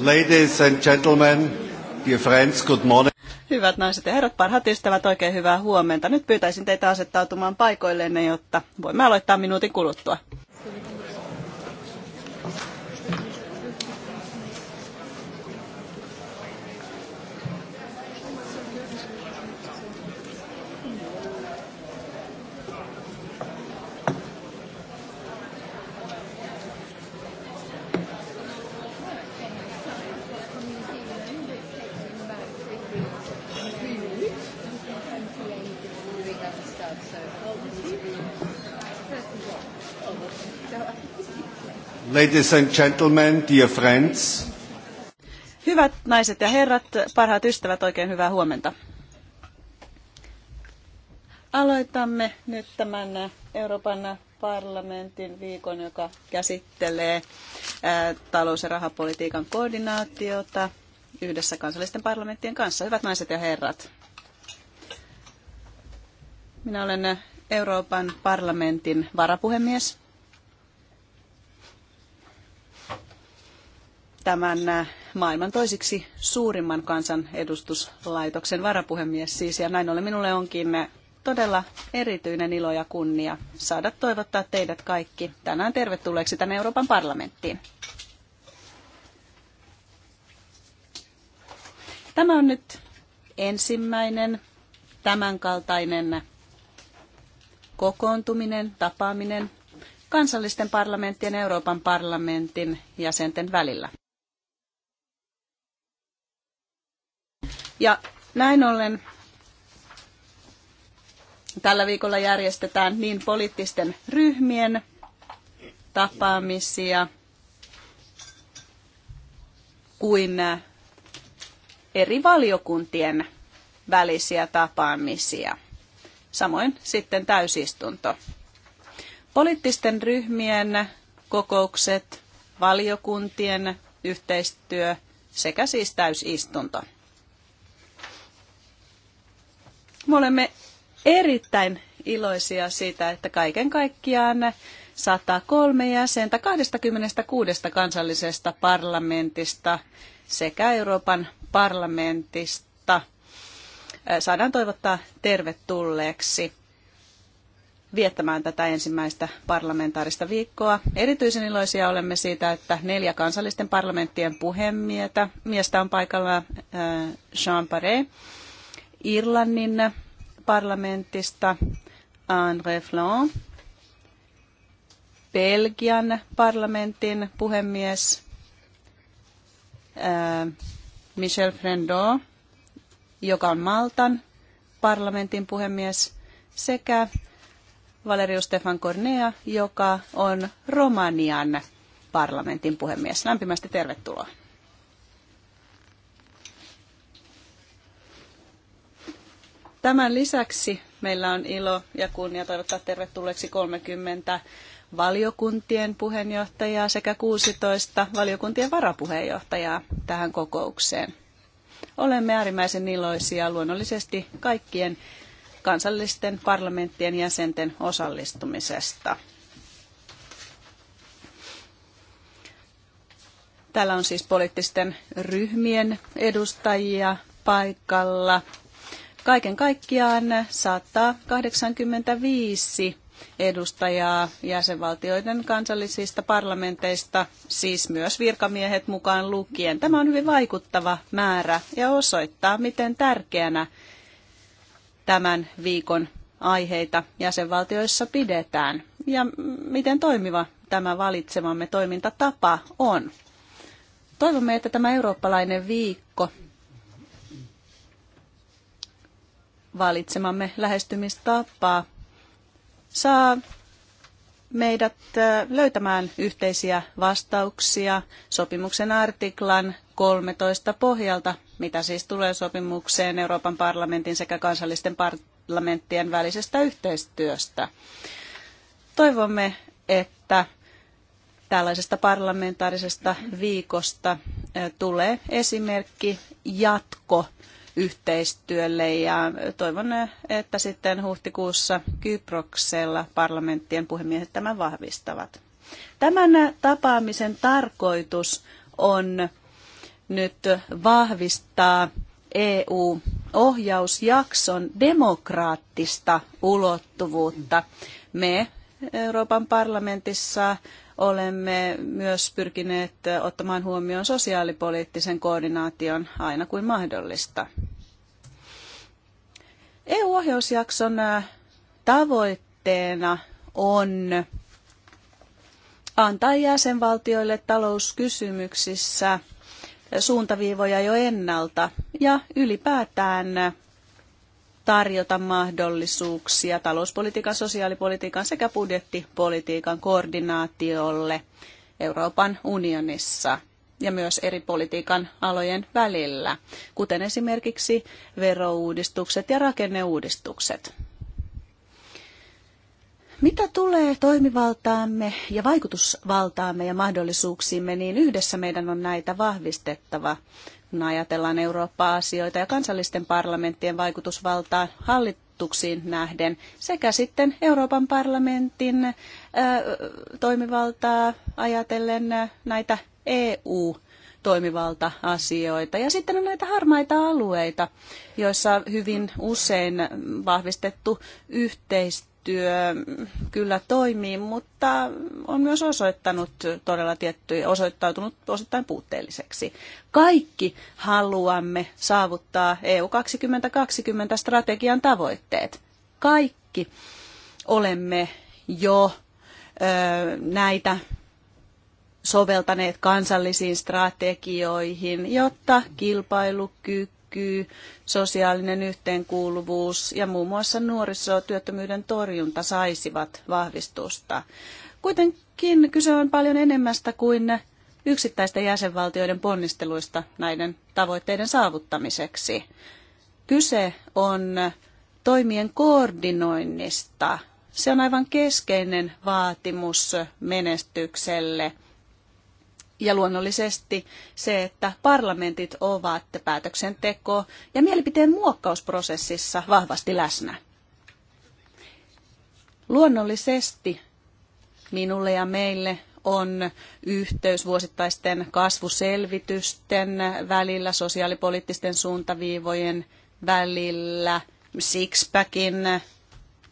Ladies and gentlemen, dear friends, good morning. Hyvät naiset ja herrat, parhaat ystävät, oikein hyvää huomenta. Nyt pyytäisin teitä asettautumaan paikoilleen, jotta voimme aloittaa minuutin kuluttua. Ladies and gentlemen, dear friends. Hyvät naiset ja herrat, parhaat ystävät, oikein hyvää huomenta. Aloitamme nyt tämän Euroopan parlamentin viikon, joka käsittelee talous- ja rahapolitiikan koordinaatiota yhdessä kansallisten parlamenttien kanssa. Hyvät naiset ja herrat, minä olen Euroopan parlamentin varapuhemies tämän äh, maailman toisiksi suurimman kansanedustuslaitoksen varapuhemies siis. Ja näin ollen minulle onkin äh, todella erityinen ilo ja kunnia saada toivottaa teidät kaikki tänään tervetulleeksi tänne Euroopan parlamenttiin. Tämä on nyt ensimmäinen tämänkaltainen kokoontuminen, tapaaminen kansallisten parlamenttien Euroopan parlamentin jäsenten välillä. Ja näin ollen tällä viikolla järjestetään niin poliittisten ryhmien tapaamisia kuin äh, eri valiokuntien välisiä tapaamisia. Samoin sitten täysistunto. Poliittisten ryhmien kokoukset, valiokuntien yhteistyö sekä siis täysistunto. Me olemme erittäin iloisia siitä, että kaiken kaikkiaan 103 jäsentä 26 kansallisesta parlamentista sekä Euroopan parlamentista saadaan toivottaa tervetulleeksi viettämään tätä ensimmäistä parlamentaarista viikkoa. Erityisen iloisia olemme siitä, että neljä kansallisten parlamenttien puhemiestä on paikalla Jean Paré Irlannin parlamentista André Flon, Belgian parlamentin puhemies äh, Michel Frendo, joka on Maltan parlamentin puhemies, sekä Valeriu Stefan Cornea, joka on Romanian parlamentin puhemies. Lämpimästi tervetuloa. Tämän lisäksi meillä on ilo ja kunnia toivottaa tervetulleeksi 30 valiokuntien puheenjohtajaa sekä 16 valiokuntien varapuheenjohtajaa tähän kokoukseen. Olemme äärimmäisen iloisia luonnollisesti kaikkien kansallisten parlamenttien jäsenten osallistumisesta. Täällä on siis poliittisten ryhmien edustajia paikalla Kaiken kaikkiaan saattaa 85 edustajaa jäsenvaltioiden kansallisista parlamenteista, siis myös virkamiehet mukaan lukien. Tämä on hyvin vaikuttava määrä ja osoittaa, miten tärkeänä tämän viikon aiheita jäsenvaltioissa pidetään ja miten toimiva tämä valitsemamme toimintatapa on. Toivomme, että tämä eurooppalainen viikko valitsemamme lähestymistapaa saa meidät löytämään yhteisiä vastauksia sopimuksen artiklan 13 pohjalta, mitä siis tulee sopimukseen Euroopan parlamentin sekä kansallisten parlamenttien välisestä yhteistyöstä. Toivomme, että tällaisesta parlamentaarisesta viikosta tulee esimerkki jatko yhteistyölle ja toivon, että sitten huhtikuussa Kyproksella parlamenttien puhemiehet tämän vahvistavat. Tämän tapaamisen tarkoitus on nyt vahvistaa EU-ohjausjakson demokraattista ulottuvuutta. Me Euroopan parlamentissa olemme myös pyrkineet ottamaan huomioon sosiaalipoliittisen koordinaation aina kuin mahdollista. EU-ohjausjakson tavoitteena on antaa jäsenvaltioille talouskysymyksissä suuntaviivoja jo ennalta ja ylipäätään tarjota mahdollisuuksia talouspolitiikan, sosiaalipolitiikan sekä budjettipolitiikan koordinaatiolle Euroopan unionissa ja myös eri politiikan alojen välillä, kuten esimerkiksi verouudistukset ja rakenneuudistukset. Mitä tulee toimivaltaamme ja vaikutusvaltaamme ja mahdollisuuksiimme, niin yhdessä meidän on näitä vahvistettava kun ajatellaan Eurooppa-asioita ja kansallisten parlamenttien vaikutusvaltaa hallituksiin nähden sekä sitten Euroopan parlamentin toimivaltaa ajatellen näitä EU- toimivalta-asioita. Ja sitten on näitä harmaita alueita, joissa hyvin usein vahvistettu yhteistyö työ kyllä toimii, mutta on myös osoittanut todella tiettyjä, osoittautunut osittain puutteelliseksi. Kaikki haluamme saavuttaa EU 2020 strategian tavoitteet. Kaikki olemme jo ö, näitä soveltaneet kansallisiin strategioihin, jotta kilpailukyky kyky, sosiaalinen yhteenkuuluvuus ja muun muassa nuorisotyöttömyyden torjunta saisivat vahvistusta. Kuitenkin kyse on paljon enemmästä kuin yksittäisten jäsenvaltioiden ponnisteluista näiden tavoitteiden saavuttamiseksi. Kyse on toimien koordinoinnista. Se on aivan keskeinen vaatimus menestykselle – ja luonnollisesti se, että parlamentit ovat päätöksenteko- ja mielipiteen muokkausprosessissa vahvasti läsnä. Luonnollisesti minulle ja meille on yhteys vuosittaisten kasvuselvitysten välillä, sosiaalipoliittisten suuntaviivojen välillä, sixpackin,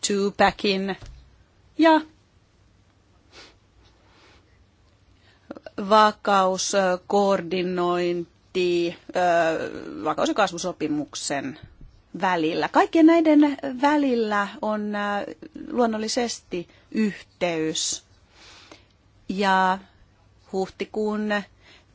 twopackin ja vakaus, koordinointi, vakaus- ja kasvusopimuksen välillä. Kaikkien näiden välillä on luonnollisesti yhteys. Ja huhtikuun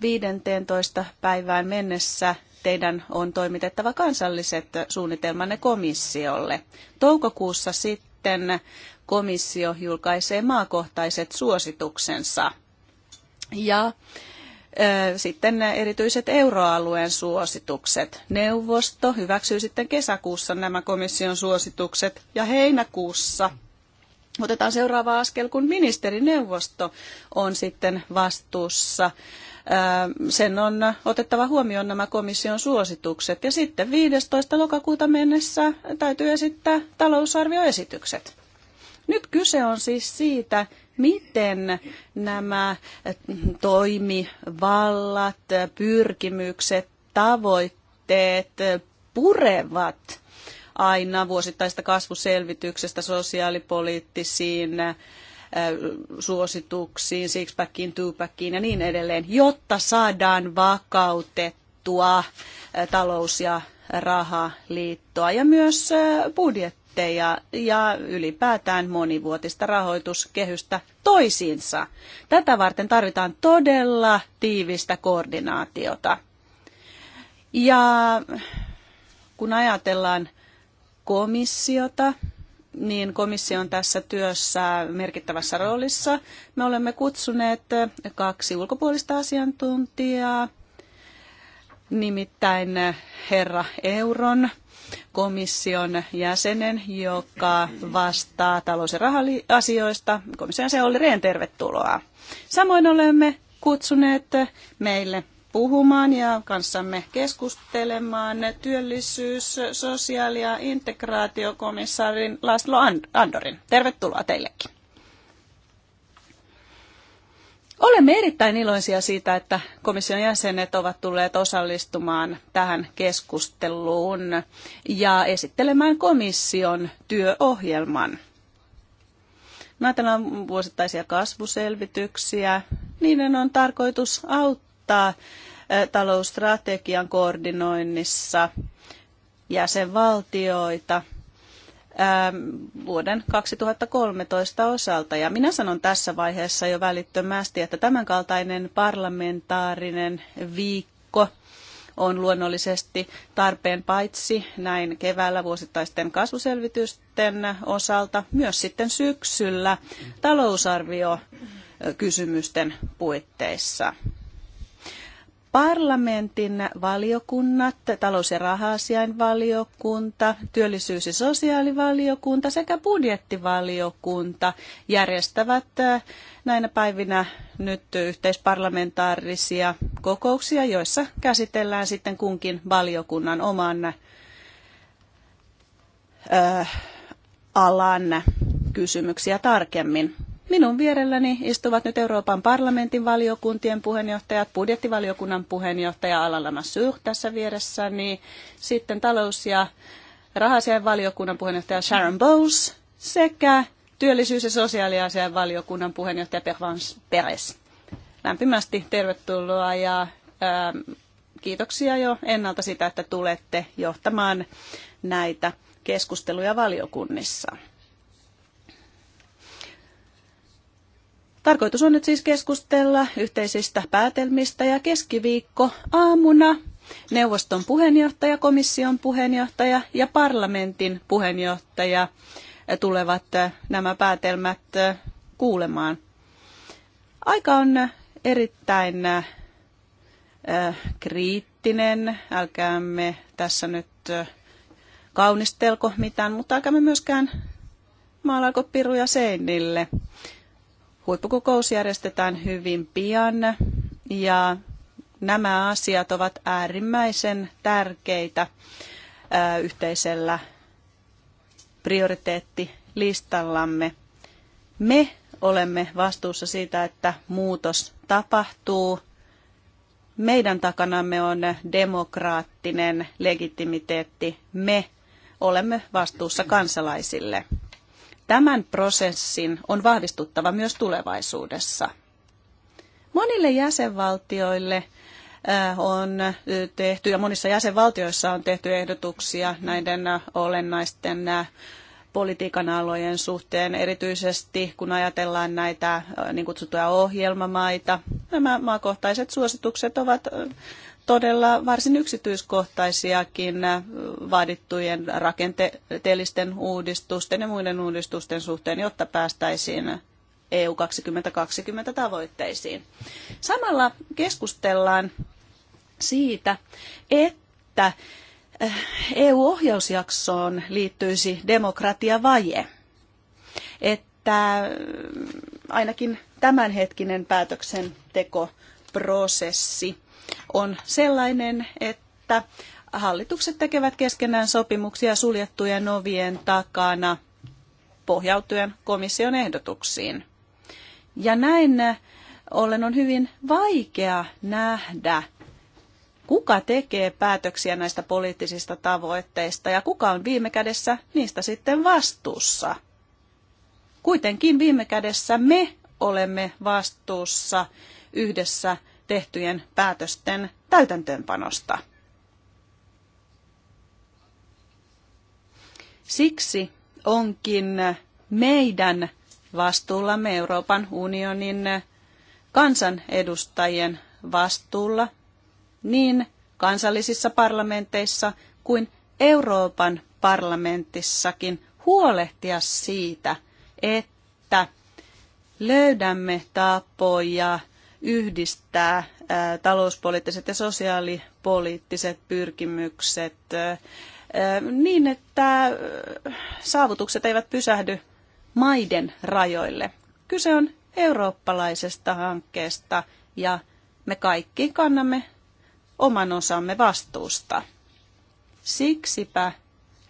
15. päivään mennessä teidän on toimitettava kansalliset suunnitelmanne komissiolle. Toukokuussa sitten komissio julkaisee maakohtaiset suosituksensa – ja sitten erityiset euroalueen suositukset. Neuvosto hyväksyy sitten kesäkuussa nämä komission suositukset ja heinäkuussa otetaan seuraava askel, kun ministerineuvosto on sitten vastuussa. Sen on otettava huomioon nämä komission suositukset ja sitten 15. lokakuuta mennessä täytyy esittää talousarvioesitykset. Nyt kyse on siis siitä, miten nämä eh, toimivallat, eh, pyrkimykset, tavoitteet eh, purevat aina vuosittaista kasvuselvityksestä sosiaalipoliittisiin suosituksiin, sixpackiin, twopackiin ja niin edelleen, jotta saadaan vakautettua talous- ja rahaliittoa ja myös budjettia budjetteja ja ylipäätään monivuotista rahoituskehystä toisiinsa. Tätä varten tarvitaan todella tiivistä koordinaatiota. Ja kun ajatellaan komissiota, niin komissio on tässä työssä merkittävässä roolissa. Me olemme kutsuneet kaksi ulkopuolista asiantuntijaa nimittäin eh, herra Euron komission jäsenen, joka vastaa talous- ja rahaasioista. Komission se oli Rehn, tervetuloa. Samoin olemme kutsuneet meille puhumaan ja kanssamme keskustelemaan työllisyys-, sosiaali- ja integraatiokomissaarin Laszlo Andorin. Tervetuloa teillekin. Olemme erittäin iloisia siitä, että komission jäsenet ovat tulleet osallistumaan tähän keskusteluun ja esittelemään komission työohjelman. ajatellaan vuosittaisia kasvuselvityksiä. Niiden on tarkoitus auttaa eh, talousstrategian koordinoinnissa jäsenvaltioita – Ähm, vuoden 2013 osalta. Ja minä sanon tässä vaiheessa jo välittömästi, että tämänkaltainen parlamentaarinen viikko on luonnollisesti tarpeen paitsi näin keväällä vuosittaisten kasvuselvitysten osalta, myös sitten syksyllä talousarvio kysymysten puitteissa. Parlamentin valiokunnat, talous- ja raha-asiainvaliokunta, työllisyys- ja sosiaalivaliokunta sekä budjettivaliokunta järjestävät näinä päivinä nyt yhteisparlamentaarisia kokouksia, joissa käsitellään sitten kunkin valiokunnan oman alan kysymyksiä tarkemmin. Minun vierelläni istuvat nyt Euroopan parlamentin valiokuntien puheenjohtajat, budjettivaliokunnan puheenjohtaja Alala Masur tässä vieressäni, sitten talous- ja rahasian valiokunnan puheenjohtaja Sharon Bowles sekä työllisyys- ja sosiaaliasian valiokunnan puheenjohtaja Pervans Peres. Lämpimästi tervetuloa ja ää, ähm, kiitoksia jo ennalta sitä, että tulette johtamaan näitä keskusteluja valiokunnissa. Tarkoitus on nyt siis keskustella yhteisistä päätelmistä ja keskiviikko aamuna neuvoston puheenjohtaja, komission puheenjohtaja ja parlamentin puheenjohtaja tulevat nämä päätelmät kuulemaan. Aika on erittäin äh, kriittinen, älkäämme tässä nyt äh, kaunistelko mitään, mutta älkäämme myöskään maalaako piruja seinille. Huippukokous järjestetään hyvin pian ja nämä asiat ovat äärimmäisen tärkeitä yhteisellä prioriteettilistallamme. Me olemme vastuussa siitä, että muutos tapahtuu. Meidän takanamme on demokraattinen legitimiteetti. Me olemme vastuussa kansalaisille. Tämän prosessin on vahvistuttava myös tulevaisuudessa. Monille jäsenvaltioille äh, on äh, tehty ja monissa jäsenvaltioissa on tehty ehdotuksia näiden äh, olennaisten politiikan alojen suhteen, erityisesti kun ajatellaan näitä niin kutsuttuja ohjelmamaita. Nämä maakohtaiset suositukset ovat todella varsin yksityiskohtaisiakin vaadittujen rakenteellisten uudistusten ja muiden uudistusten suhteen, jotta päästäisiin EU 2020 tavoitteisiin. Samalla keskustellaan siitä, että EU-ohjausjaksoon eh, e liittyisi demokratiavaje, että eh, ainakin tämänhetkinen päätöksentekoprosessi on sellainen, että hallitukset tekevät keskenään sopimuksia suljettujen ovien takana pohjautuen komission ehdotuksiin. Ja näin ollen on hyvin vaikea nähdä, kuka tekee päätöksiä näistä poliittisista tavoitteista ja kuka on viime kädessä niistä sitten vastuussa. Kuitenkin viime kädessä me olemme vastuussa yhdessä tehtyjen päätösten täytäntöönpanosta. Siksi onkin meidän vastuullamme Euroopan unionin kansanedustajien vastuulla niin kansallisissa parlamenteissa kuin Euroopan parlamentissakin huolehtia siitä, että löydämme tapoja yhdistää talouspoliittiset ja sosiaalipoliittiset pyrkimykset niin, että saavutukset eivät pysähdy maiden rajoille. Kyse on eurooppalaisesta hankkeesta ja me kaikki kannamme oman osamme vastuusta. Siksipä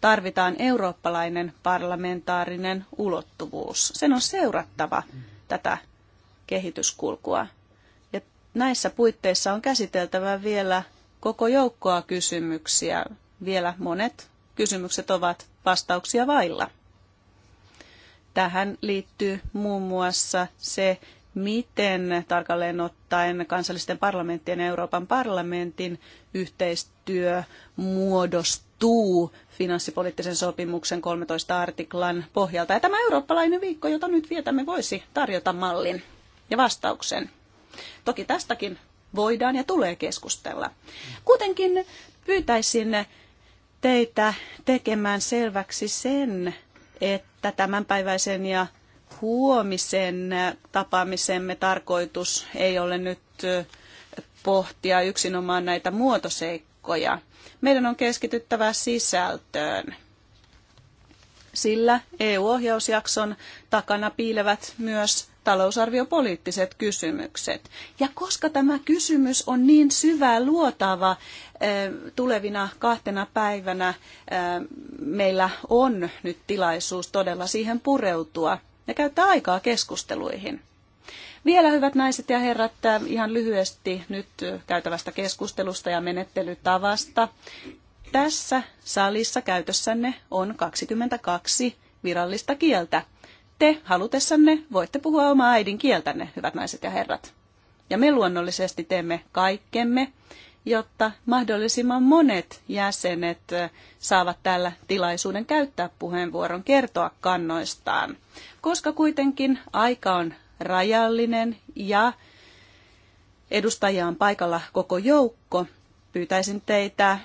tarvitaan eurooppalainen parlamentaarinen ulottuvuus. Sen on seurattava tätä kehityskulkua näissä puitteissa on käsiteltävä vielä koko joukkoa kysymyksiä. Vielä monet kysymykset ovat vastauksia vailla. Tähän liittyy muun muassa se, miten tarkalleen ottaen kansallisten parlamenttien ja Euroopan parlamentin yhteistyö muodostuu finanssipoliittisen sopimuksen 13 artiklan pohjalta. Ja tämä eurooppalainen viikko, jota nyt vietämme, voisi tarjota mallin ja vastauksen Toki tästäkin voidaan ja tulee keskustella. Kuitenkin pyytäisin teitä tekemään selväksi sen, että tämänpäiväisen ja huomisen tapaamisemme tarkoitus ei ole nyt pohtia yksinomaan näitä muotoseikkoja. Meidän on keskityttävä sisältöön sillä EU-ohjausjakson takana piilevät myös talousarviopoliittiset kysymykset. Ja koska tämä kysymys on niin syvää luotava eh, tulevina kahtena päivänä, eh, meillä on nyt tilaisuus todella siihen pureutua ja käyttää aikaa keskusteluihin. Vielä hyvät naiset ja herrat, eh, ihan lyhyesti nyt käytävästä keskustelusta ja menettelytavasta. Tässä salissa käytössänne on 22 virallista kieltä. Te halutessanne voitte puhua omaa äidinkieltänne, hyvät naiset ja herrat. Ja me luonnollisesti teemme kaikkemme, jotta mahdollisimman monet jäsenet eh, saavat täällä tilaisuuden käyttää puheenvuoron, kertoa kannoistaan. Koska kuitenkin aika on rajallinen ja edustajia on paikalla koko joukko, pyytäisin teitä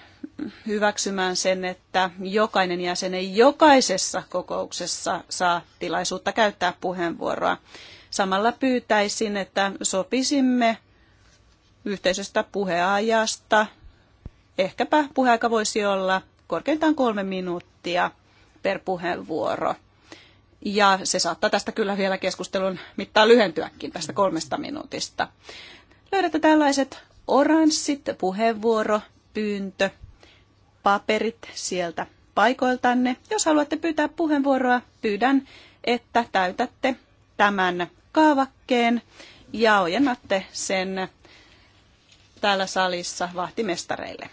hyväksymään sen, että jokainen jäsen ei jokaisessa kokouksessa saa tilaisuutta käyttää puheenvuoroa. Samalla pyytäisin, että sopisimme yhteisestä puheajasta. Ehkäpä puheaika voisi olla korkeintaan kolme minuuttia per puheenvuoro. Ja se saattaa tästä kyllä vielä keskustelun mittaan lyhentyäkin tästä kolmesta minuutista. Löydätte tällaiset oranssit puheenvuoropyyntö paperit sieltä paikoiltanne. Jos haluatte pyytää puheenvuoroa, pyydän, että täytätte tämän kaavakkeen ja ojennatte sen täällä salissa vahtimestareille.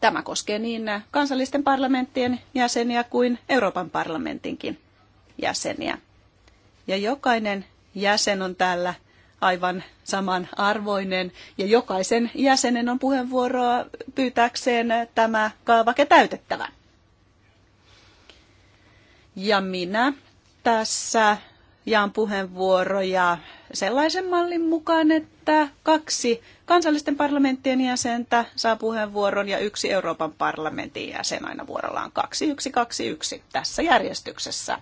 Tämä koskee niin kansallisten parlamenttien jäseniä kuin Euroopan parlamentinkin jäseniä. Ja jokainen jäsen on täällä aivan samanarvoinen ja jokaisen jäsenen on puheenvuoroa pyytääkseen tämä kaavake täytettävän. Ja minä tässä jaan puheenvuoroja sellaisen mallin mukaan, että kaksi kansallisten parlamenttien jäsentä saa puheenvuoron ja yksi Euroopan parlamentin jäsen aina vuorollaan kaksi yksi kaksi yksi tässä järjestyksessä.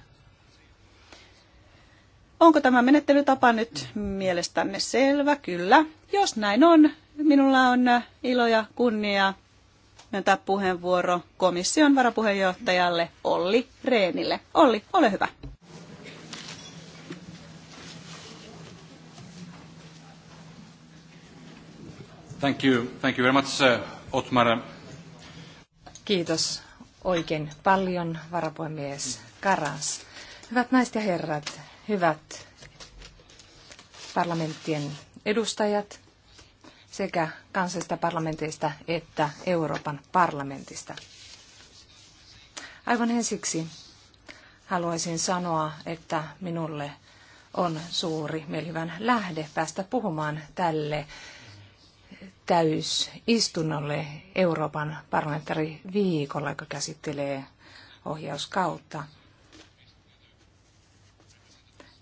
Onko tämä menettelytapa nyt mielestänne selvä? Kyllä. Jos näin on, minulla on ilo ja kunnia myöntää puheenvuoro komission varapuheenjohtajalle Olli Reenille. Olli, ole hyvä. Thank you. Thank you very much, Otmar. Kiitos oikein paljon, varapuhemies Karas. Hyvät naiset ja herrat, hyvät parlamenttien edustajat sekä kansallisista parlamenteista että Euroopan parlamentista. Aivan ensiksi haluaisin sanoa, että minulle on suuri mielihyvän lähde päästä puhumaan tälle täysistunnolle Euroopan parlamentariviikolla, joka käsittelee ohjauskautta.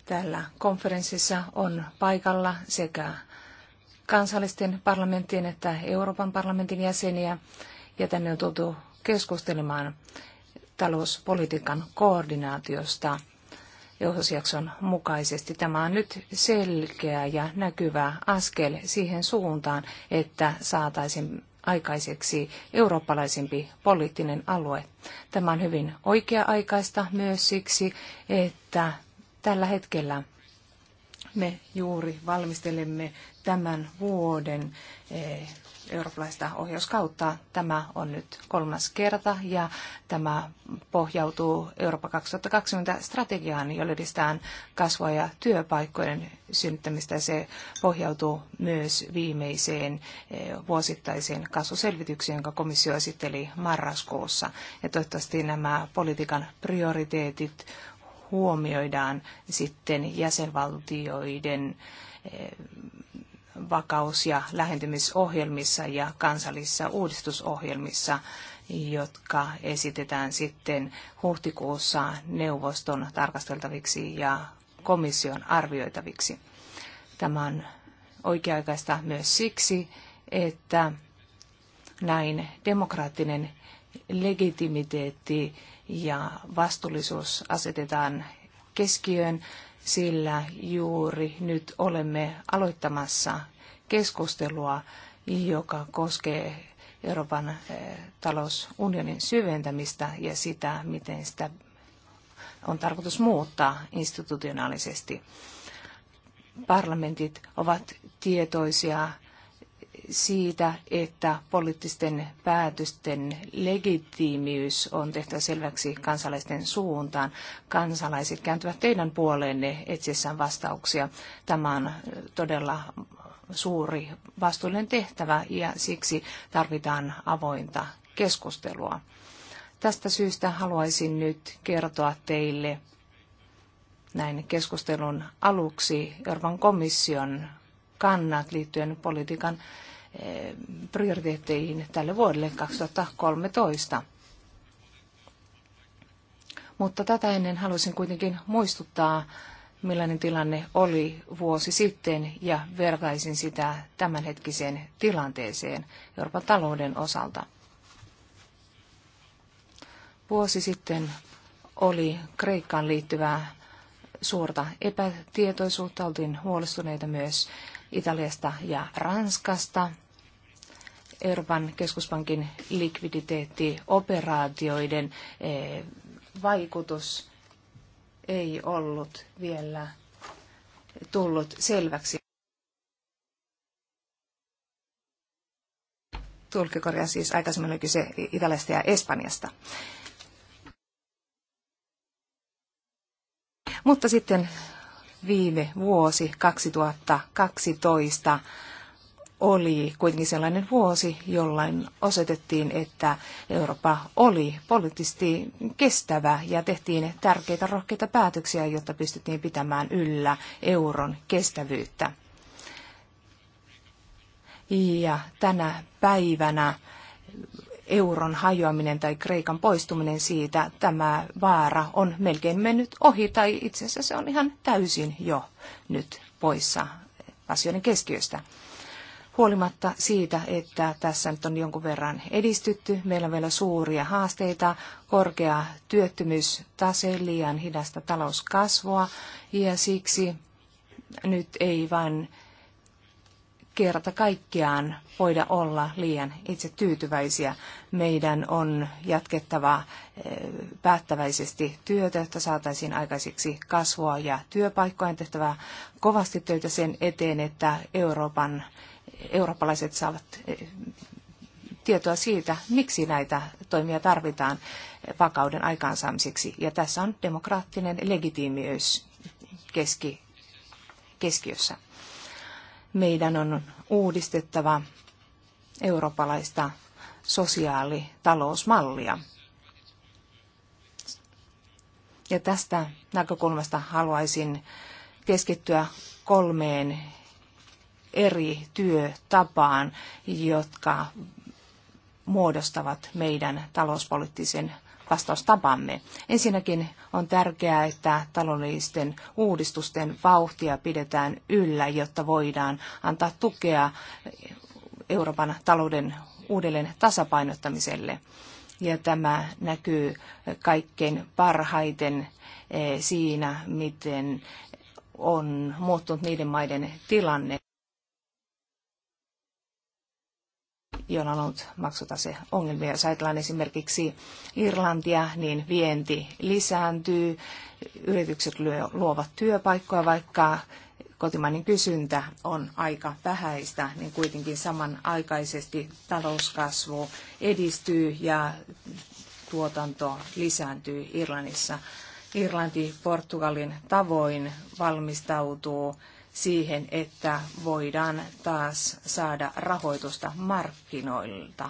Täällä konferenssissa on paikalla sekä kansallisten parlamenttien että Euroopan parlamentin jäseniä ja tänne on tultu keskustelemaan talouspolitiikan koordinaatiosta johdosjakson mukaisesti. Tämä on nyt selkeä ja näkyvä askel siihen suuntaan, että saataisiin aikaiseksi eurooppalaisempi poliittinen alue. Tämä on hyvin oikea-aikaista myös siksi, että Tällä hetkellä me juuri valmistelemme tämän vuoden eh, eurooppalaista ohjauskautta. Tämä on nyt kolmas kerta ja tämä pohjautuu Eurooppa 2020 strategiaan, jolla edistetään kasvua ja työpaikkojen synnyttämistä. Se pohjautuu myös viimeiseen eh, vuosittaiseen kasvuselvitykseen, jonka komissio esitteli marraskuussa. Ja toivottavasti nämä politiikan prioriteetit huomioidaan sitten jäsenvaltioiden eh, vakaus- ja lähentymisohjelmissa ja kansallisissa uudistusohjelmissa, jotka esitetään sitten huhtikuussa neuvoston tarkasteltaviksi ja komission arvioitaviksi. Tämä on oikea-aikaista myös siksi, että näin demokraattinen legitimiteetti ja vastuullisuus asetetaan keskiöön, sillä juuri nyt olemme aloittamassa keskustelua, joka koskee Euroopan eh, talousunionin syventämistä ja sitä, miten sitä on tarkoitus muuttaa institutionaalisesti. Parlamentit ovat tietoisia siitä, että poliittisten päätösten legitiimiys on tehtävä selväksi kansalaisten suuntaan. Kansalaiset kääntyvät teidän puoleenne etsiessään vastauksia. Tämä on todella suuri vastuullinen tehtävä ja siksi tarvitaan avointa keskustelua. Tästä syystä haluaisin nyt kertoa teille näin keskustelun aluksi Euroopan komission kannat liittyen politiikan eh, prioriteetteihin tälle vuodelle 2013. Mutta tätä ennen haluaisin kuitenkin muistuttaa, millainen tilanne oli vuosi sitten ja vertaisin sitä tämänhetkiseen tilanteeseen Euroopan talouden osalta. Vuosi sitten oli Kreikkaan liittyvää suurta epätietoisuutta, oltiin huolestuneita myös Italiasta ja Ranskasta. Euroopan keskuspankin likviditeettioperaatioiden eh, vaikutus ei ollut vielä tullut selväksi. Tulkikorja siis aikaisemmin oli kyse Italiasta ja Espanjasta. Mutta sitten viime vuosi 2012 oli kuitenkin sellainen vuosi, jollain osoitettiin, että Eurooppa oli poliittisesti kestävä ja tehtiin tärkeitä rohkeita päätöksiä, jotta pystyttiin pitämään yllä euron kestävyyttä. Ja tänä päivänä euron hajoaminen tai Kreikan poistuminen siitä, tämä vaara on melkein mennyt ohi tai itse asiassa se on ihan täysin jo nyt poissa asioiden keskiöstä. Huolimatta siitä, että tässä nyt on jonkun verran edistytty, meillä on vielä suuria haasteita, korkea tase, liian hidasta talouskasvua ja siksi nyt ei vain kerta kaikkiaan voida olla liian itse tyytyväisiä. Meidän on jatkettava eh, päättäväisesti työtä, että saataisiin aikaisiksi kasvua ja työpaikkoja. On tehtävä kovasti töitä sen eteen, että Euroopan, eurooppalaiset saavat eh, tietoa siitä, miksi näitä toimia tarvitaan eh, vakauden aikaansaamiseksi. Ja tässä on demokraattinen legitiimiys keski, keskiössä meidän on uudistettava eurooppalaista sosiaalitalousmallia. Ja tästä näkökulmasta haluaisin keskittyä kolmeen eri työtapaan, jotka muodostavat meidän talouspoliittisen vastaustapamme. Ensinnäkin on tärkeää, että taloudellisten uudistusten vauhtia pidetään yllä, jotta voidaan antaa tukea Euroopan talouden uudelleen tasapainottamiselle. Ja tämä näkyy kaikkein parhaiten eh, siinä, miten on muuttunut niiden maiden tilanne. joilla on ollut maksutaseongelmia. Jos ajatellaan esimerkiksi Irlantia, niin vienti lisääntyy, yritykset luovat työpaikkoja, vaikka kotimainen kysyntä on aika vähäistä, niin kuitenkin samanaikaisesti talouskasvu edistyy ja tuotanto lisääntyy Irlannissa. Irlanti Portugalin tavoin valmistautuu siihen, että voidaan taas saada rahoitusta markkinoilta,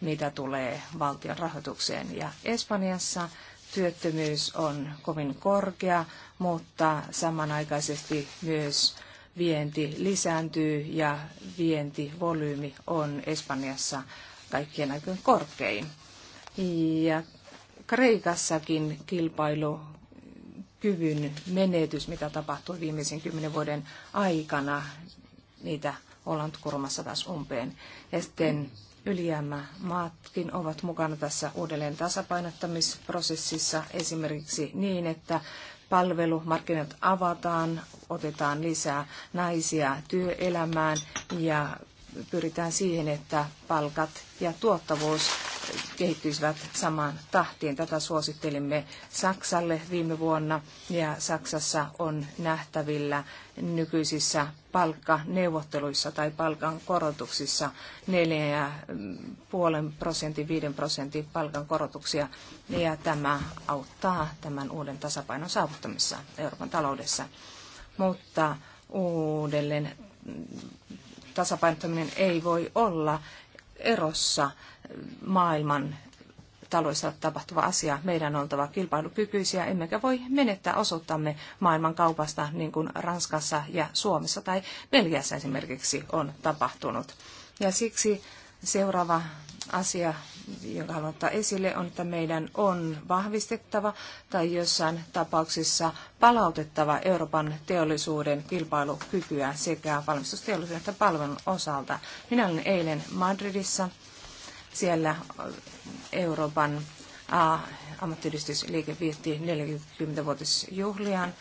mitä tulee valtion rahoitukseen. Ja Espanjassa työttömyys on kovin korkea, mutta samanaikaisesti myös vienti lisääntyy ja vientivolyymi on Espanjassa kaikkien aikojen korkein. Ja Kreikassakin kilpailu kyvyn menetys, mitä tapahtui viimeisen kymmenen vuoden aikana. Niitä ollaan kurmassa taas umpeen. Ja sitten ylijäämä maatkin ovat mukana tässä uudelleen tasapainottamisprosessissa esimerkiksi niin, että palvelumarkkinat avataan, otetaan lisää naisia työelämään ja pyritään siihen, että palkat ja tuottavuus kehittyisivät samaan tahtiin. Tätä suosittelimme Saksalle viime vuonna ja Saksassa on nähtävillä nykyisissä palkkaneuvotteluissa tai palkan korotuksissa 4,5 prosentin, 5 prosentin palkan korotuksia ja tämä auttaa tämän uuden tasapainon saavuttamissa Euroopan taloudessa. Mutta uudelleen tasapainottaminen ei voi olla erossa maailman taloudessa tapahtuva asia. Meidän on oltava kilpailukykyisiä, emmekä voi menettää osuuttamme maailman kaupasta niin kuin Ranskassa ja Suomessa tai Belgiassa esimerkiksi on tapahtunut. Ja siksi seuraava asia jonka haluan ottaa esille, on, että meidän on vahvistettava tai jossain tapauksissa palautettava Euroopan teollisuuden kilpailukykyä sekä valmistusteollisuuden että palvelun osalta. Minä olin eilen Madridissa. Siellä Euroopan ammattiyhdistysliike vietti 40-vuotisjuhliaan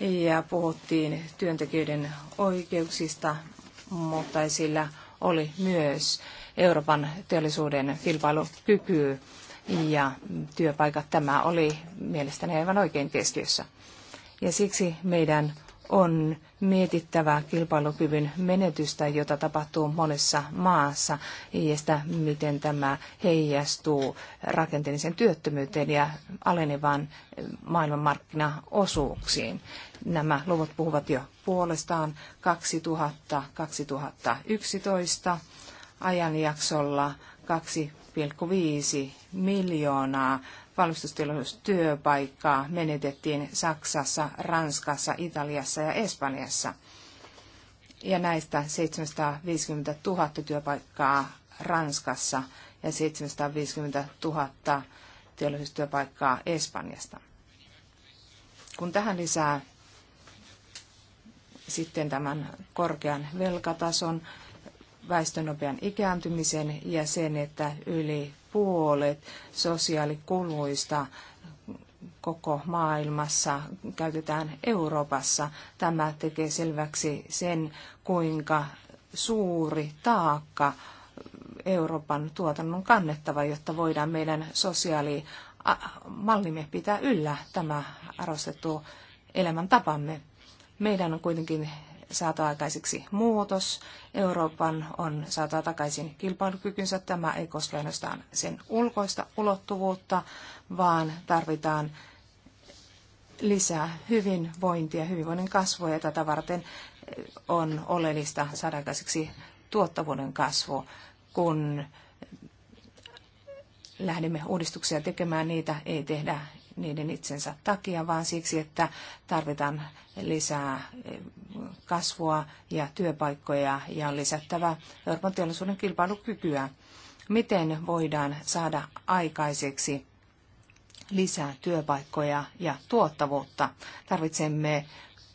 ja puhuttiin työntekijöiden oikeuksista, mutta sillä oli myös Euroopan teollisuuden kilpailukyky ja työpaikat. Tämä oli mielestäni aivan oikein keskiössä. Ja siksi meidän on mietittävä kilpailukyvyn menetystä, jota tapahtuu monessa maassa, ja sitä, miten tämä heijastuu rakenteellisen työttömyyteen ja alenevaan maailmanmarkkinaosuuksiin. Nämä luvut puhuvat jo puolestaan 2000-2011 ajanjaksolla 2,5 miljoonaa valmistustilaisuustyöpaikkaa menetettiin Saksassa, Ranskassa, Italiassa ja Espanjassa. Ja näistä 750 000 työpaikkaa Ranskassa ja 750 000 työllisyystyöpaikkaa Espanjasta. Kun tähän lisää sitten tämän korkean velkatason, väestönopean ikääntymisen ja sen, että yli puolet sosiaalikuluista koko maailmassa käytetään Euroopassa. Tämä tekee selväksi sen, kuinka suuri taakka Euroopan tuotannon kannettava, jotta voidaan meidän sosiaalimallimme pitää yllä tämä arvostettu elämäntapamme. Meidän on kuitenkin saatu aikaiseksi muutos. Euroopan on saatu takaisin kilpailukykynsä. Tämä ei koske ainoastaan sen ulkoista ulottuvuutta, vaan tarvitaan lisää hyvinvointia, hyvinvoinnin kasvua ja tätä varten on oleellista saada aikaiseksi tuottavuuden kasvu, kun lähdemme uudistuksia tekemään, niitä ei tehdä niiden itsensä takia, vaan siksi, että tarvitaan lisää kasvua ja työpaikkoja ja on lisättävä Euroopan teollisuuden kilpailukykyä. Miten voidaan saada aikaiseksi lisää työpaikkoja ja tuottavuutta? Tarvitsemme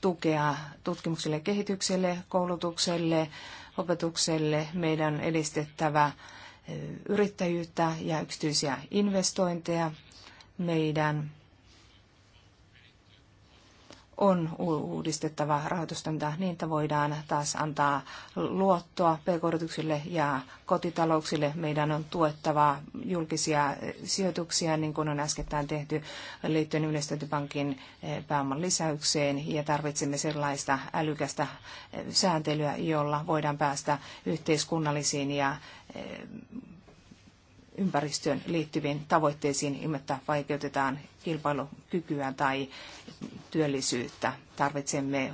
tukea tutkimukselle, kehitykselle, koulutukselle, opetukselle. Meidän edistettävä yrittäjyyttä ja yksityisiä investointeja. Meidän on uudistettava rahoitustoimintaa niin, että voidaan taas antaa luottoa pk ja kotitalouksille. Meidän on tuettava julkisia eh, sijoituksia, niin kuin on äskettäin tehty liittyen yleistyötypankin eh, pääoman lisäykseen, ja tarvitsemme sellaista älykästä eh, sääntelyä, jolla voidaan päästä yhteiskunnallisiin ja ympäristöön liittyviin tavoitteisiin, että vaikeutetaan kilpailukykyä tai työllisyyttä. Tarvitsemme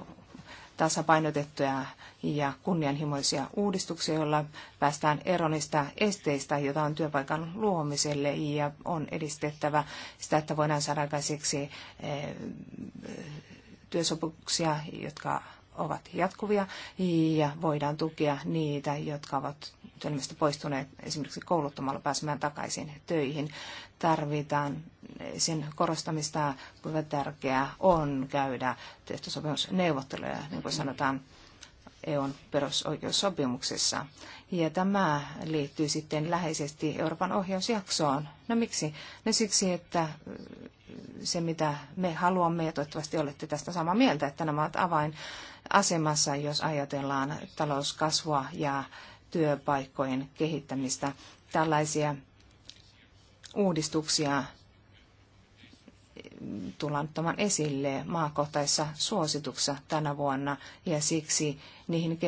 tasapainotettuja ja kunnianhimoisia uudistuksia, joilla päästään eronista esteistä, jota on työpaikan luomiselle ja on edistettävä sitä, että voidaan saada aikaiseksi eh, työsopimuksia, jotka ovat jatkuvia ja voidaan tukea niitä, jotka ovat työelämästä poistuneet esimerkiksi kouluttamalla pääsemään takaisin töihin. Tarvitaan sen korostamista, kuinka tärkeää on käydä työehtosopimusneuvotteluja, niin kuin sanotaan EUn perusoikeussopimuksessa. Ja tämä liittyy sitten läheisesti Euroopan ohjausjaksoon. No miksi? No siksi, että se, mitä me haluamme, ja toivottavasti olette tästä samaa mieltä, että nämä ovat avainasemassa, jos ajatellaan talouskasvua ja työpaikkojen kehittämistä. Tällaisia uudistuksia tullaan ottamaan esille maakohtaisessa suosituksessa tänä vuonna, ja siksi niihin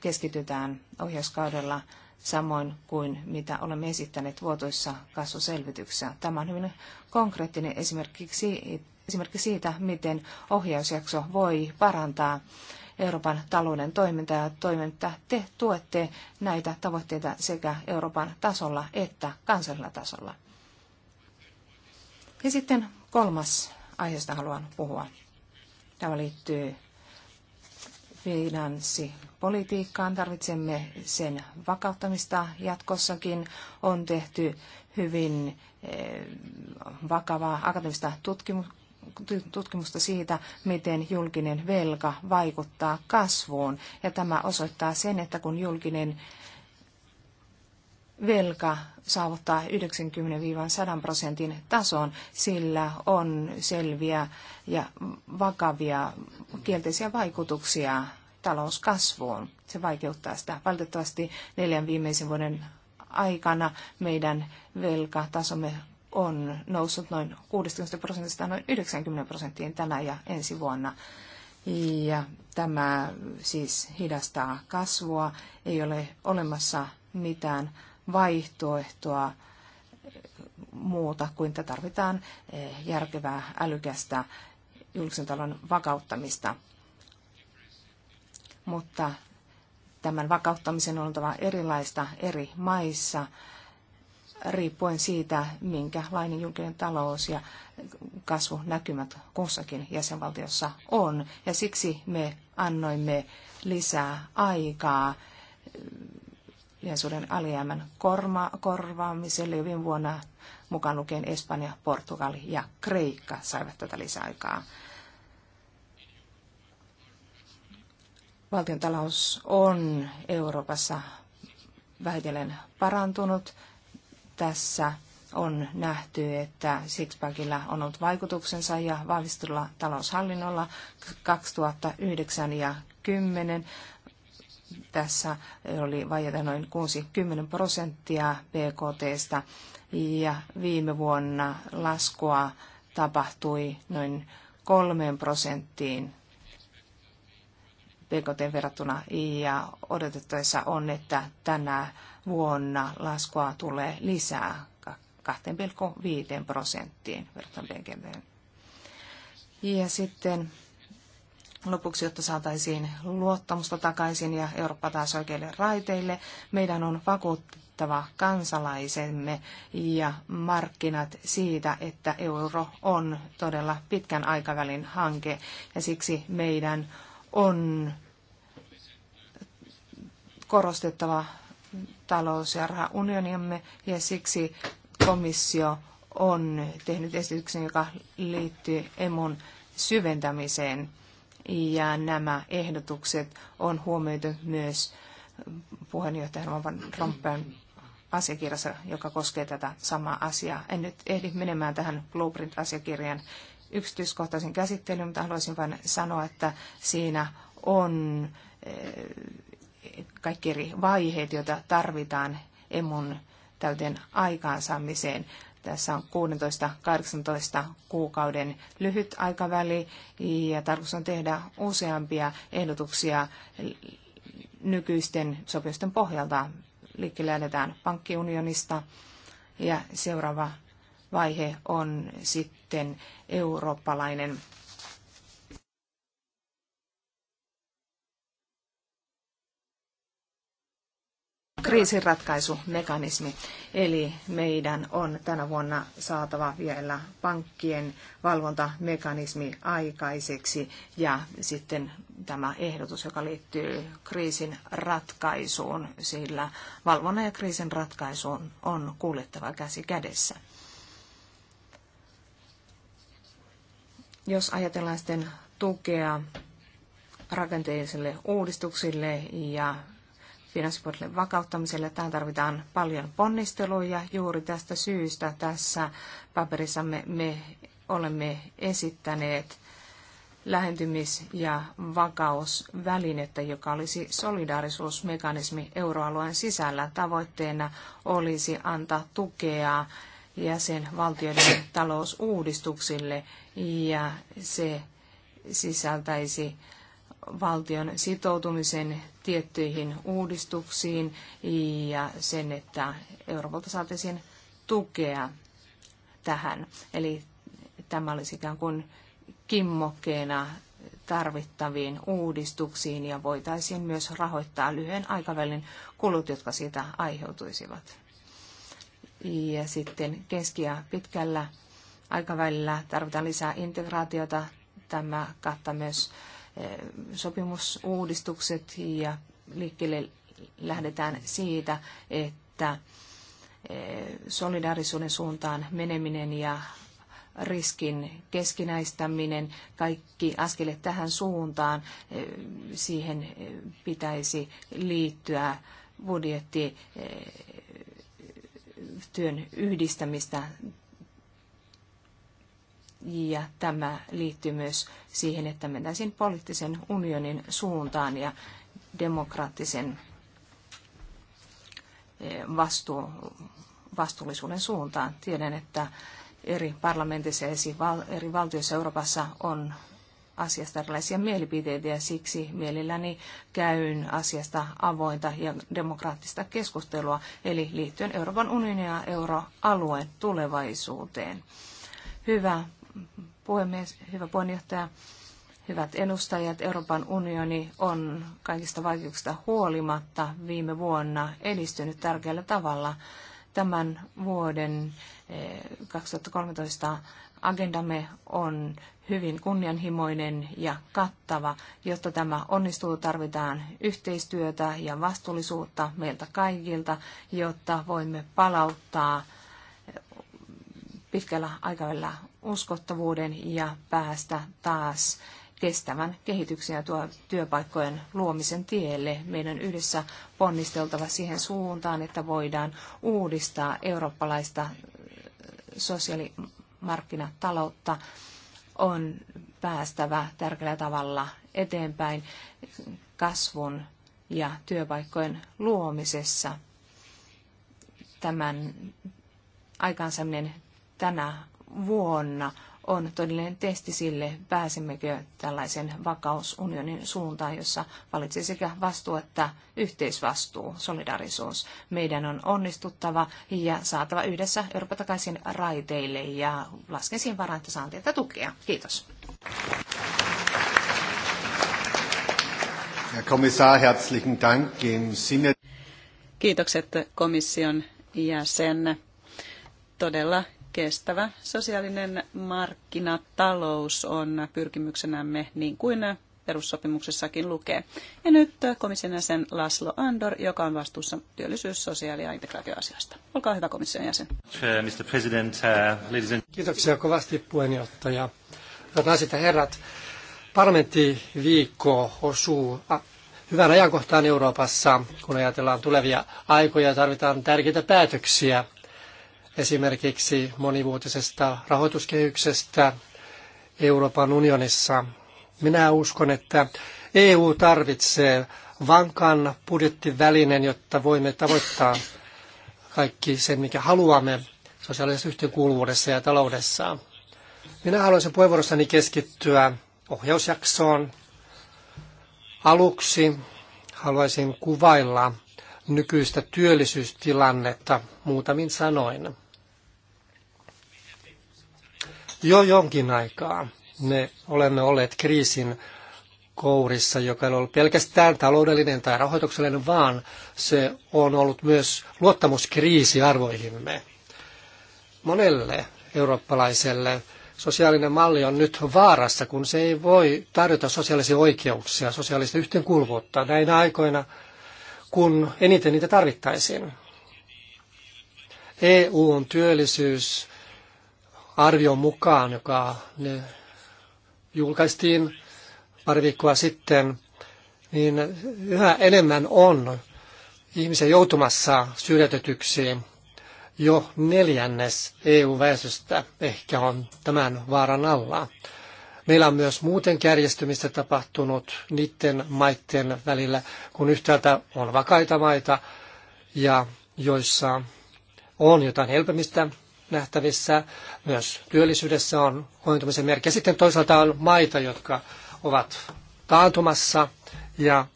keskitytään ohjauskaudella – samoin kuin mitä olemme esittäneet vuotuissa kasvuselvityksissä. Tämä on hyvin konkreettinen esimerkiksi, esimerkki siitä, miten ohjausjakso voi parantaa Euroopan talouden toimintaa ja toimintaa. Te tuette näitä tavoitteita sekä Euroopan tasolla että kansallisella tasolla. Ja sitten kolmas aiheesta haluan puhua. Tämä liittyy finanssi politiikkaan. Tarvitsemme sen vakauttamista jatkossakin. On tehty hyvin eh, vakavaa akateemista tutkimusta tutkimusta siitä, miten julkinen velka vaikuttaa kasvuun. Ja tämä osoittaa sen, että kun julkinen velka saavuttaa 90-100 prosentin tason, sillä on selviä ja vakavia kielteisiä vaikutuksia talouskasvuun. Se vaikeuttaa sitä. Valitettavasti neljän viimeisen vuoden aikana meidän velkatasomme on noussut noin 60 prosentista noin 90 prosenttiin tänä ja ensi vuonna. Ja tämä siis hidastaa kasvua, ei ole olemassa mitään vaihtoehtoa muuta kuin, että tarvitaan eh, järkevää, älykästä julkisen talon vakauttamista mutta tämän vakauttamisen on oltava erilaista eri maissa riippuen siitä, minkälainen julkinen talous ja kasvunäkymät kussakin jäsenvaltiossa on. Ja siksi me annoimme lisää aikaa jäsensuuden alijäämän korma, korvaamiselle hyvin vuonna mukaan lukien Espanja, Portugali ja Kreikka saivat tätä lisäaikaa. valtiontalous on Euroopassa vähitellen parantunut. Tässä on nähty, että Sixpackilla on ollut vaikutuksensa ja vahvistulla taloushallinnolla 2009 ja 10 tässä oli vajata noin 60 prosenttia BKTstä ja viime vuonna laskua tapahtui noin kolmeen prosenttiin BKT verrattuna ja odotettavissa on, että tänä vuonna laskua tulee lisää 2,5 prosenttiin verrattuna BKT. Ja sitten lopuksi, jotta saataisiin luottamusta takaisin ja Eurooppa taas oikeille raiteille, meidän on vakuuttava kansalaisemme ja markkinat siitä, että euro on todella pitkän aikavälin hanke ja siksi meidän on korostettava talous- ja rahaunioniamme ja siksi komissio on tehnyt esityksen, joka liittyy emun syventämiseen. Ja nämä ehdotukset on huomioitu myös puheenjohtaja Roman Rompen asiakirjassa, joka koskee tätä samaa asiaa. En nyt ehdi menemään tähän Blueprint-asiakirjan yksityiskohtaisen käsittelyn, mutta haluaisin vain sanoa, että siinä on eh, kaikki eri vaiheet, joita tarvitaan emun täyteen aikaansaamiseen. Tässä on 16-18 kuukauden lyhyt aikaväli ja tarkoitus on tehdä useampia ehdotuksia nykyisten sopimusten pohjalta. Liikkeelle lähdetään pankkiunionista ja seuraava vaihe on sitten eurooppalainen kriisinratkaisumekanismi. Eli meidän on tänä vuonna saatava vielä pankkien valvontamekanismi aikaiseksi ja sitten tämä ehdotus, joka liittyy kriisin ratkaisuun, sillä valvonnan ja kriisin ratkaisuun on kuljettava käsi kädessä. Jos ajatellaan sitten tukea rakenteellisille uudistuksille ja finanssipuolelle vakauttamiselle. Tähän tarvitaan paljon ponnisteluja. Juuri tästä syystä tässä paperissamme me olemme esittäneet lähentymis- ja vakausvälinettä, joka olisi solidaarisuusmekanismi euroalueen sisällä. Tavoitteena olisi antaa tukea jäsenvaltioiden talousuudistuksille ja se sisältäisi valtion sitoutumisen tiettyihin uudistuksiin ja sen, että Euroopalta saataisiin tukea tähän. Eli tämä olisi ikään kuin kimmokkeena tarvittaviin uudistuksiin ja voitaisiin myös rahoittaa lyhyen aikavälin kulut, jotka siitä aiheutuisivat. Ja sitten keski- ja pitkällä aikavälillä tarvitaan lisää integraatiota. Tämä kattaa myös eh, sopimusuudistukset ja liikkeelle lähdetään siitä, että eh, solidaarisuuden suuntaan meneminen ja riskin keskinäistäminen, kaikki askelet tähän suuntaan, eh, siihen pitäisi liittyä budjetti työn yhdistämistä. Ja tämä liittyy myös siihen, että mentäisiin poliittisen unionin suuntaan ja demokraattisen eh, vastu, vastuullisuuden suuntaan. Tiedän, että eri parlamentissa ja eri valtioissa Euroopassa on asiasta erilaisia mielipiteitä ja siksi mielelläni käyn asiasta avointa ja demokraattista keskustelua, eli liittyen Euroopan unionin ja euroalueen tulevaisuuteen. Hyvä puhemies, hyvä puheenjohtaja, hyvät edustajat, Euroopan unioni on kaikista vaikeuksista huolimatta viime vuonna edistynyt tärkeällä tavalla tämän vuoden 2013 eh, agendamme on hyvin kunnianhimoinen ja kattava. Jotta tämä onnistuu, tarvitaan yhteistyötä ja vastuullisuutta meiltä kaikilta, jotta voimme palauttaa pitkällä aikavälillä uskottavuuden ja päästä taas kestävän kehityksen ja tuo työpaikkojen luomisen tielle. Meidän yhdessä ponnisteltava siihen suuntaan, että voidaan uudistaa eurooppalaista sosiaalimarkkinataloutta on päästävä tärkeällä tavalla eteenpäin kasvun ja työpaikkojen luomisessa. Tämän aikaansaaminen tänä vuonna on todellinen testi sille, pääsemmekö tällaisen vakausunionin suuntaan, jossa valitsee sekä vastuu että yhteisvastuu, solidarisuus. Meidän on onnistuttava ja saatava yhdessä Eurooppa takaisin raiteille ja lasken siihen varaan, että saan teiltä tukea. Kiitos. Herr Kommissar, herzlichen Dank im Sinne. Kiitokset komission jäsen. Todella kestävä sosiaalinen markkinatalous on pyrkimyksenämme niin kuin perussopimuksessakin lukee. Ja nyt komission jäsen Laslo Andor, joka on vastuussa työllisyys-, sosiaali- ja integraatioasioista. Olkaa hyvä komission jäsen. Mr. President, uh, ladies and... Kiitoksia kovasti puheenjohtaja. Hyvät naiset ja herrat, parlamenttiviikko osuu hyvän ajankohtaan Euroopassa, kun ajatellaan tulevia aikoja ja tarvitaan tärkeitä päätöksiä esimerkiksi monivuotisesta rahoituskehyksestä Euroopan unionissa. Minä uskon, että EU tarvitsee vankan budjettivälinen, jotta voimme tavoittaa kaikki sen, mikä haluamme sosiaalisessa yhteenkuuluvuudessa ja taloudessa. Minä haluaisin puheenvuorossani keskittyä ohjausjaksoon. Aluksi haluaisin kuvailla nykyistä työllisyystilannetta muutamin sanoin. Jo jonkin aikaa me olemme olleet kriisin kourissa, joka ei ole pelkästään taloudellinen tai rahoituksellinen, vaan se on ollut myös luottamuskriisi arvoihimme. Monelle eurooppalaiselle sosiaalinen malli on nyt vaarassa, kun se ei voi tarjota sosiaalisia oikeuksia, sosiaalista yhteenkuuluvuutta näinä aikoina, kun eniten niitä tarvittaisiin. EUn työllisyys arvion mukaan, joka ne julkaistiin pari viikkoa sitten, niin yhä enemmän on ihmisiä joutumassa syrjäytetyksi. Jo neljännes EU-väestöstä ehkä on tämän vaaran alla. Meillä on myös muuten kärjestymistä tapahtunut niiden maiden välillä, kun yhtäältä on vakaita maita ja joissa on jotain helpemistä nähtävissä. Myös työllisyydessä on huontumisen merkki. Sitten toisaalta on maita, jotka ovat taantumassa ja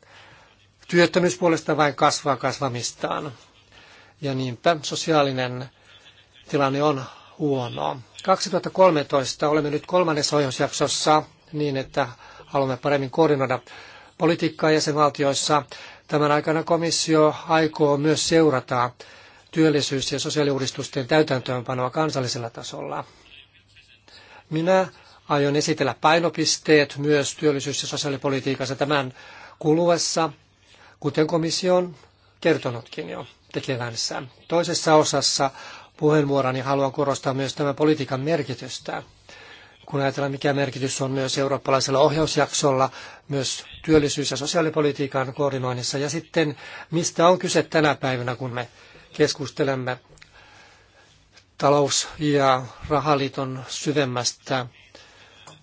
työttömyys puolesta vain kasvaa kasvamistaan. Ja niinpä sosiaalinen tilanne on huono. 2013 olemme nyt kolmannessa ohjausjaksossa niin, että haluamme paremmin koordinoida politiikkaa jäsenvaltioissa. Tämän aikana komissio aikoo myös seurata työllisyys- ja sosiaaliuudistusten täytäntöönpanoa kansallisella tasolla. Minä aion esitellä painopisteet myös työllisyys- ja sosiaalipolitiikassa tämän kuluessa, kuten komissio on kertonutkin jo tekevänsä. Toisessa osassa puheenvuoroni haluan korostaa myös tämän politiikan merkitystä. Kun ajatellaan, mikä merkitys on myös eurooppalaisella ohjausjaksolla, myös työllisyys- ja sosiaalipolitiikan koordinoinnissa, ja sitten mistä on kyse tänä päivänä, kun me keskustelemme talous- ja rahaliiton syvemmästä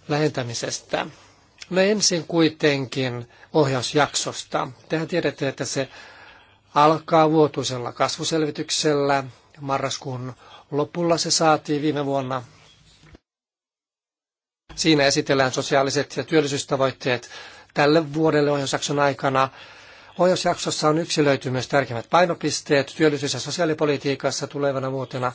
lähentämisestä. Me no ensin kuitenkin ohjausjaksosta. Tehän tiedätte, että se alkaa vuotuisella kasvuselvityksellä. Marraskuun lopulla se saatiin viime vuonna. Siinä esitellään sosiaaliset ja työllisyystavoitteet tälle vuodelle ohjausjakson aikana. Ohjausjaksossa on yksilöity myös tärkeimmät painopisteet työllisyys- ja sosiaalipolitiikassa tulevana vuotena.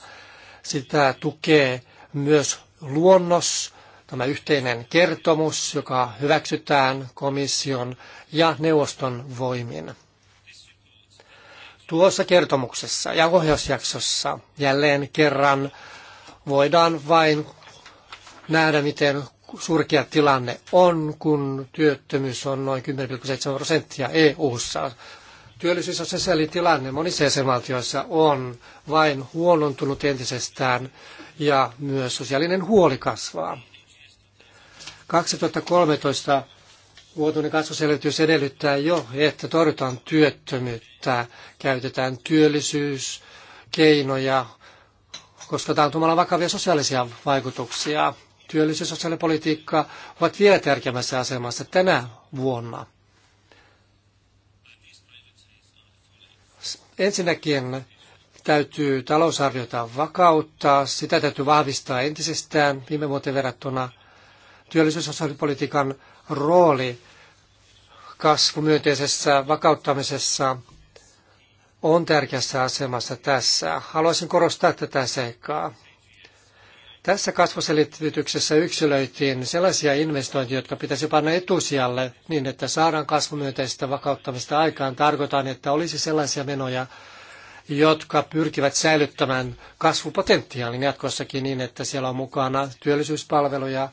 Sitä tukee myös luonnos, tämä yhteinen kertomus, joka hyväksytään komission ja neuvoston voimin. Tuossa kertomuksessa ja ohjausjaksossa jälleen kerran voidaan vain nähdä, miten surkea tilanne on, kun työttömyys on noin 10,7 prosenttia EU-ssa. Työllisyys- ja sosiaalitilanne monissa jäsenvaltioissa on vain huonontunut entisestään ja myös sosiaalinen huoli kasvaa. 2013 vuotuinen kasvuselvitys edellyttää jo, että torjutaan työttömyyttä, käytetään työllisyyskeinoja, koska taantumalla on vakavia sosiaalisia vaikutuksia työllisyys- ja sosiaalipolitiikka ovat vielä tärkeämmässä asemassa tänä vuonna. Ensinnäkin täytyy talousarviota vakauttaa, sitä täytyy vahvistaa entisestään viime vuoteen verrattuna. Työllisyys- ja sosiaalipolitiikan rooli kasvumyönteisessä vakauttamisessa on tärkeässä asemassa tässä. Haluaisin korostaa tätä seikkaa. Tässä kasvuselityksessä yksilöitiin sellaisia investointeja, jotka pitäisi panna etusijalle niin, että saadaan kasvumyönteistä vakauttamista aikaan. Tarkoitan, että olisi sellaisia menoja, jotka pyrkivät säilyttämään kasvupotentiaalin jatkossakin niin, että siellä on mukana työllisyyspalveluja,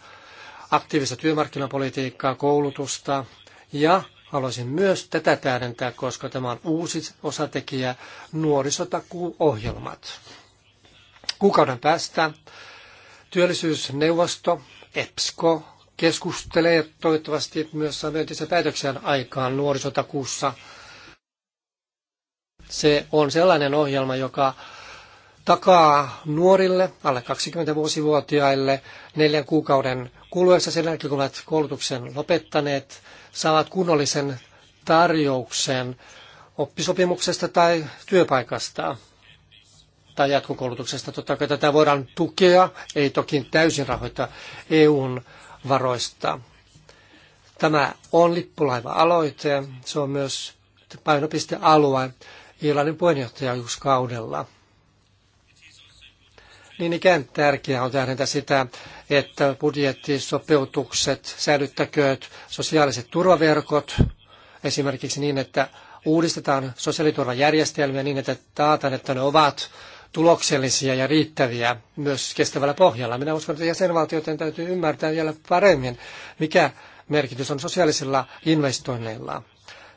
aktiivista työmarkkinapolitiikkaa, koulutusta ja haluaisin myös tätä täydentää, koska tämä on uusi osatekijä nuorisotakuuohjelmat. Kuukauden päästä Työllisyysneuvosto, EPSCO, keskustelee toivottavasti myös myönteisen päätöksen aikaan nuorisotakuussa. Se on sellainen ohjelma, joka takaa nuorille, alle 25-vuotiaille, neljän kuukauden kuluessa sen jälkeen, kun ovat koulutuksen lopettaneet, saavat kunnollisen tarjouksen oppisopimuksesta tai työpaikasta tai jatkokoulutuksesta. Totta kai tätä voidaan tukea, ei toki täysin rahoittaa EUn varoista. Tämä on lippulaiva-aloite, se on myös painopistealue Irlannin puheenjohtajuuskaudella. Niin ikään tärkeää on tähdentä sitä, että budjettisopeutukset säilyttäkööt sosiaaliset turvaverkot, esimerkiksi niin, että uudistetaan sosiaaliturvajärjestelmiä niin, että taataan, että ne ovat tuloksellisia ja riittäviä myös kestävällä pohjalla. Minä uskon, että jäsenvaltioiden täytyy ymmärtää vielä paremmin, mikä merkitys on sosiaalisilla investoinneilla.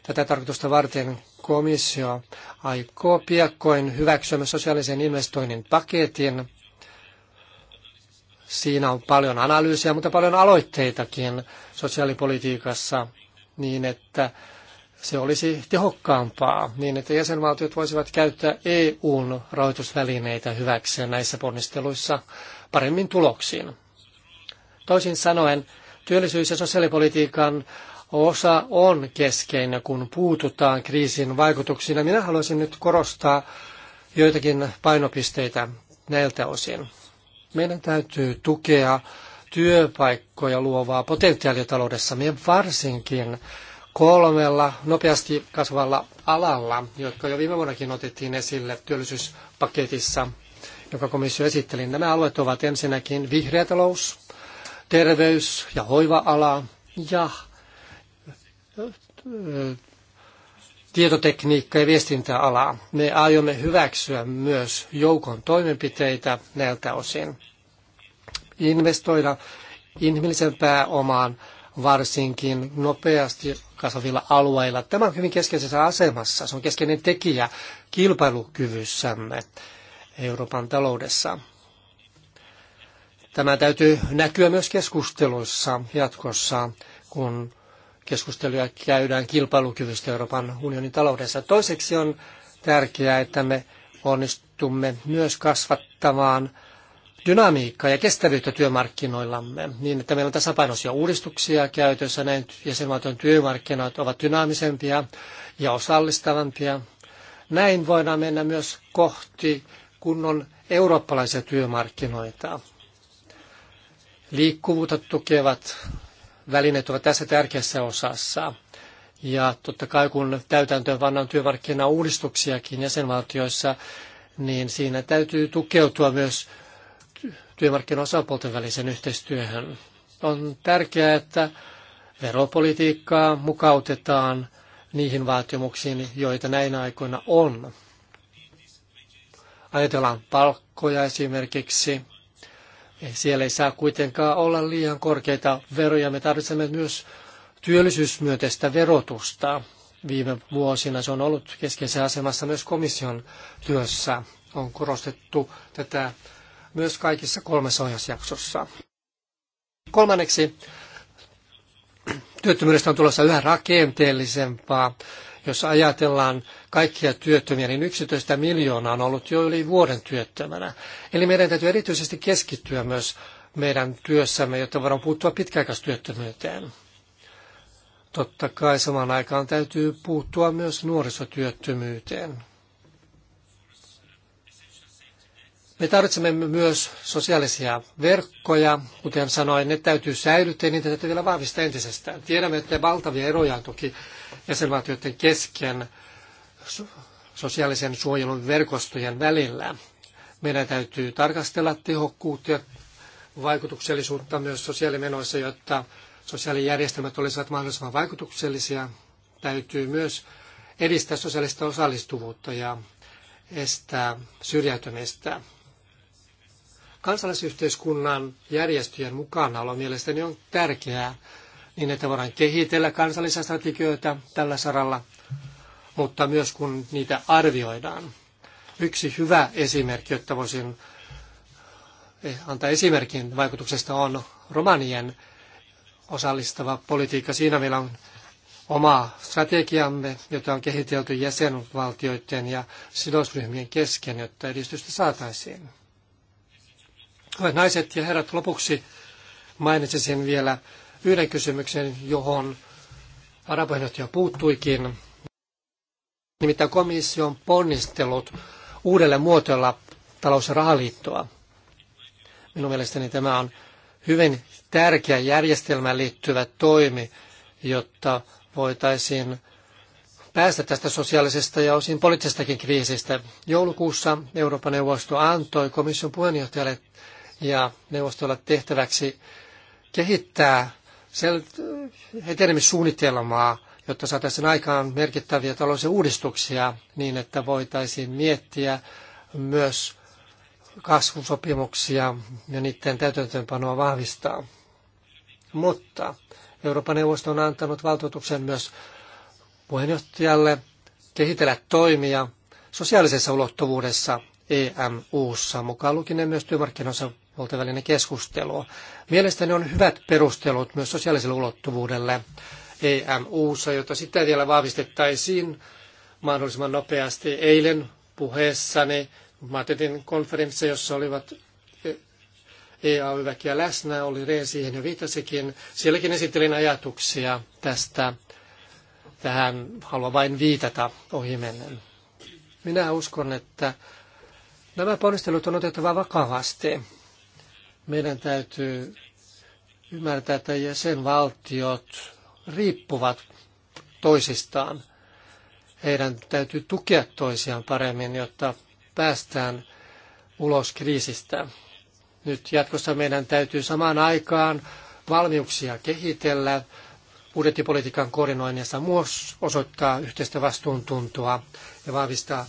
Tätä tarkoitusta varten komissio aikoo piakkoin hyväksyä sosiaalisen investoinnin paketin. Siinä on paljon analyysiä, mutta paljon aloitteitakin sosiaalipolitiikassa niin, että se olisi tehokkaampaa niin, että jäsenvaltiot voisivat käyttää EUn rahoitusvälineitä hyväkseen näissä ponnisteluissa paremmin tuloksiin. Toisin sanoen, työllisyys- ja sosiaalipolitiikan osa on keskeinen, kun puututaan kriisin vaikutuksiin. Minä haluaisin nyt korostaa joitakin painopisteitä näiltä osin. Meidän täytyy tukea työpaikkoja luovaa potentiaalia taloudessamme, varsinkin kolmella nopeasti kasvavalla alalla, jotka jo viime vuonnakin otettiin esille työllisyyspaketissa, joka komissio esitteli. Nämä alueet ovat ensinnäkin vihreä talous, terveys- ja hoiva-ala ja tietotekniikka- ja viestintäala. Me aiomme hyväksyä myös joukon toimenpiteitä näiltä osin. Investoida inhimillisen pääomaan varsinkin nopeasti kasvavilla alueilla. Tämä on hyvin keskeisessä asemassa. Se on keskeinen tekijä kilpailukyvyssämme Euroopan taloudessa. Tämä täytyy näkyä myös keskusteluissa jatkossa, kun keskusteluja käydään kilpailukyvystä Euroopan unionin taloudessa. Toiseksi on tärkeää, että me onnistumme myös kasvattamaan dynamiikkaa ja kestävyyttä työmarkkinoillamme, niin että meillä on tasapainoisia uudistuksia käytössä, näin jäsenvaltion työmarkkinat ovat dynaamisempia ja osallistavampia. Näin voidaan mennä myös kohti kunnon eurooppalaisia työmarkkinoita. Liikkuvuutta tukevat välineet ovat tässä tärkeässä osassa. Ja totta kai kun täytäntöön pannaan työmarkkinauudistuksiakin jäsenvaltioissa, niin siinä täytyy tukeutua myös työmarkkinaosapuolten välisen yhteistyöhön. On tärkeää, että veropolitiikkaa mukautetaan niihin vaatimuksiin, joita näinä aikoina on. Ajatellaan palkkoja esimerkiksi. Siellä ei saa kuitenkaan olla liian korkeita veroja. Me tarvitsemme myös työllisyysmyönteistä verotusta. Viime vuosina se on ollut keskeisessä asemassa myös komission työssä. On korostettu tätä myös kaikissa kolmessa ohjausjaksossa. Kolmanneksi työttömyydestä on tulossa yhä rakenteellisempaa. Jos ajatellaan kaikkia työttömiä, niin 11 miljoonaa on ollut jo yli vuoden työttömänä. Eli meidän täytyy erityisesti keskittyä myös meidän työssämme, jotta voidaan puuttua pitkäaikaistyöttömyyteen. Totta kai samaan aikaan täytyy puuttua myös nuorisotyöttömyyteen. Me tarvitsemme myös sosiaalisia verkkoja. Kuten sanoin, ne täytyy säilyttää ja niitä täytyy vielä vahvistaa entisestään. Tiedämme, että valtavia eroja on toki jäsenvaltioiden kesken sosiaalisen suojelun verkostojen välillä. Meidän täytyy tarkastella tehokkuutta ja vaikutuksellisuutta myös sosiaalimenoissa, jotta sosiaalijärjestelmät olisivat mahdollisimman vaikutuksellisia. Täytyy myös edistää sosiaalista osallistuvuutta ja estää syrjäytymistä. Kansalaisyhteiskunnan järjestöjen mukanaolo mielestäni on tärkeää niin, että voidaan kehitellä kansallisia strategioita tällä saralla, mutta myös kun niitä arvioidaan. Yksi hyvä esimerkki, jotta voisin eh, antaa esimerkin vaikutuksesta, on romanien osallistava politiikka. Siinä meillä on oma strategiamme, jota on kehitelty jäsenvaltioiden ja sidosryhmien kesken, jotta edistystä saataisiin. Hyvät naiset ja herrat, lopuksi mainitsisin vielä yhden kysymyksen, johon varapuheenjohtaja puuttuikin. Nimittäin komission ponnistelut uudelle muotoilla talous- ja rahaliittoa. Minun mielestäni tämä on hyvin tärkeä järjestelmään liittyvä toimi, jotta voitaisiin päästä tästä sosiaalisesta ja osin poliittisestakin kriisistä. Joulukuussa Euroopan neuvosto antoi komission puheenjohtajalle ja neuvostolla tehtäväksi kehittää etenemissuunnitelmaa, jotta saataisiin aikaan merkittäviä taloudellisia uudistuksia niin, että voitaisiin miettiä myös kasvusopimuksia ja niiden täytäntöönpanoa vahvistaa. Mutta Euroopan neuvosto on antanut valtuutuksen myös puheenjohtajalle kehitellä toimia sosiaalisessa ulottuvuudessa EMUssa, mukaan lukien myös työmarkkinoissa välinen keskustelu. Mielestäni on hyvät perustelut myös sosiaaliselle ulottuvuudelle EMUssa, jota sitä vielä vahvistettaisiin mahdollisimman nopeasti. Eilen puheessani Madridin konferenssissa, jossa olivat EAY-väkiä läsnä, oli Reen siihen jo viitasikin. Sielläkin esittelin ajatuksia tästä. Tähän haluan vain viitata ohimennen. Minä uskon, että nämä ponnistelut on otettava vakavasti. Meidän täytyy ymmärtää, että jäsenvaltiot riippuvat toisistaan. Heidän täytyy tukea toisiaan paremmin, jotta päästään ulos kriisistä. Nyt jatkossa meidän täytyy samaan aikaan valmiuksia kehitellä, budjettipolitiikan koordinoinnissa myös osoittaa yhteistä vastuuntuntoa ja vahvistaa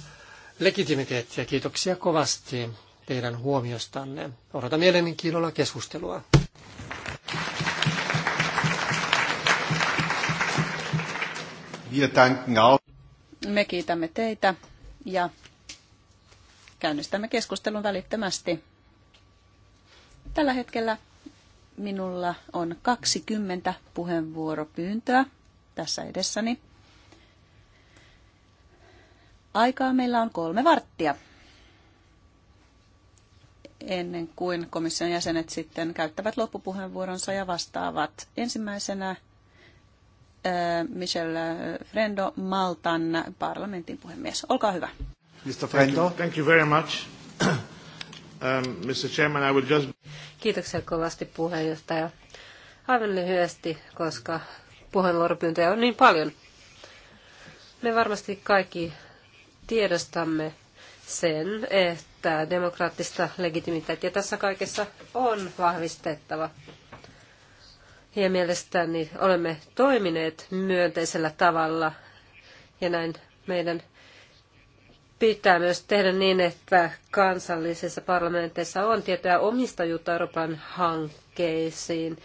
legitimiteettiä. Kiitoksia kovasti teidän huomiostanne. Odotan mielenkiinnolla keskustelua. Me kiitämme teitä ja käynnistämme keskustelun välittömästi. Tällä hetkellä minulla on 20 puheenvuoropyyntöä tässä edessäni. Aikaa meillä on kolme varttia ennen kuin komission jäsenet sitten käyttävät loppupuheenvuoronsa ja vastaavat. Ensimmäisenä Michel Frendo Maltan parlamentin puhemies. Olkaa hyvä. Mr. Frendo. Thank you very much. Mr. Um, Chairman, I will just... Kiitoksia kovasti puheenjohtaja. Aivan lyhyesti, koska puheenvuoropyyntöjä on niin paljon. Me varmasti kaikki tiedostamme sen, että että demokraattista legitimiteettiä tässä kaikessa on vahvistettava. Ja mielestäni olemme toimineet myönteisellä tavalla ja näin meidän pitää myös tehdä niin, että kansallisissa parlamenteissa on tiettyä omistajuutta Euroopan hankkeisiin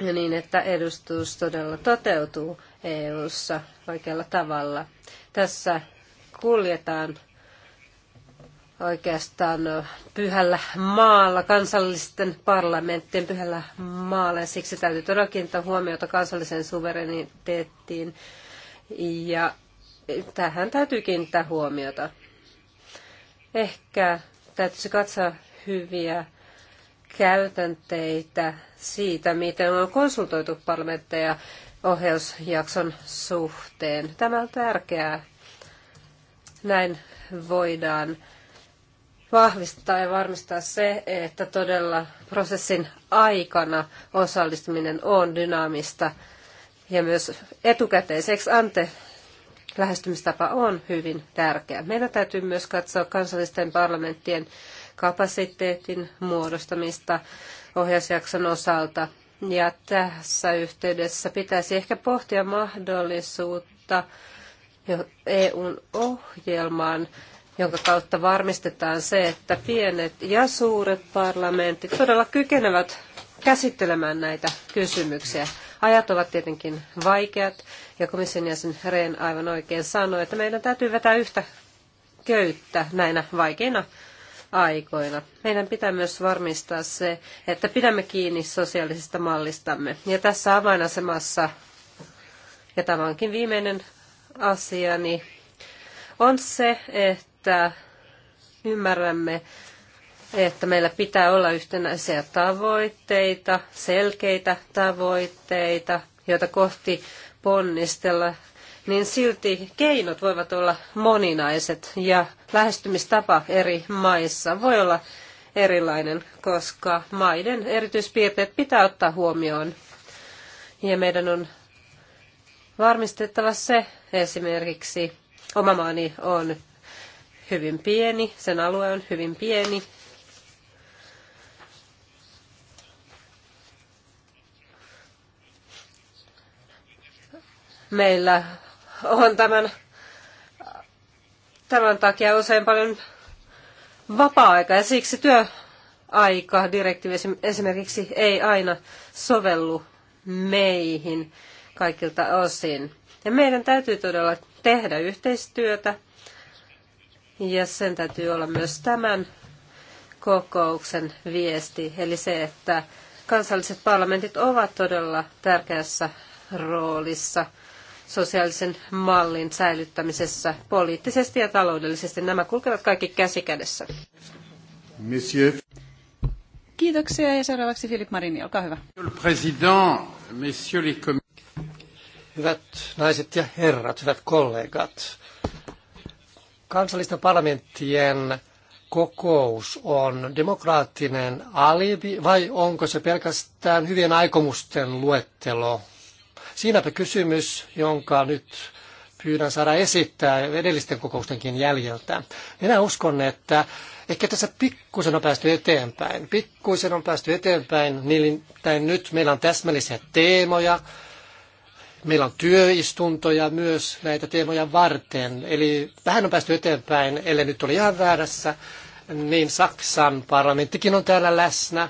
ja niin, että edustus todella toteutuu EU-ssa oikealla tavalla. Tässä kuljetaan oikeastaan pyhällä maalla, kansallisten parlamenttien pyhällä maalla, ja siksi täytyy todella kiinnittää huomiota kansalliseen suvereniteettiin, ja tähän täytyy kiinnittää huomiota. Ehkä täytyisi katsoa hyviä käytänteitä siitä, miten on konsultoitu parlamentteja ohjausjakson suhteen. Tämä on tärkeää. Näin voidaan vahvistaa ja varmistaa se, että todella prosessin aikana osallistuminen on dynaamista ja myös etukäteiseksi ante lähestymistapa on hyvin tärkeä. Meillä täytyy myös katsoa kansallisten parlamenttien kapasiteetin muodostamista ohjausjakson osalta. Ja tässä yhteydessä pitäisi ehkä pohtia mahdollisuutta EUn ohjelmaan jonka kautta varmistetaan se, että pienet ja suuret parlamentit todella kykenevät käsittelemään näitä kysymyksiä. Ajat ovat tietenkin vaikeat, ja komission jäsen Rehn aivan oikein sanoi, että meidän täytyy vetää yhtä köyttä näinä vaikeina aikoina. Meidän pitää myös varmistaa se, että pidämme kiinni sosiaalisesta mallistamme. Ja tässä avainasemassa, ja tämä onkin viimeinen asiani, on se, että että ymmärrämme, että meillä pitää olla yhtenäisiä tavoitteita, selkeitä tavoitteita, joita kohti ponnistella, niin silti keinot voivat olla moninaiset ja lähestymistapa eri maissa voi olla erilainen, koska maiden erityispiirteet pitää ottaa huomioon. Ja meidän on varmistettava se esimerkiksi, oma maani on hyvin pieni, sen alue on hyvin pieni. Meillä on tämän, tämän takia usein paljon vapaa-aikaa ja siksi työaika direktiivi esimerkiksi ei aina sovellu meihin kaikilta osin. Ja meidän täytyy todella tehdä yhteistyötä ja sen täytyy olla myös tämän kokouksen viesti, eli se, että kansalliset parlamentit ovat todella tärkeässä roolissa sosiaalisen mallin säilyttämisessä poliittisesti ja taloudellisesti. Nämä kulkevat kaikki käsi kädessä. Monsieur. Kiitoksia ja seuraavaksi Filip Marini, olkaa hyvä. Hyvät naiset ja herrat, hyvät kollegat kansallisten parlamenttien kokous on demokraattinen alibi vai onko se pelkästään hyvien aikomusten luettelo? Siinäpä kysymys, jonka nyt pyydän saada esittää edellisten kokoustenkin jäljeltä. Minä uskon, että ehkä tässä pikkusen on päästy eteenpäin. Pikkuisen on päästy eteenpäin, nimittäin nyt meillä on täsmällisiä teemoja, Meillä on työistuntoja myös näitä teemoja varten. Eli vähän on päästy eteenpäin, ellei nyt ole ihan väärässä, niin Saksan parlamenttikin on täällä läsnä.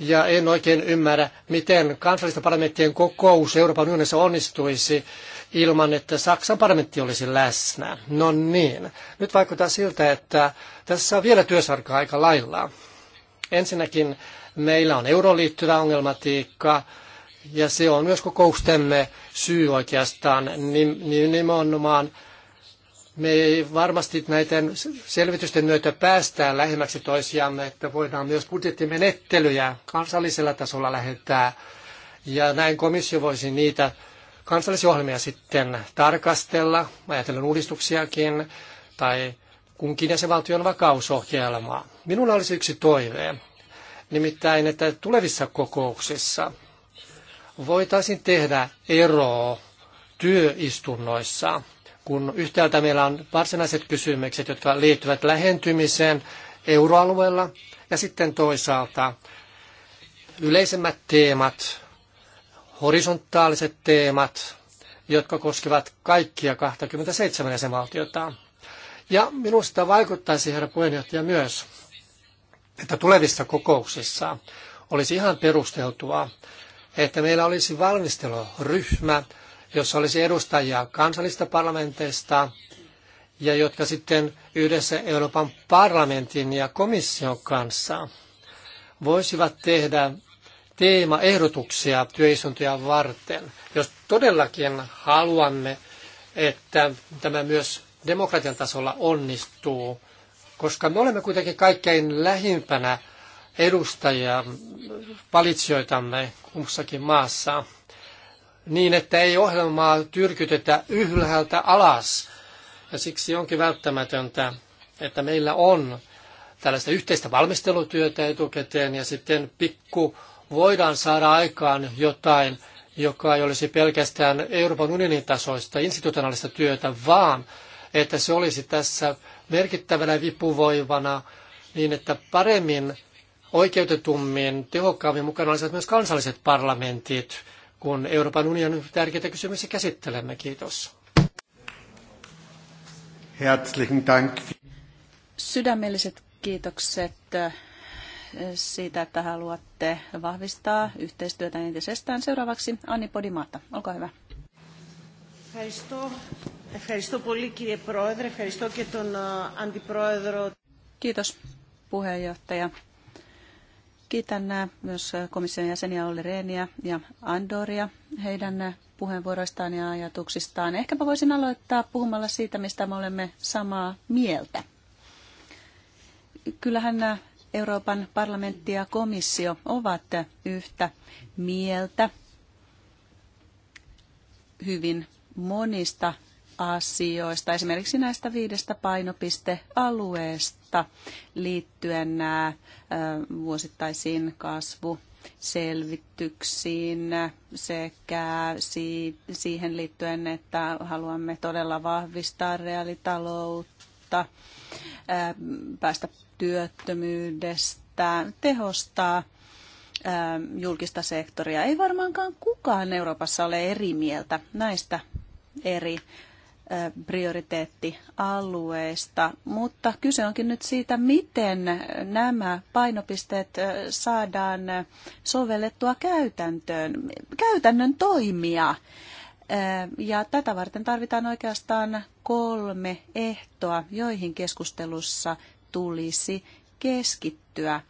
Ja en oikein ymmärrä, miten kansallisten parlamenttien kokous Euroopan unionissa onnistuisi ilman, että Saksan parlamentti olisi läsnä. No niin, nyt vaikuttaa siltä, että tässä on vielä työsarkaa aika lailla. Ensinnäkin meillä on liittyvä ongelmatiikka, ja se on myös kokoustemme syy oikeastaan nimenomaan. Me ei varmasti näiden selvitysten myötä päästään lähemmäksi toisiamme, että voidaan myös budjettimenettelyjä kansallisella tasolla lähettää. Ja näin komissio voisi niitä kansallisohjelmia sitten tarkastella, ajatellen uudistuksiakin, tai kunkin jäsenvaltion vakausohjelmaa. Minulla olisi yksi toive, nimittäin, että tulevissa kokouksissa – voitaisiin tehdä ero työistunnoissa, kun yhtäältä meillä on varsinaiset kysymykset, jotka liittyvät lähentymiseen euroalueella, ja sitten toisaalta yleisemmät teemat, horisontaaliset teemat, jotka koskevat kaikkia 27 jäsenvaltiota. Ja minusta vaikuttaisi, herra puheenjohtaja, myös, että tulevissa kokouksissa olisi ihan perusteltua, että meillä olisi valmisteluryhmä, jossa olisi edustajia kansallista parlamenteista ja jotka sitten yhdessä Euroopan parlamentin ja komission kanssa voisivat tehdä teemaehdotuksia työistuntoja varten. Jos todellakin haluamme, että tämä myös demokratian tasolla onnistuu, koska me olemme kuitenkin kaikkein lähimpänä edustajia, valitsijoitamme kummassakin maassa, niin että ei ohjelmaa tyrkytetä ylhäältä alas. Ja siksi onkin välttämätöntä, että meillä on tällaista yhteistä valmistelutyötä etukäteen ja sitten pikku voidaan saada aikaan jotain, joka ei olisi pelkästään Euroopan unionin tasoista institutionaalista työtä, vaan että se olisi tässä merkittävänä vipuvoivana niin, että paremmin oikeutetummin, tehokkaammin mukana olisivat myös kansalliset parlamentit, kun Euroopan unionin tärkeitä kysymyksiä käsittelemme. Kiitos. Herzlichen Dank. Sydämelliset kiitokset äh, siitä, että haluatte vahvistaa yhteistyötä entisestään. Seuraavaksi Anni Podimata, olkaa hyvä. Äh, Kiitos puheenjohtaja. Kiitän äh, myös äh, komission jäseniä Olli Reeniä ja Andoria heidän äh, puheenvuoroistaan ja ajatuksistaan. Ehkäpä voisin aloittaa puhumalla siitä, mistä me olemme samaa mieltä. Kyllähän Euroopan parlamentti ja komissio ovat yhtä mieltä hyvin monista asioista, esimerkiksi näistä viidestä painopistealueesta liittyen ää, vuosittaisiin kasvu selvityksiin sekä siihen liittyen, että haluamme todella vahvistaa reaalitaloutta, päästä työttömyydestä, tehostaa julkista sektoria. Ei varmaankaan kukaan Euroopassa ole eri mieltä näistä eri prioriteettialueista, mutta kyse onkin nyt siitä, miten nämä painopisteet saadaan sovellettua käytäntöön, käytännön toimia. Ja tätä varten tarvitaan oikeastaan kolme ehtoa, joihin keskustelussa tulisi keskittyä.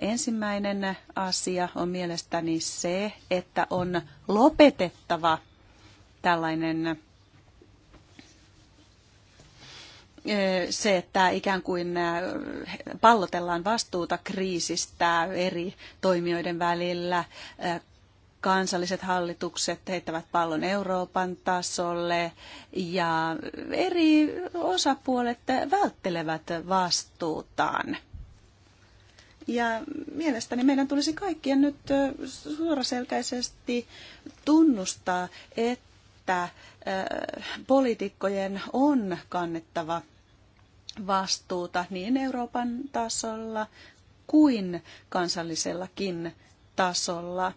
Ensimmäinen asia on mielestäni se, että on lopetettava tällainen se, että ikään kuin pallotellaan vastuuta kriisistä eri toimijoiden välillä. Kansalliset hallitukset heittävät pallon Euroopan tasolle ja eri osapuolet välttelevät vastuutaan. Ja mielestäni meidän tulisi kaikkien nyt suoraselkäisesti tunnustaa, että että poliitikkojen on kannettava vastuuta niin Euroopan tasolla kuin kansallisellakin tasolla.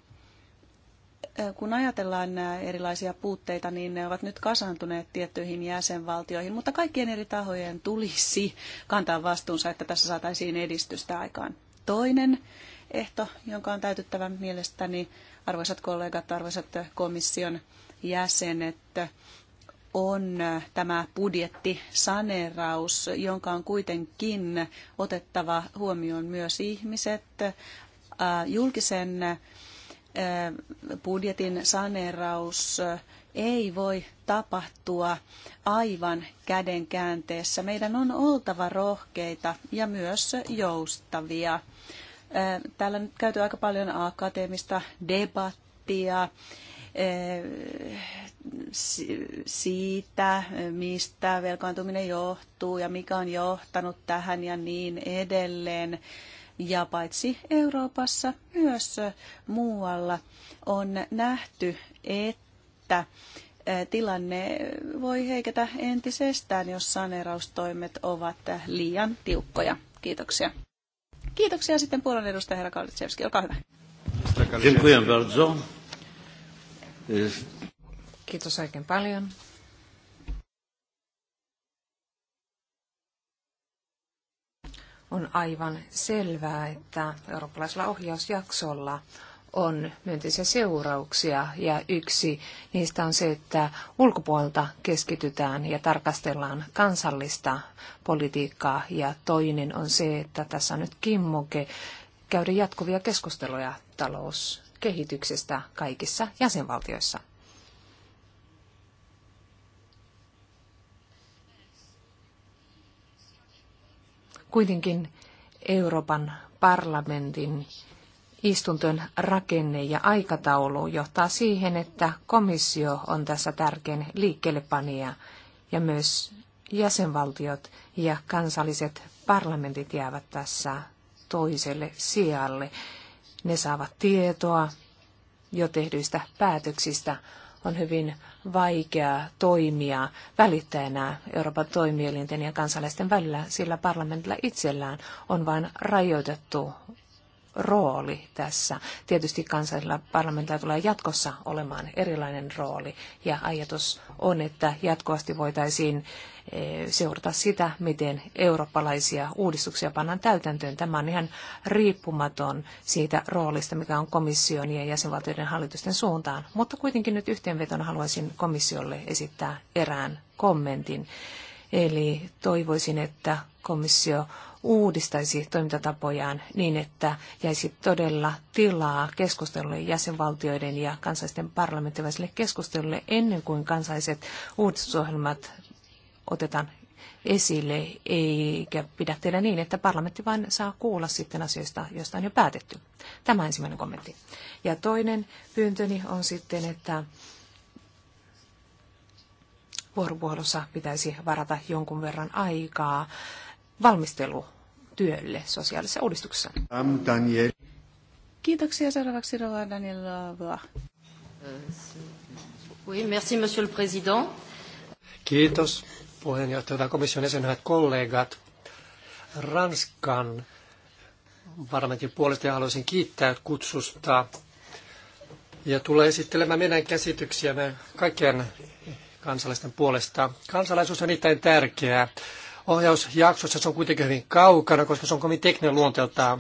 Kun ajatellaan nämä erilaisia puutteita, niin ne ovat nyt kasantuneet tiettyihin jäsenvaltioihin, mutta kaikkien eri tahojen tulisi kantaa vastuunsa, että tässä saataisiin edistystä aikaan. Toinen ehto, jonka on täytettävä mielestäni, arvoisat kollegat, arvoisat komission jäsenet, on tämä budjettisaneeraus, jonka on kuitenkin otettava huomioon myös ihmiset. Julkisen budjetin saneeraus ei voi tapahtua aivan käden käänteessä. Meidän on oltava rohkeita ja myös joustavia. Täällä nyt käyty aika paljon akateemista debattia Eh, siitä, mistä velkaantuminen johtuu ja mikä on johtanut tähän ja niin edelleen. Ja paitsi Euroopassa, myös muualla on nähty, että eh, tilanne voi heiketä entisestään, jos saneeraustoimet ovat liian tiukkoja. Kiitoksia. Kiitoksia sitten Puolan edustaja herra Kalitsevski. Olkaa hyvä. Dziękuję Kiitos oikein paljon. On aivan selvää, että eurooppalaisella ohjausjaksolla on myönteisiä seurauksia ja yksi niistä on se, että ulkopuolta keskitytään ja tarkastellaan kansallista politiikkaa ja toinen on se, että tässä on nyt kimmoke käydä jatkuvia keskusteluja talous kehityksestä kaikissa jäsenvaltioissa. Kuitenkin Euroopan parlamentin istuntojen rakenne ja aikataulu johtaa siihen, että komissio on tässä tärkein liikkeellepanija ja myös jäsenvaltiot ja kansalliset parlamentit jäävät tässä toiselle sijalle. Ne saavat tietoa jo tehdyistä päätöksistä. On hyvin vaikea toimia välittäjänä Euroopan toimielinten ja kansalaisten välillä, sillä parlamentilla itsellään on vain rajoitettu rooli tässä. Tietysti kansallisella parlamentilla tulee jatkossa olemaan erilainen rooli ja ajatus on, että jatkuvasti voitaisiin eh, seurata sitä, miten eurooppalaisia uudistuksia pannaan täytäntöön. Tämä on ihan riippumaton siitä roolista, mikä on komission ja jäsenvaltioiden hallitusten suuntaan. Mutta kuitenkin nyt yhteenvetona haluaisin komissiolle esittää erään kommentin. Eli toivoisin, että komissio uudistaisi toimintatapojaan niin, että jäisi todella tilaa keskustelulle jäsenvaltioiden ja kansallisten parlamenttien väliselle keskustelulle ennen kuin kansalliset uudistusohjelmat otetaan esille, eikä pidä tehdä niin, että parlamentti vain saa kuulla sitten asioista, joista on jo päätetty. Tämä ensimmäinen kommentti. Ja toinen pyyntöni on sitten, että vuoropuhelussa pitäisi varata jonkun verran aikaa valmistelu työlle sosiaalisessa uudistuksessa. Daniel. Kiitoksia seuraavaksi Rova Danielova. Oui, merci, monsieur le président. Kiitos puheenjohtaja, komission jäsen, hyvät kollegat. Ranskan parlamentin puolesta haluaisin kiittää kutsusta ja tulee esittelemään meidän käsityksiämme kaikkien kansalaisten puolesta. Kansalaisuus on erittäin tärkeää ohjausjaksossa se on kuitenkin hyvin kaukana, koska se on kovin tekninen luonteelta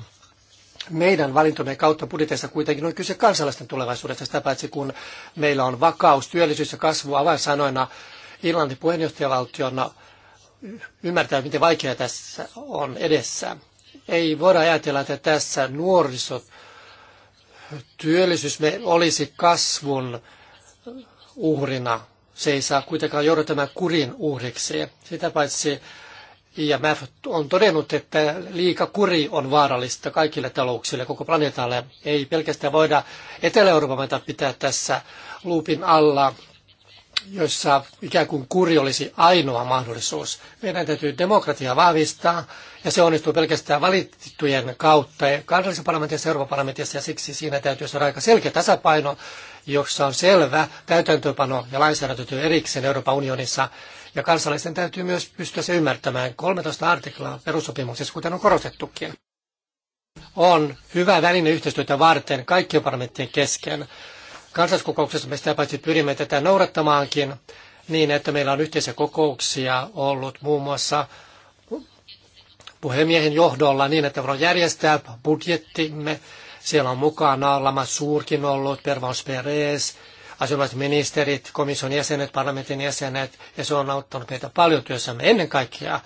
Meidän valintomme kautta budjeteissa kuitenkin on kyse kansalaisten tulevaisuudesta, sitä paitsi kun meillä on vakaus, työllisyys ja kasvu avainsanoina Irlannin puheenjohtajavaltiona ymmärtää, miten vaikeaa tässä on edessä. Ei voida ajatella, että tässä nuorisot työllisyys me olisi kasvun uhrina. Se ei saa kuitenkaan jouduta tämän kurin uhriksi. Sitä paitsi IMF on todennut, että liika kuri on vaarallista kaikille talouksille, koko planeetalle. Ei pelkästään voida Etelä-Euroopan maita pitää tässä luupin alla, jossa ikään kuin kuri olisi ainoa mahdollisuus. Meidän täytyy demokratiaa vahvistaa, ja se onnistuu pelkästään valittujen kautta kansallisessa parlamentissa ja Euroopan parlamentissa, ja siksi siinä täytyy saada aika selkeä tasapaino, jossa on selvä täytäntöpano ja lainsäädäntötyö erikseen Euroopan unionissa, ja kansalaisten täytyy myös pystyä se ymmärtämään. 13 artiklaa perussopimuksessa, kuten on korostettukin, on hyvä väline yhteistyötä varten kaikkien parlamenttien kesken. Kansalliskokouksessa me sitä paitsi pyrimme tätä noudattamaankin niin, että meillä on yhteisiä kokouksia ollut muun muassa puhemiehen johdolla niin, että voidaan järjestää budjettimme. Siellä on mukana Lama Suurkin ollut, Pervaus Perez, asianomaiset ministerit, komission jäsenet, parlamentin jäsenet, ja se on auttanut meitä paljon työssämme ennen kaikkea.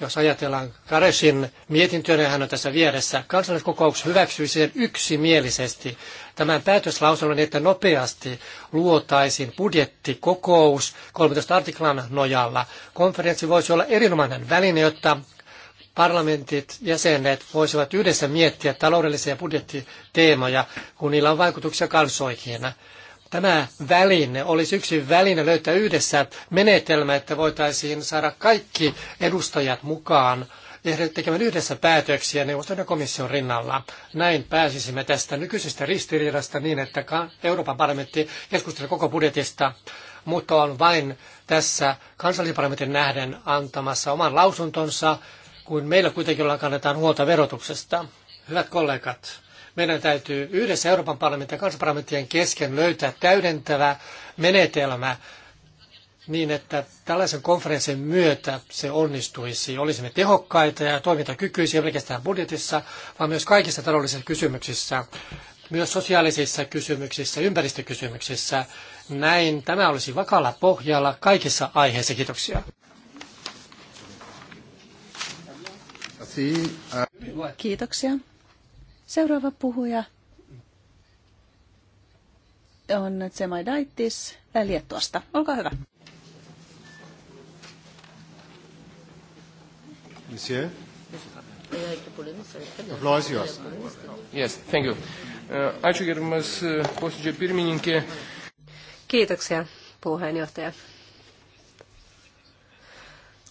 Jos ajatellaan Karesin mietintöä, niin hän on tässä vieressä. Kansalliskokouks hyväksyi sen yksimielisesti. Tämän päätöslauselman, että nopeasti luotaisiin budjettikokous 13 artiklan nojalla. Konferenssi voisi olla erinomainen väline, jotta parlamentit, jäsenet voisivat yhdessä miettiä taloudellisia budjettiteemoja, kun niillä on vaikutuksia kansoihin. Tämä väline olisi yksi väline löytää yhdessä menetelmä, että voitaisiin saada kaikki edustajat mukaan tekemään yhdessä päätöksiä neuvoston ja komission rinnalla. Näin pääsisimme tästä nykyisestä ristiriidasta niin, että Euroopan parlamentti keskustelee koko budjetista, mutta on vain tässä kansallisparlamentin nähden antamassa oman lausuntonsa kun meillä kuitenkin kannetaan huolta verotuksesta. Hyvät kollegat, meidän täytyy yhdessä Euroopan parlamentin ja kansanparlamenttien kesken löytää täydentävä menetelmä niin, että tällaisen konferenssin myötä se onnistuisi. Olisimme tehokkaita ja toimintakykyisiä pelkästään budjetissa, vaan myös kaikissa taloudellisissa kysymyksissä, myös sosiaalisissa kysymyksissä, ympäristökysymyksissä. Näin tämä olisi vakalla pohjalla kaikissa aiheissa. Kiitoksia. Kiitoksia. Seuraava puhuja on Tsemaidaitis Liettuasta. Olkaa hyvä. Monsieur? Yes, thank you. Uh, uh, Kiitoksia puheenjohtaja.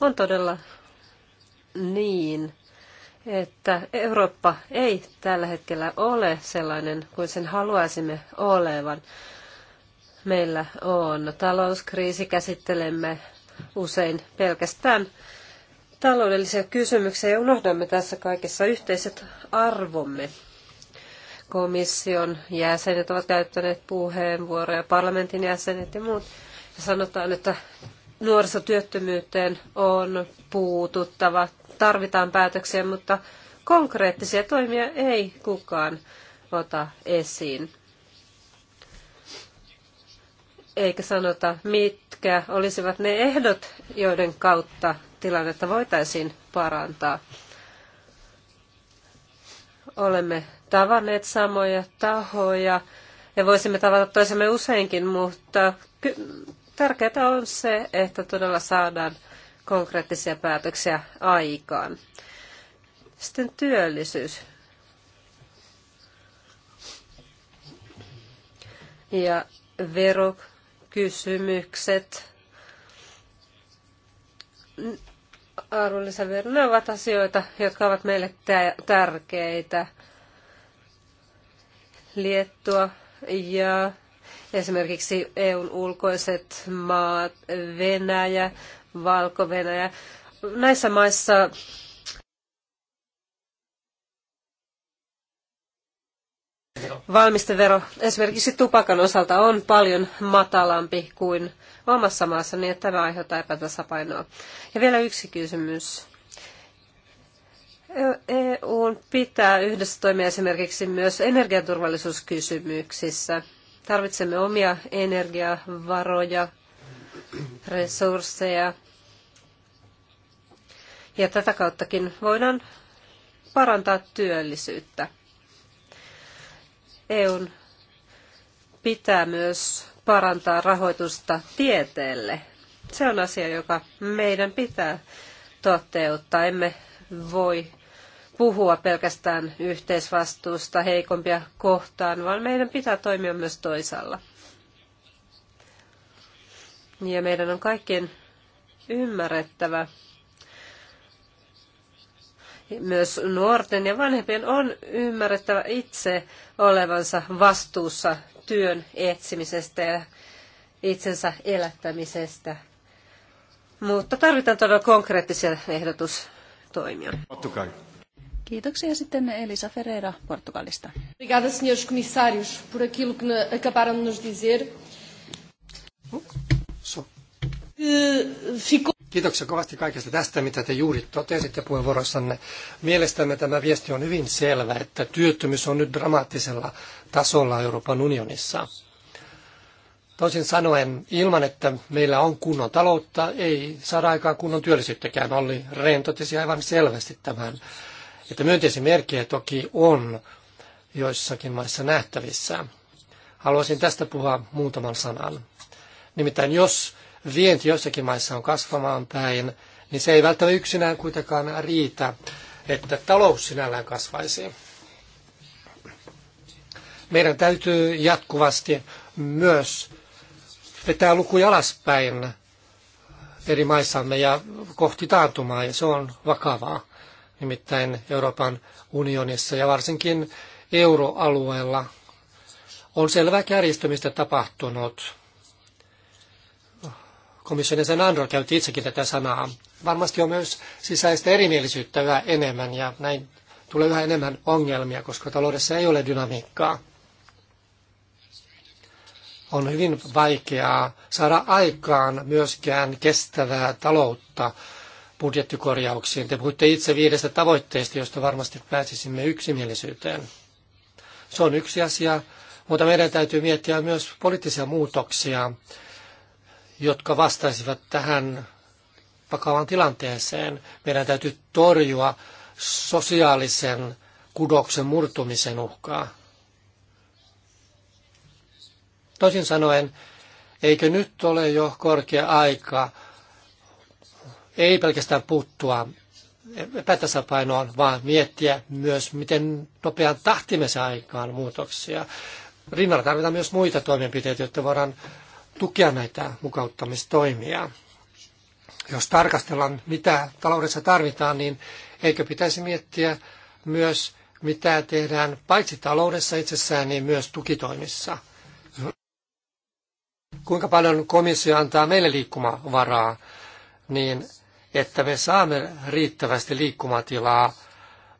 On todella niin, että Eurooppa ei tällä hetkellä ole sellainen kuin sen haluaisimme olevan. Meillä on talouskriisi, käsittelemme usein pelkästään taloudellisia kysymyksiä ja unohdamme tässä kaikessa yhteiset arvomme. Komission jäsenet ovat käyttäneet puheenvuoroja, parlamentin jäsenet ja muut. Ja sanotaan, että nuorisotyöttömyyteen on puututtava, tarvitaan päätöksiä, mutta konkreettisia toimia ei kukaan ota esiin. Eikä sanota, mitkä olisivat ne ehdot, joiden kautta tilannetta voitaisiin parantaa. Olemme tavanneet samoja tahoja ja voisimme tavata toisemme useinkin, mutta tärkeää on se, että todella saadaan konkreettisia päätöksiä aikaan. Sitten työllisyys. Ja verokysymykset. Arvonlisävero, ne ovat asioita, jotka ovat meille tärkeitä. Liettua ja esimerkiksi EUn ulkoiset maat, Venäjä, valko -Venäjä. Näissä maissa valmistevero esimerkiksi tupakan osalta on paljon matalampi kuin omassa maassa, niin että tämä aiheuttaa epätasapainoa. Ja vielä yksi kysymys. EUn e pitää yhdessä toimia esimerkiksi myös energiaturvallisuuskysymyksissä. Tarvitsemme omia energiavaroja, resursseja ja tätä kauttakin voidaan parantaa työllisyyttä. EUn pitää myös parantaa rahoitusta tieteelle. Se on asia, joka meidän pitää toteuttaa. Emme voi puhua pelkästään yhteisvastuusta heikompia kohtaan, vaan meidän pitää toimia myös toisalla. Ja meidän on kaikkien ymmärrettävä, myös nuorten ja vanhempien on ymmärrettävä itse olevansa vastuussa työn etsimisestä ja itsensä elättämisestä. Mutta tarvitaan todella konkreettisia ehdotustoimia. Portugal. Kiitoksia sitten Elisa Ferreira Portugalista. Obrigada, senhores comissários, por aquilo que acabaram de nos dizer. Oh, ficou Kiitoksia kovasti kaikesta tästä, mitä te juuri totesitte puheenvuorossanne. Mielestämme tämä viesti on hyvin selvä, että työttömyys on nyt dramaattisella tasolla Euroopan unionissa. Toisin sanoen, ilman että meillä on kunnon taloutta, ei saada aikaan kunnon työllisyyttäkään. Olli Rehn totesi aivan selvästi tämän, että myönteisiä merkkejä toki on joissakin maissa nähtävissä. Haluaisin tästä puhua muutaman sanan. Nimittäin jos vienti jossakin maissa on kasvamaan päin, niin se ei välttämättä yksinään kuitenkaan riitä, että talous sinällään kasvaisi. Meidän täytyy jatkuvasti myös vetää lukuja alaspäin eri maissamme ja kohti taantumaa, ja se on vakavaa. Nimittäin Euroopan unionissa ja varsinkin euroalueella on selvää kärjistymistä tapahtunut komission sen Andro käytti itsekin tätä sanaa. Varmasti on myös sisäistä erimielisyyttä yhä enemmän ja näin tulee yhä enemmän ongelmia, koska taloudessa ei ole dynamiikkaa. On hyvin vaikeaa saada aikaan myöskään kestävää taloutta budjettikorjauksiin. Te puhutte itse viidestä tavoitteesta, josta varmasti pääsisimme yksimielisyyteen. Se on yksi asia, mutta meidän täytyy miettiä myös poliittisia muutoksia jotka vastaisivat tähän vakavan tilanteeseen. Meidän täytyy torjua sosiaalisen kudoksen murtumisen uhkaa. Toisin sanoen, eikö nyt ole jo korkea aika, ei pelkästään puuttua epätasapainoon, vaan miettiä myös, miten nopean tahtimme aikaan muutoksia. Rinnalla tarvitaan myös muita toimenpiteitä, jotta voidaan tukea näitä mukauttamistoimia. Jos tarkastellaan, mitä taloudessa tarvitaan, niin eikö pitäisi miettiä myös, mitä tehdään paitsi taloudessa itsessään, niin myös tukitoimissa. Kuinka paljon komissio antaa meille liikkumavaraa, niin että me saamme riittävästi liikkumatilaa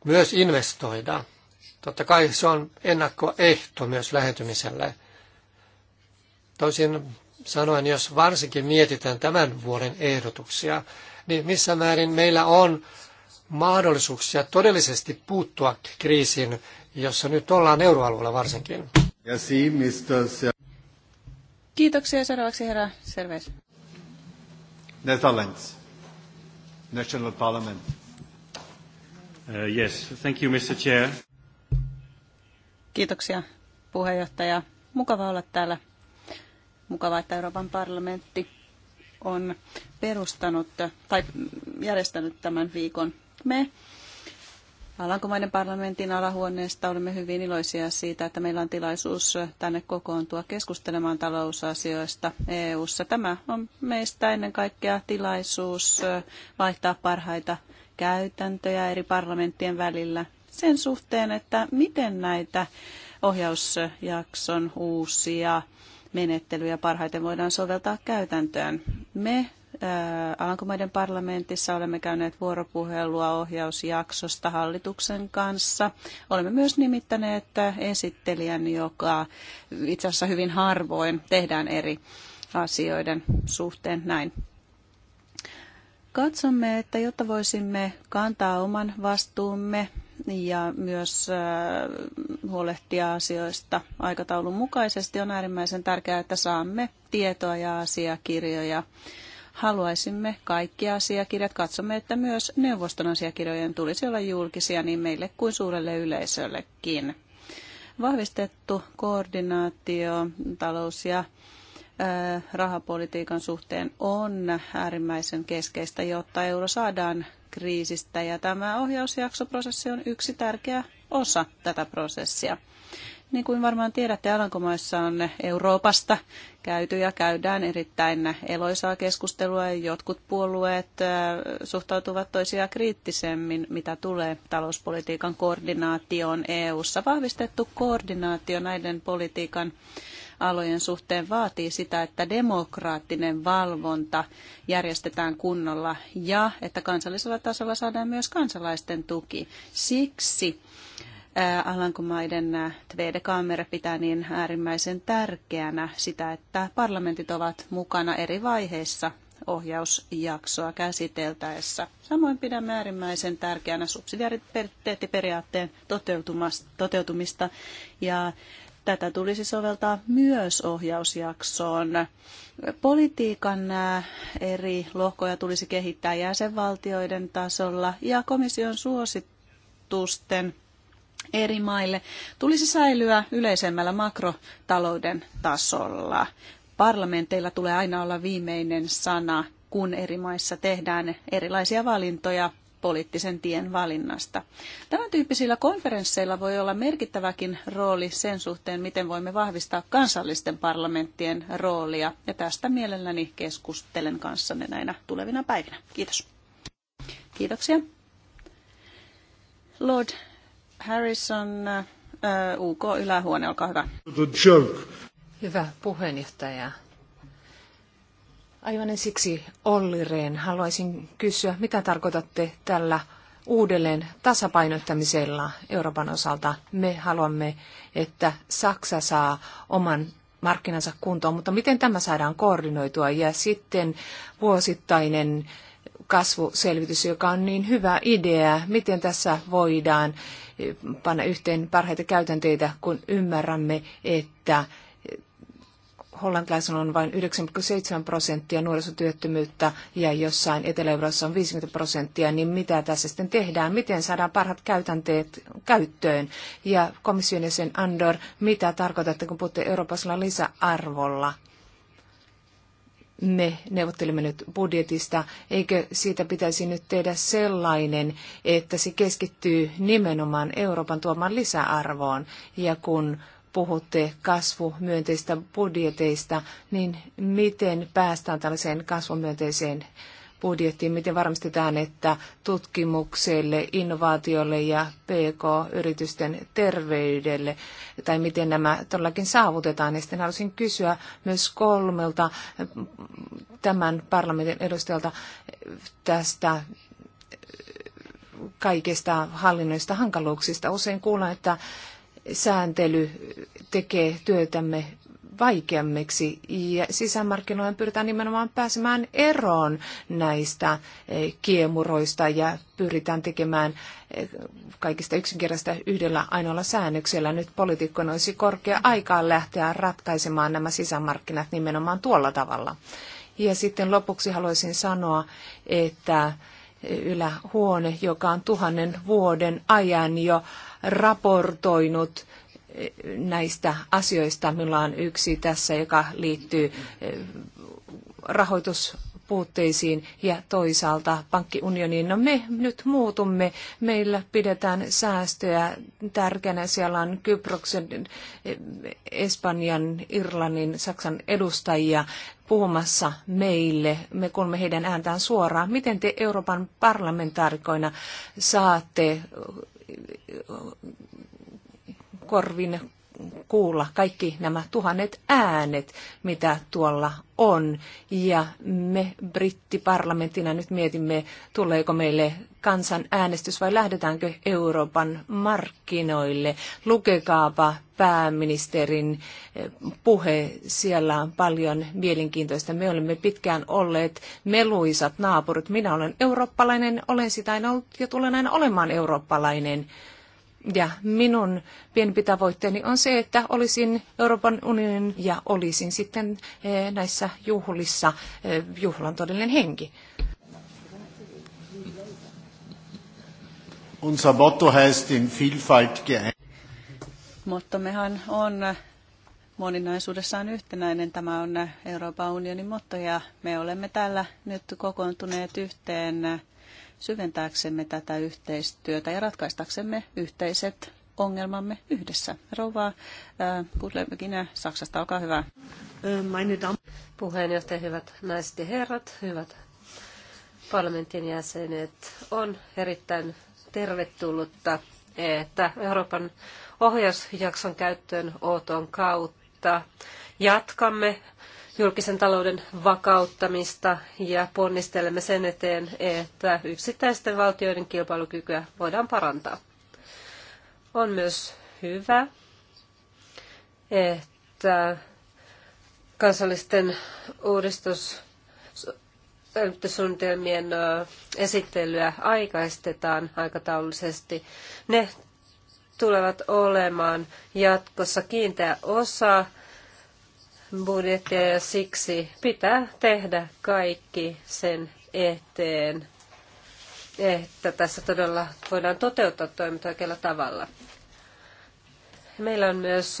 myös investoida. Totta kai se on ennakkoehto myös lähentymiselle. Toisin sanoin, jos varsinkin mietitään tämän vuoden ehdotuksia, niin missä määrin meillä on mahdollisuuksia todellisesti puuttua kriisiin, jossa nyt ollaan euroalueella varsinkin. Kiitoksia. Seuraavaksi herra Serves. Netherlands. National Parliament. Uh, yes, thank you, Mr. Chair. Kiitoksia, puheenjohtaja. Mukava olla täällä Mukavaa, että Euroopan parlamentti on perustanut tai järjestänyt tämän viikon. Me Alankomaiden parlamentin alahuoneesta olemme hyvin iloisia siitä, että meillä on tilaisuus tänne kokoontua keskustelemaan talousasioista EU-ssa. Tämä on meistä ennen kaikkea tilaisuus vaihtaa parhaita käytäntöjä eri parlamenttien välillä sen suhteen, että miten näitä ohjausjakson uusia menettelyjä parhaiten voidaan soveltaa käytäntöön. Me Alankomaiden parlamentissa olemme käyneet vuoropuhelua ohjausjaksosta hallituksen kanssa. Olemme myös nimittäneet esittelijän, joka itse asiassa hyvin harvoin tehdään eri asioiden suhteen näin. Katsomme, että jotta voisimme kantaa oman vastuumme ja myös äh, huolehtia asioista aikataulun mukaisesti. On äärimmäisen tärkeää, että saamme tietoa ja asiakirjoja. Haluaisimme kaikki asiakirjat. Katsomme, että myös neuvoston asiakirjojen tulisi olla julkisia niin meille kuin suurelle yleisöllekin. Vahvistettu koordinaatio talous- ja äh, rahapolitiikan suhteen on äärimmäisen keskeistä, jotta euro saadaan kriisistä ja tämä ohjausjaksoprosessi on yksi tärkeä osa tätä prosessia. Niin kuin varmaan tiedätte, Alankomaissa on Euroopasta käyty ja käydään erittäin eloisaa keskustelua ja jotkut puolueet äh, suhtautuvat toisiaan kriittisemmin, mitä tulee talouspolitiikan koordinaatioon EU-ssa. Vahvistettu koordinaatio näiden politiikan alojen suhteen vaatii sitä, että demokraattinen valvonta järjestetään kunnolla ja että kansallisella tasolla saadaan myös kansalaisten tuki. Siksi Alankomaiden tvd kamera pitää niin äärimmäisen tärkeänä sitä, että parlamentit ovat mukana eri vaiheissa ohjausjaksoa käsiteltäessä. Samoin pidämme äärimmäisen tärkeänä subsidiariteettiperiaatteen toteutumista ja Tätä tulisi soveltaa myös ohjausjaksoon. Politiikan äh, eri lohkoja tulisi kehittää jäsenvaltioiden tasolla ja komission suositusten eri maille tulisi säilyä yleisemmällä makrotalouden tasolla. Parlamenteilla tulee aina olla viimeinen sana, kun eri maissa tehdään erilaisia valintoja poliittisen tien valinnasta. Tämän tyyppisillä konferensseilla voi olla merkittäväkin rooli sen suhteen, miten voimme vahvistaa kansallisten parlamenttien roolia. Ja tästä mielelläni keskustelen kanssanne näinä tulevina päivinä. Kiitos. Kiitoksia. Lord Harrison, äh, UK ylähuone, olkaa hyvä. Hyvä puheenjohtaja. Aivan ensiksi Olli Rehn haluaisin kysyä, mitä tarkoitatte tällä uudelleen tasapainottamisella Euroopan osalta. Me haluamme, että Saksa saa oman markkinansa kuntoon, mutta miten tämä saadaan koordinoitua? Ja sitten vuosittainen kasvuselvitys, joka on niin hyvä idea, miten tässä voidaan panna yhteen parhaita käytänteitä, kun ymmärrämme, että hollantilaisilla on vain 9,7 prosenttia nuorisotyöttömyyttä ja jossain Etelä-Euroopassa on 50 prosenttia, niin mitä tässä sitten tehdään? Miten saadaan parhaat käytänteet käyttöön? Ja komission jäsen Andor, mitä tarkoitatte, kun puhutte Euroopassa lisäarvolla? me neuvottelimme nyt budjetista, eikö siitä pitäisi nyt tehdä sellainen, että se keskittyy nimenomaan Euroopan tuomaan lisäarvoon. Ja kun puhutte kasvumyönteistä budjeteista, niin miten päästään tällaiseen kasvumyönteiseen budjettiin? Miten varmistetaan, että tutkimukselle, innovaatiolle ja PK-yritysten terveydelle, tai miten nämä todellakin saavutetaan? Ja sitten haluaisin kysyä myös kolmelta mm, tämän parlamentin edustajalta tästä kaikista hallinnoista hankaluuksista. Usein kuullaan, että sääntely tekee työtämme vaikeammiksi ja sisämarkkinoilla pyritään nimenomaan pääsemään eroon näistä eh, kiemuroista ja pyritään tekemään eh, kaikista yksinkertaista yhdellä ainoalla säännöksellä. Nyt poliitikkojen olisi korkea aikaa lähteä ratkaisemaan nämä sisämarkkinat nimenomaan tuolla tavalla. Ja sitten lopuksi haluaisin sanoa, että ylähuone, joka on tuhannen vuoden ajan jo raportoinut eh, näistä asioista. Minulla on yksi tässä, joka liittyy eh, rahoitus puutteisiin ja toisaalta pankkiunioniin. No me nyt muutumme, meillä pidetään säästöjä tärkeänä. Siellä on Kyproksen, eh, Espanjan, Irlannin, Saksan edustajia puhumassa meille. Me kuulemme heidän ääntään suoraan. Miten te Euroopan parlamentaarikoina saatte korvin kuulla kaikki nämä tuhannet äänet, mitä tuolla on. Ja me brittiparlamentina nyt mietimme, tuleeko meille kansan äänestys vai lähdetäänkö Euroopan markkinoille. Lukekaapa pääministerin eh, puhe, siellä on paljon mielenkiintoista. Me olemme pitkään olleet meluisat naapurit. Minä olen eurooppalainen, olen sitä aina ollut ja tulen aina olemaan eurooppalainen. Ja minun pienempi tavoitteeni on se, että olisin Euroopan unionin ja olisin sitten eh, näissä juhlissa eh, juhlan todellinen henki. Unser Motto heißt in Vielfalt geeint. Mottomehan on moninaisuudessaan yhtenäinen. Tämä on Euroopan unionin motto ja me olemme täällä nyt kokoontuneet yhteen syventääksemme tätä yhteistyötä ja ratkaistaksemme yhteiset ongelmamme yhdessä. Rouva äh, äh, Saksasta, olkaa hyvä. Puheenjohtaja, hyvät naiset ja herrat, hyvät parlamentin jäsenet, on erittäin tervetullutta, että Euroopan ohjausjakson käyttöön oton kautta jatkamme julkisen talouden vakauttamista ja ponnistelemme sen eteen, että yksittäisten valtioiden kilpailukykyä voidaan parantaa. On myös hyvä, että kansallisten uudistus suunnitelmien esittelyä aikaistetaan aikataulullisesti. Ne tulevat olemaan jatkossa kiinteä osa budjettia ja siksi pitää tehdä kaikki sen eteen, että tässä todella voidaan toteuttaa toiminta oikealla tavalla. Meillä on myös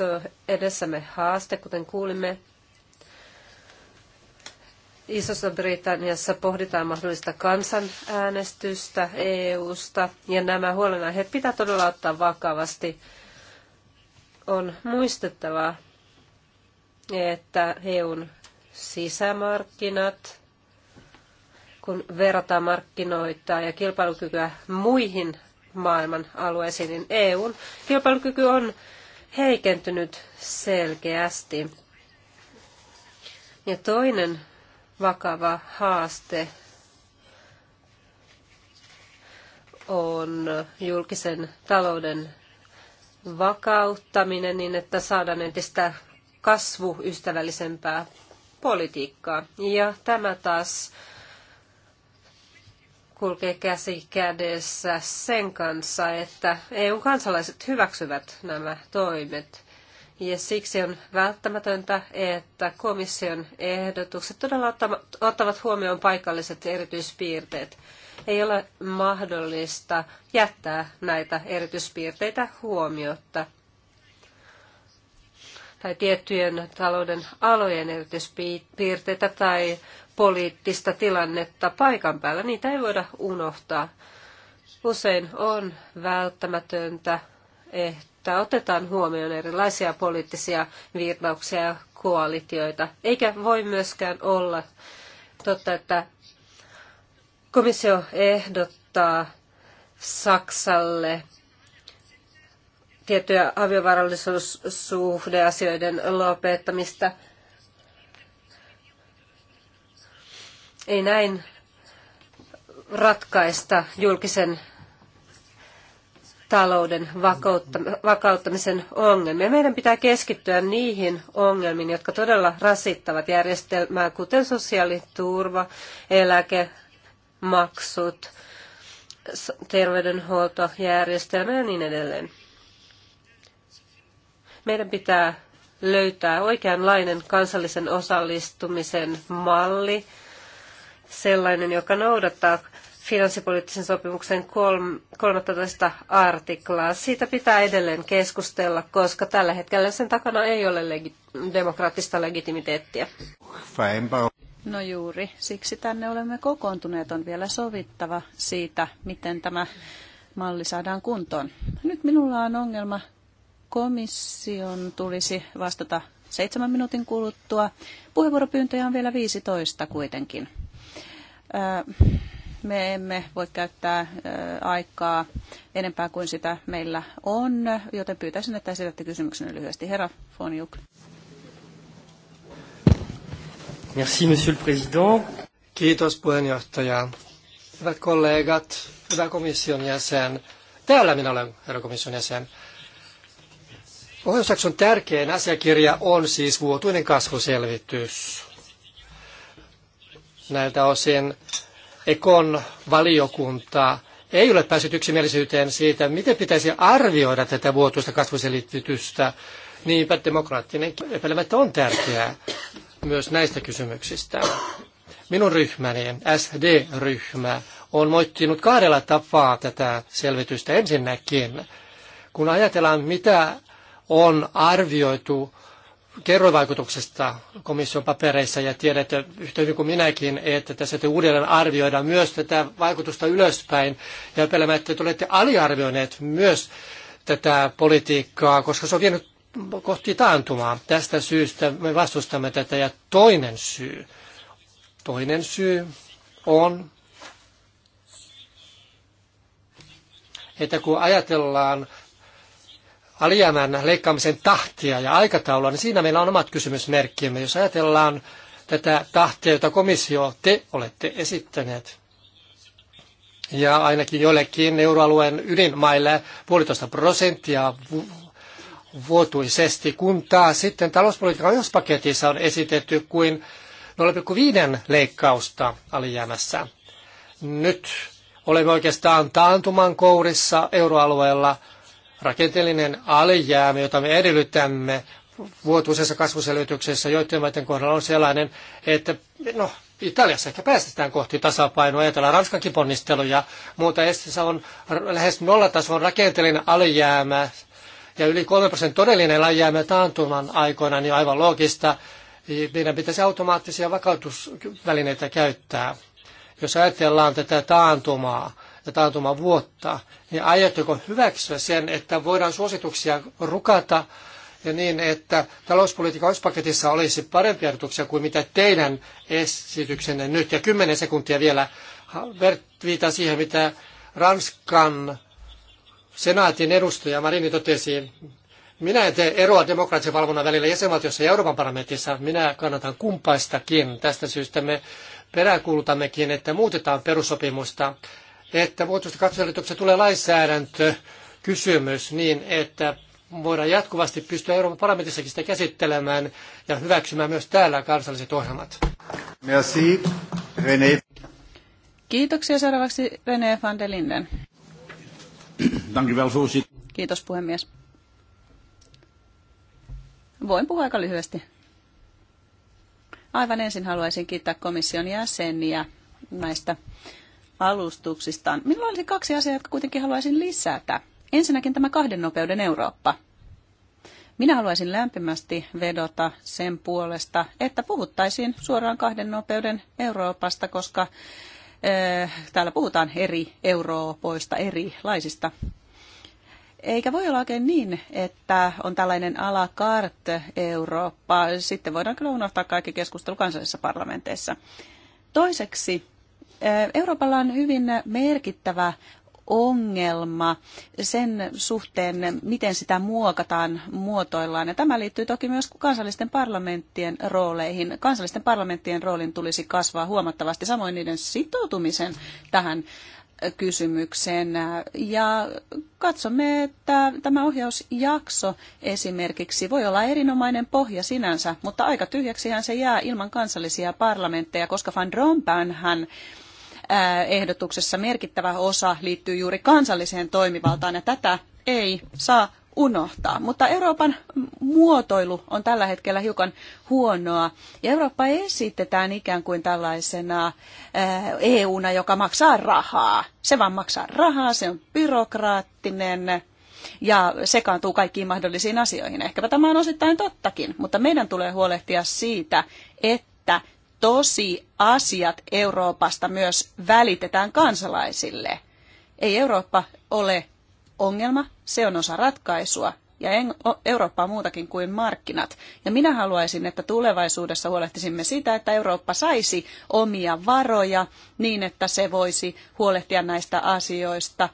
edessämme haaste, kuten kuulimme. Isossa Britanniassa pohditaan mahdollista kansanäänestystä EU-sta, ja nämä huolenaiheet pitää todella ottaa vakavasti. On muistettava, että EUn sisämarkkinat, kun verrataan markkinoita ja kilpailukykyä muihin maailman alueisiin, niin EUn kilpailukyky on heikentynyt selkeästi. Ja toinen vakava haaste on julkisen talouden vakauttaminen niin, että saadaan entistä kasvuystävällisempää politiikkaa. Ja tämä taas kulkee käsi kädessä sen kanssa, että EUn kansalaiset hyväksyvät nämä toimet. Ja siksi on välttämätöntä, että komission ehdotukset todella ottavat huomioon paikalliset erityispiirteet. Ei ole mahdollista jättää näitä erityispiirteitä huomiotta tai tiettyjen talouden alojen erityispiirteitä tai poliittista tilannetta paikan päällä. Niitä ei voida unohtaa. Usein on välttämätöntä, että otetaan huomioon erilaisia poliittisia virtauksia ja koalitioita. Eikä voi myöskään olla totta, että komissio ehdottaa Saksalle tiettyjä aviovarallisuussuhdeasioiden lopettamista. Ei näin ratkaista julkisen talouden vakauttamisen ongelmia. Meidän pitää keskittyä niihin ongelmiin, jotka todella rasittavat järjestelmää, kuten sosiaaliturva, eläkemaksut, terveydenhuoltojärjestelmä ja niin edelleen. Meidän pitää löytää oikeanlainen kansallisen osallistumisen malli, sellainen, joka noudattaa finanssipoliittisen sopimuksen 13 artiklaa. Siitä pitää edelleen keskustella, koska tällä hetkellä sen takana ei ole legi- demokraattista legitimiteettiä. No juuri, siksi tänne olemme kokoontuneet. On vielä sovittava siitä, miten tämä malli saadaan kuntoon. Nyt minulla on ongelma komission tulisi vastata seitsemän minuutin kuluttua. Puheenvuoropyyntöjä on vielä 15 kuitenkin. Me emme voi käyttää aikaa enempää kuin sitä meillä on, joten pyytäisin, että esitätte kysymyksen lyhyesti. Herra von Juk. Merci, monsieur le président. Kiitos puheenjohtaja. Hyvät kollegat, hyvä komission jäsen. Täällä minä olen, herra komission jäsen. Pohjoisakson tärkein asiakirja on siis vuotuinen kasvuselvitys. Näiltä osin Ekon valiokunta ei ole päässyt yksimielisyyteen siitä, miten pitäisi arvioida tätä vuotuista kasvuselvitystä. Niinpä demokraattinen epäilemättä on tärkeää myös näistä kysymyksistä. Minun ryhmäni, SD-ryhmä, on moittinut kahdella tapaa tätä selvitystä. Ensinnäkin, kun ajatellaan, mitä on arvioitu kerrovaikutuksesta komission papereissa ja tiedätte yhtä hyvin kuin minäkin, että tässä te uudelleen arvioidaan myös tätä vaikutusta ylöspäin ja epäilemättä te olette aliarvioineet myös tätä politiikkaa, koska se on vienyt kohti taantumaa. Tästä syystä me vastustamme tätä ja toinen syy, toinen syy on, että kun ajatellaan alijäämän leikkaamisen tahtia ja aikataulua, niin siinä meillä on omat kysymysmerkkimme. Jos ajatellaan tätä tahtia, jota komissio te olette esittäneet, ja ainakin joillekin euroalueen ydinmaille puolitoista prosenttia vuotuisesti, kun taas sitten talouspolitiikan ohjauspaketissa on esitetty kuin 0,5 leikkausta alijäämässä. Nyt olemme oikeastaan taantuman kourissa euroalueella – rakenteellinen alijäämä, jota me edellytämme vuotuisessa kasvuselvityksessä joiden maiden kohdalla on sellainen, että no, Italiassa ehkä päästetään kohti tasapainoa, ajatellaan Ranskankin ponnisteluja, mutta Estissä on lähes nollatason rakenteellinen alijäämä ja yli 3 prosentin todellinen alijäämä taantuman aikoina, niin aivan loogista. Meidän pitäisi automaattisia vakautusvälineitä käyttää. Jos ajatellaan tätä taantumaa, ja taantuman vuotta, niin aiotteko hyväksyä sen, että voidaan suosituksia rukata ja niin, että talouspolitiikan ospaketissa olisi parempia ehdotuksia kuin mitä teidän esityksenne nyt. Ja kymmenen sekuntia vielä viitaan siihen, mitä Ranskan senaatin edustaja Marini totesi. Minä en tee eroa demokraattisen valvonnan välillä jäsenvaltiossa ja Euroopan parlamentissa. Minä kannatan kumpaistakin. Tästä syystä me peräkuulutammekin, että muutetaan perussopimusta että vuotuista katsastusselvityksessä tulee lainsäädäntökysymys niin, että voidaan jatkuvasti pystyä Euroopan parlamentissakin sitä käsittelemään ja hyväksymään myös täällä kansalliset ohjelmat. Merci, René. Kiitoksia seuraavaksi René van der Linden. Kiitos puhemies. Voin puhua aika lyhyesti. Aivan ensin haluaisin kiittää komission jäseniä näistä alustuksistaan. Minulla olisi kaksi asiaa, jotka kuitenkin haluaisin lisätä. Ensinnäkin tämä kahden nopeuden Eurooppa. Minä haluaisin lämpimästi vedota sen puolesta, että puhuttaisiin suoraan kahden nopeuden Euroopasta, koska eh, täällä puhutaan eri Euroopoista, erilaisista. Eikä voi olla oikein niin, että on tällainen ala carte Eurooppa. Sitten voidaan kyllä unohtaa kaikki keskustelu kansallisissa parlamenteissa. Toiseksi Euroopalla on hyvin merkittävä ongelma sen suhteen, miten sitä muokataan, muotoillaan. Ja tämä liittyy toki myös kansallisten parlamenttien rooleihin. Kansallisten parlamenttien roolin tulisi kasvaa huomattavasti, samoin niiden sitoutumisen tähän kysymykseen. Ja katsomme, että tämä ohjausjakso esimerkiksi voi olla erinomainen pohja sinänsä, mutta aika tyhjäksihän se jää ilman kansallisia parlamentteja, koska Van Rompuyn hän ehdotuksessa merkittävä osa liittyy juuri kansalliseen toimivaltaan ja tätä ei saa unohtaa. Mutta Euroopan muotoilu on tällä hetkellä hiukan huonoa. Ja Eurooppa esitetään ikään kuin tällaisena EUna, joka maksaa rahaa. Se vaan maksaa rahaa, se on byrokraattinen ja sekaantuu kaikkiin mahdollisiin asioihin. Ehkäpä tämä on osittain tottakin, mutta meidän tulee huolehtia siitä, että tosi asiat Euroopasta myös välitetään kansalaisille. Ei Eurooppa ole ongelma, se on osa ratkaisua. Ja Eurooppa on muutakin kuin markkinat. Ja minä haluaisin, että tulevaisuudessa huolehtisimme sitä, että Eurooppa saisi omia varoja niin, että se voisi huolehtia näistä asioista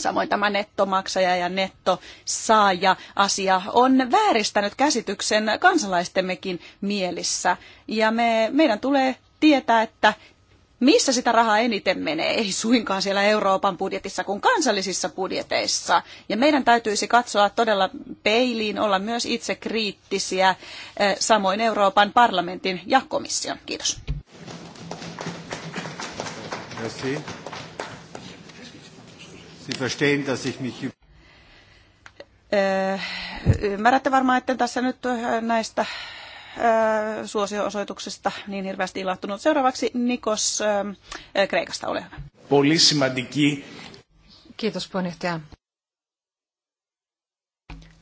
Samoin tämä nettomaksaja ja nettosaaja asia on vääristänyt käsityksen kansalaistemmekin mielissä. Ja me, meidän tulee tietää, että missä sitä rahaa eniten menee, ei suinkaan siellä Euroopan budjetissa kuin kansallisissa budjeteissa. Ja meidän täytyisi katsoa todella peiliin, olla myös itse kriittisiä, eh, samoin Euroopan parlamentin ja komission. Kiitos. Merci. Sie verstehen, dass ich mich äh, Ymmärrätte varmaan, että tässä nyt äh, näistä äh, suosioosoituksista niin hirveästi ilahtunut. Seuraavaksi Nikos Kreikasta, ole hyvä. Kiitos puheenjohtaja.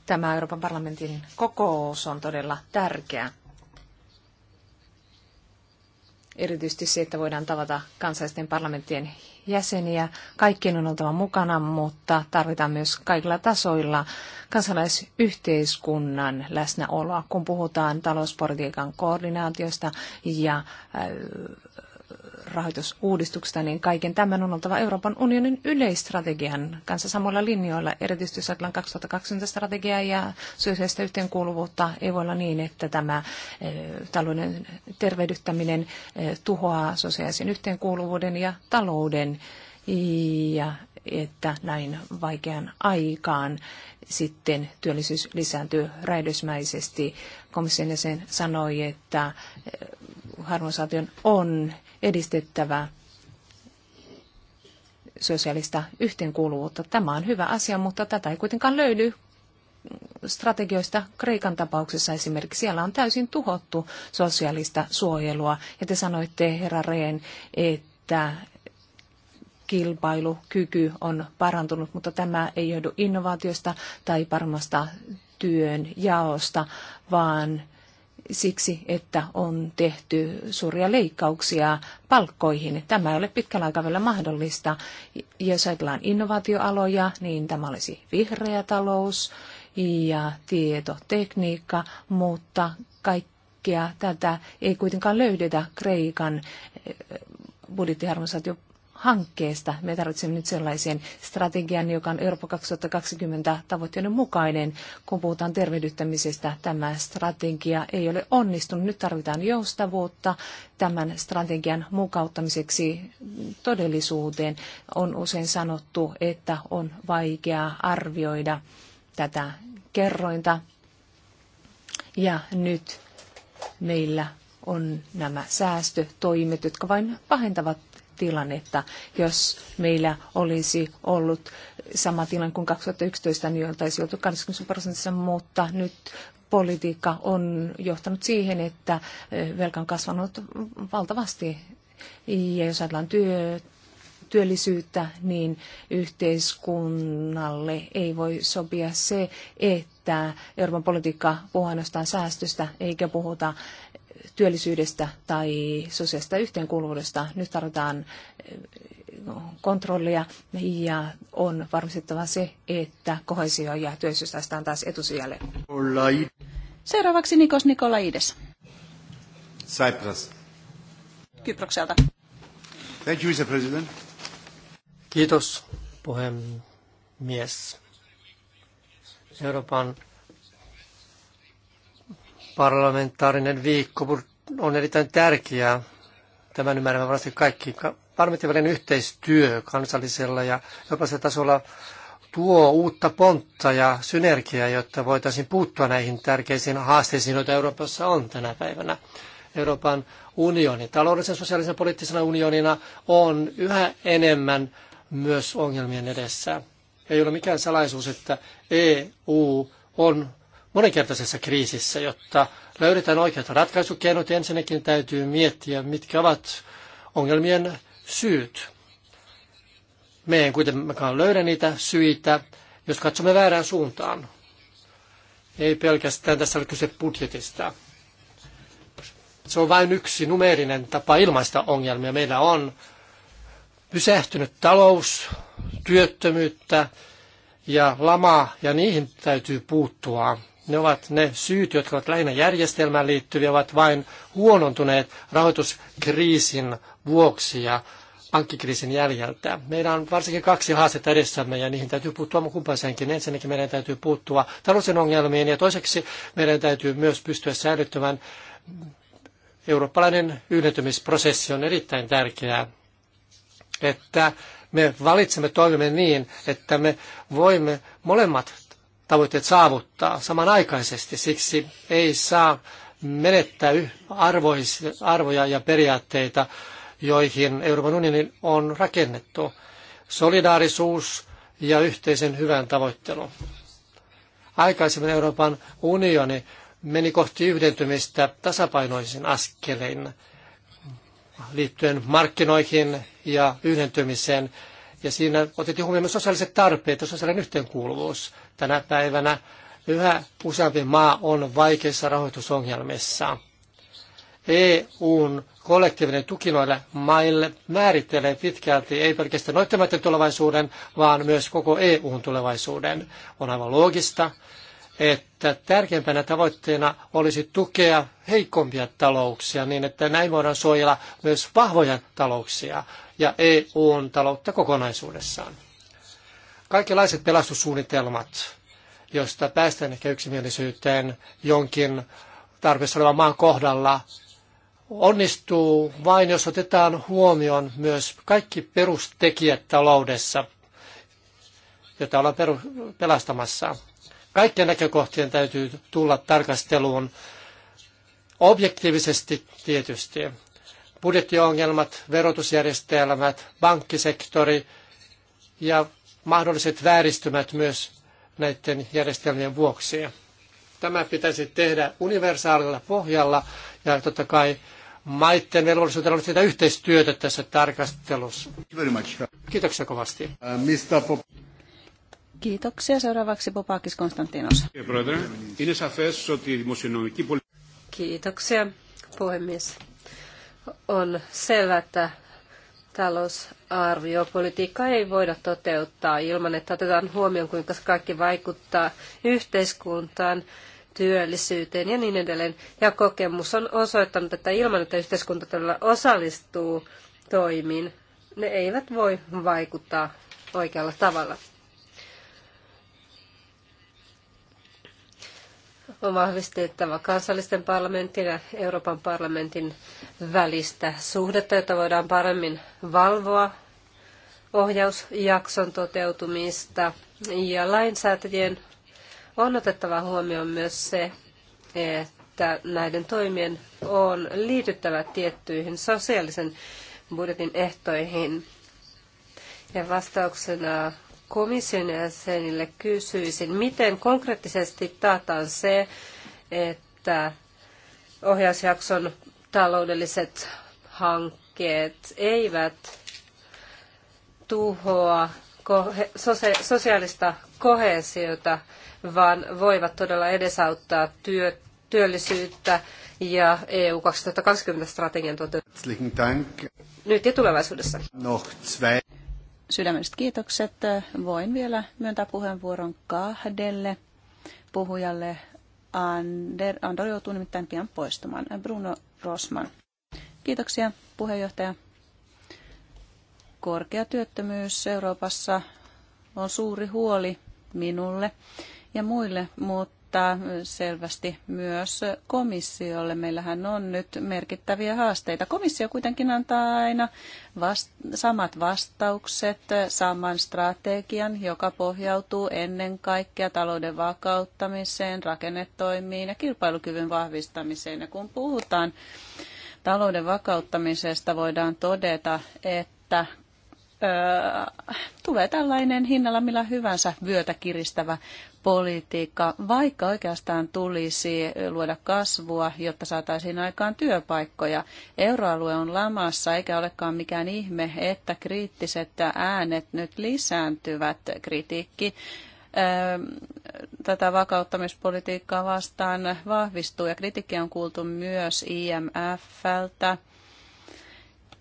Tämä Euroopan parlamentin kokous on todella tärkeä. Erityisesti se, että voidaan tavata kansallisten parlamenttien jäseniä. Kaikkien on oltava mukana, mutta tarvitaan myös kaikilla tasoilla kansalaisyhteiskunnan läsnäoloa, kun puhutaan talouspolitiikan koordinaatiosta ja äh, rahoitusuudistuksesta, niin kaiken tämän on oltava Euroopan unionin yleistrategian kanssa samoilla linjoilla. Erityisesti jos ajatellaan 2020 strategiaa ja syyseistä yhteenkuuluvuutta, ei voi olla niin, että tämä eh, talouden tervehdyttäminen eh, tuhoaa sosiaalisen yhteenkuuluvuuden ja talouden ja että näin vaikean aikaan sitten työllisyys lisääntyy räjähdysmäisesti. Komission jäsen sanoi, että eh, harmonisaation on edistettävä sosiaalista yhteenkuuluvuutta. Tämä on hyvä asia, mutta tätä ei kuitenkaan löydy strategioista Kreikan tapauksessa esimerkiksi. Siellä on täysin tuhottu sosiaalista suojelua. Ja te sanoitte, herra Rehn, että kilpailukyky on parantunut, mutta tämä ei johdu innovaatiosta tai paremmasta työn jaosta, vaan siksi, että on tehty suuria leikkauksia palkkoihin. Tämä ei ole pitkällä aikavälillä mahdollista. Jos ajatellaan innovaatioaloja, niin tämä olisi vihreä talous ja tietotekniikka, mutta kaikkea tätä ei kuitenkaan löydetä Kreikan eh, budjettiharmonisaation hankkeesta. Me tarvitsemme nyt sellaisen strategian, joka on Eurooppa 2020 tavoitteiden mukainen. Kun puhutaan tervehdyttämisestä, tämä strategia ei ole onnistunut. Nyt tarvitaan joustavuutta tämän strategian mukauttamiseksi todellisuuteen. On usein sanottu, että on vaikeaa arvioida tätä kerrointa. Ja nyt meillä on nämä säästötoimet, jotka vain pahentavat tilannetta. Jos meillä olisi ollut sama tilanne kuin 2011, niin oltaisiin oltu 80 prosentissa, mutta nyt politiikka on johtanut siihen, että velka on kasvanut valtavasti. Ja jos ajatellaan työ, työllisyyttä, niin yhteiskunnalle ei voi sopia se, että Euroopan politiikka puhuu ainoastaan säästöstä eikä puhuta työllisyydestä tai sosiaalista yhteenkuuluvuudesta. Nyt tarvitaan eh, kontrollia ja on varmistettava se, että kohesio ja työllisyys on taas etusijalle. Seuraavaksi Nikos Nikolaides. Cyprus. Kyprokselta. Thank you, Mr. President. Kiitos, puhemies. Euroopan parlamentaarinen viikko on erittäin tärkeää. Tämän ymmärrämme varmasti kaikki. Parlamentaarinen yhteistyö kansallisella ja jopa se tasolla tuo uutta pontta ja synergiaa, jotta voitaisiin puuttua näihin tärkeisiin haasteisiin, joita Euroopassa on tänä päivänä. Euroopan unioni taloudellisen, sosiaalisen ja poliittisena unionina on yhä enemmän myös ongelmien edessä. Ei ole mikään salaisuus, että EU on moninkertaisessa kriisissä, jotta löydetään oikeat ratkaisukeinot. Ensinnäkin täytyy miettiä, mitkä ovat ongelmien syyt. Me ei kuitenkaan löydä niitä syitä, jos katsomme väärään suuntaan. Ei pelkästään tässä ole kyse budjetista. Se on vain yksi numeerinen tapa ilmaista ongelmia. Meillä on pysähtynyt talous, työttömyyttä ja lama, ja niihin täytyy puuttua ne ovat ne syyt, jotka ovat lähinnä järjestelmään liittyviä, ovat vain huonontuneet rahoituskriisin vuoksi ja pankkikriisin jäljeltä. Meillä on varsinkin kaksi haastetta edessämme ja niihin täytyy puuttua kumpaiseenkin. Ensinnäkin meidän täytyy puuttua talousen ongelmiin ja toiseksi meidän täytyy myös pystyä säilyttämään eurooppalainen yhdentymisprosessi on erittäin tärkeää, että me valitsemme toimimme niin, että me voimme molemmat tavoitteet saavuttaa samanaikaisesti. Siksi ei saa menettää arvois, arvoja ja periaatteita, joihin Euroopan unioni on rakennettu. Solidaarisuus ja yhteisen hyvän tavoittelu. Aikaisemmin Euroopan unioni meni kohti yhdentymistä tasapainoisin askelein liittyen markkinoihin ja yhdentymiseen ja siinä otettiin huomioon myös sosiaaliset tarpeet ja sosiaalinen yhteenkuuluvuus. Tänä päivänä yhä useampi maa on vaikeissa rahoitusongelmissa. EUn kollektiivinen tuki noille maille määrittelee pitkälti ei pelkästään noittamaiden tulevaisuuden, vaan myös koko EUn tulevaisuuden. On aivan loogista, että tärkeimpänä tavoitteena olisi tukea heikompia talouksia niin, että näin voidaan suojella myös vahvoja talouksia ja EUn taloutta kokonaisuudessaan. Kaikenlaiset pelastussuunnitelmat, joista päästään ehkä yksimielisyyteen jonkin tarpeessa olevan maan kohdalla, onnistuu vain, jos otetaan huomioon myös kaikki perustekijät taloudessa, jota ollaan peru- pelastamassa. Kaikkien näkökohtien täytyy tulla tarkasteluun objektiivisesti tietysti, budjettiongelmat, verotusjärjestelmät, pankkisektori ja mahdolliset vääristymät myös näiden järjestelmien vuoksi. Tämä pitäisi tehdä universaalilla pohjalla ja totta kai maiden velvollisuutena on tehdä yhteistyötä tässä tarkastelussa. Kiitoksia kovasti. Uh, Kiitoksia. Seuraavaksi Popakis Konstantinos. Kiitoksia, puhemies. On selvää, että talousarviopolitiikkaa ei voida toteuttaa ilman, että otetaan huomioon, kuinka se kaikki vaikuttaa yhteiskuntaan, työllisyyteen ja niin edelleen. Ja kokemus on osoittanut, että ilman, että yhteiskunta todella osallistuu toimiin, ne eivät voi vaikuttaa oikealla tavalla. on vahvistettava kansallisten parlamentin ja Euroopan parlamentin välistä suhdetta, jota voidaan paremmin valvoa ohjausjakson toteutumista. Ja lainsäätäjien on otettava huomioon myös se, että näiden toimien on liityttävä tiettyihin sosiaalisen budjetin ehtoihin. Ja vastauksena komission jäsenille kysyisin, miten konkreettisesti taataan se, että ohjausjakson taloudelliset hankkeet eivät tuhoa sosiaalista kohesiota, vaan voivat todella edesauttaa työ, työllisyyttä ja EU 2020 strategian toteutumista. Nyt ja tulevaisuudessa. Sydämelliset kiitokset. Voin vielä myöntää puheenvuoron kahdelle puhujalle. Ander, Andor joutuu nimittäin pian poistumaan. Bruno Rosman. Kiitoksia puheenjohtaja. Korkea työttömyys Euroopassa on suuri huoli minulle ja muille, mutta osoittaa selvästi myös komissiolle. Meillähän on nyt merkittäviä haasteita. Komissio kuitenkin antaa aina vast- samat vastaukset, saman strategian, joka pohjautuu ennen kaikkea talouden vakauttamiseen, rakennetoimiin ja kilpailukyvyn vahvistamiseen. Ja kun puhutaan talouden vakauttamisesta, voidaan todeta, että öö, tulee tällainen hinnalla millä hyvänsä vyötä kiristävä politiikka, vaikka oikeastaan tulisi luoda kasvua, jotta saataisiin aikaan työpaikkoja. Euroalue on lamassa, eikä olekaan mikään ihme, että kriittiset äänet nyt lisääntyvät. Kritiikki ähm, tätä vakauttamispolitiikkaa vastaan vahvistuu ja kritiikkiä on kuultu myös IMFltä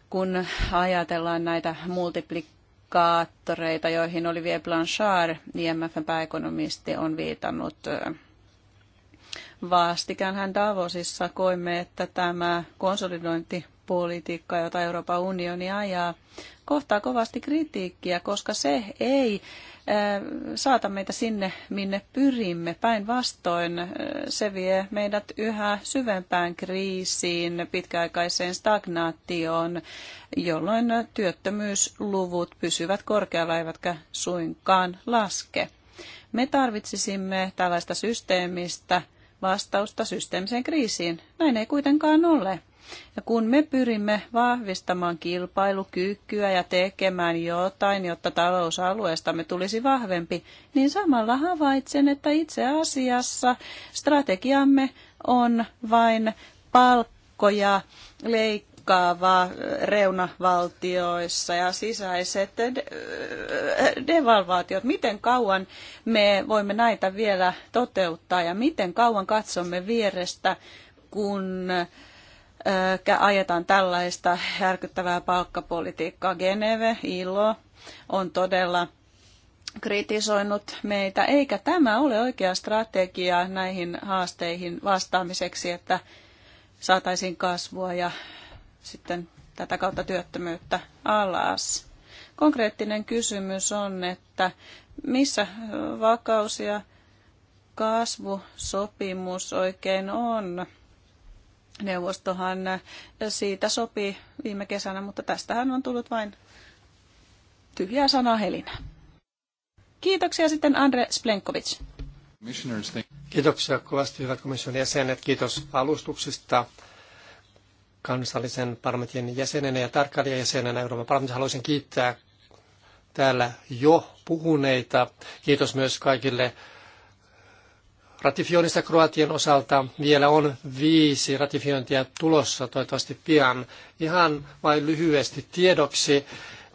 kun ajatellaan näitä multiplik- indikaattoreita, joihin Olivier Blanchard, IMFn pääekonomisti, on viitannut. Vastikään hän Davosissa koimme, että tämä konsolidointipolitiikka, jota Euroopan unioni ajaa, kohtaa kovasti kritiikkiä, koska se ei saata meitä sinne, minne pyrimme. Päinvastoin se vie meidät yhä syvempään kriisiin, pitkäaikaiseen stagnaatioon, jolloin työttömyysluvut pysyvät korkealla eivätkä suinkaan laske. Me tarvitsisimme tällaista systeemistä vastausta systeemiseen kriisiin. Näin ei kuitenkaan ole. Ja kun me pyrimme vahvistamaan kilpailukykyä ja tekemään jotain, jotta talousalueestamme tulisi vahvempi, niin samalla havaitsen, että itse asiassa strategiamme on vain palkkoja leikkaa leikkaava reunavaltioissa ja sisäiset devalvaatiot. Miten kauan me voimme näitä vielä toteuttaa ja miten kauan katsomme vierestä, kun ajetaan tällaista järkyttävää palkkapolitiikkaa. Geneve, ILO on todella kritisoinut meitä, eikä tämä ole oikea strategia näihin haasteihin vastaamiseksi, että saataisiin kasvua ja sitten tätä kautta työttömyyttä alas. Konkreettinen kysymys on, että missä vakaus ja kasvusopimus oikein on? Neuvostohan siitä sopi viime kesänä, mutta tästähän on tullut vain tyhjää sanaa helinä. Kiitoksia sitten Andre Splenkovic. Kiitoksia kovasti hyvät komission jäsenet. Kiitos alustuksista kansallisen parlamentin jäsenenä ja tarkkailijajäsenenä Euroopan parlamentissa. Haluaisin kiittää täällä jo puhuneita. Kiitos myös kaikille ratifioinnista Kroatian osalta vielä on viisi ratifiointia tulossa toivottavasti pian. Ihan vain lyhyesti tiedoksi,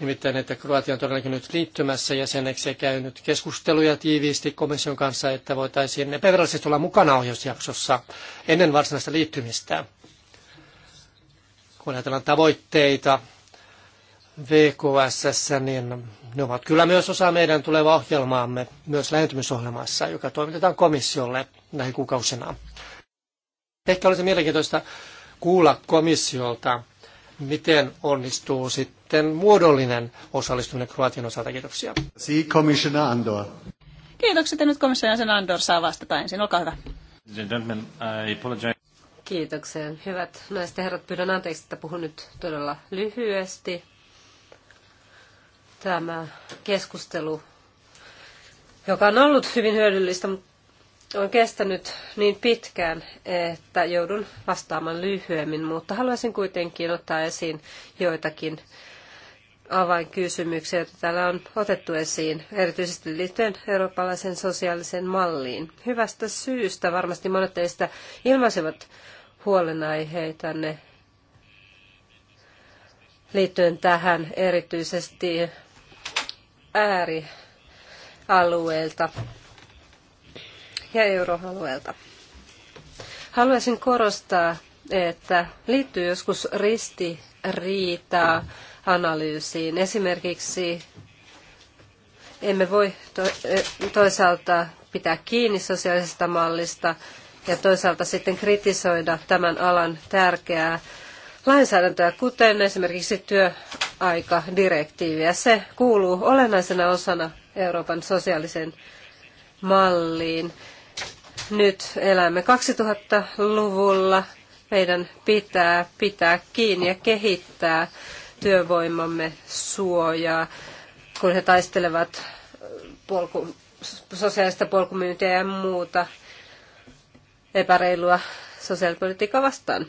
nimittäin että Kroatia on todellakin nyt liittymässä jäseneksi ja käynyt keskusteluja tiiviisti komission kanssa, että voitaisiin epävirallisesti olla mukana ohjausjaksossa ennen varsinaista liittymistä. Kun ajatellaan tavoitteita, VKSS, niin ne ovat kyllä myös osa meidän tulevaa ohjelmaamme, myös lähentymisohjelmassa, joka toimitetaan komissiolle näihin kuukausina. Ehkä olisi mielenkiintoista kuulla komissiolta, miten onnistuu sitten muodollinen osallistuminen Kroatian osalta. Kiitoksia. See Commissioner Andor. Kiitokset ja nyt sen Andor saa vastata ensin. Olkaa hyvä. Kiitoksia. Hyvät naiset ja herrat, pyydän anteeksi, että puhun nyt todella lyhyesti tämä keskustelu, joka on ollut hyvin hyödyllistä, on kestänyt niin pitkään, että joudun vastaamaan lyhyemmin, mutta haluaisin kuitenkin ottaa esiin joitakin avainkysymyksiä, joita täällä on otettu esiin, erityisesti liittyen eurooppalaisen sosiaaliseen malliin. Hyvästä syystä varmasti monet teistä ilmaisivat huolenaiheitanne liittyen tähän erityisesti äärialueelta ja euroalueelta. Haluaisin korostaa, että liittyy joskus ristiriitaa analyysiin. Esimerkiksi emme voi toisaalta pitää kiinni sosiaalisesta mallista ja toisaalta sitten kritisoida tämän alan tärkeää lainsäädäntöä, kuten esimerkiksi työaikadirektiiviä. Se kuuluu olennaisena osana Euroopan sosiaaliseen malliin. Nyt elämme 2000-luvulla. Meidän pitää pitää kiinni ja kehittää työvoimamme suojaa, kun he taistelevat polku, sosiaalista polkumyyntiä ja muuta epäreilua sosiaalipolitiikkaa vastaan.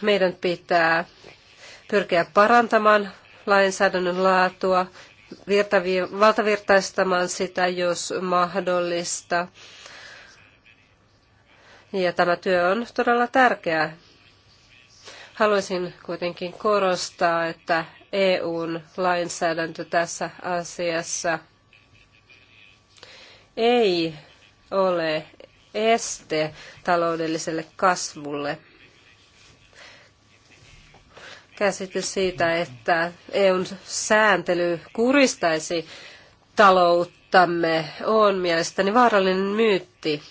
Meidän pitää pyrkiä parantamaan lainsäädännön laatua, virtavi- valtavirtaistamaan sitä, jos mahdollista. Ja tämä työ on todella tärkeää. Haluaisin kuitenkin korostaa, että EUn lainsäädäntö tässä asiassa ei ole este taloudelliselle kasvulle käsitys siitä, että EUn sääntely kuristaisi talouttamme, on mielestäni vaarallinen myytti.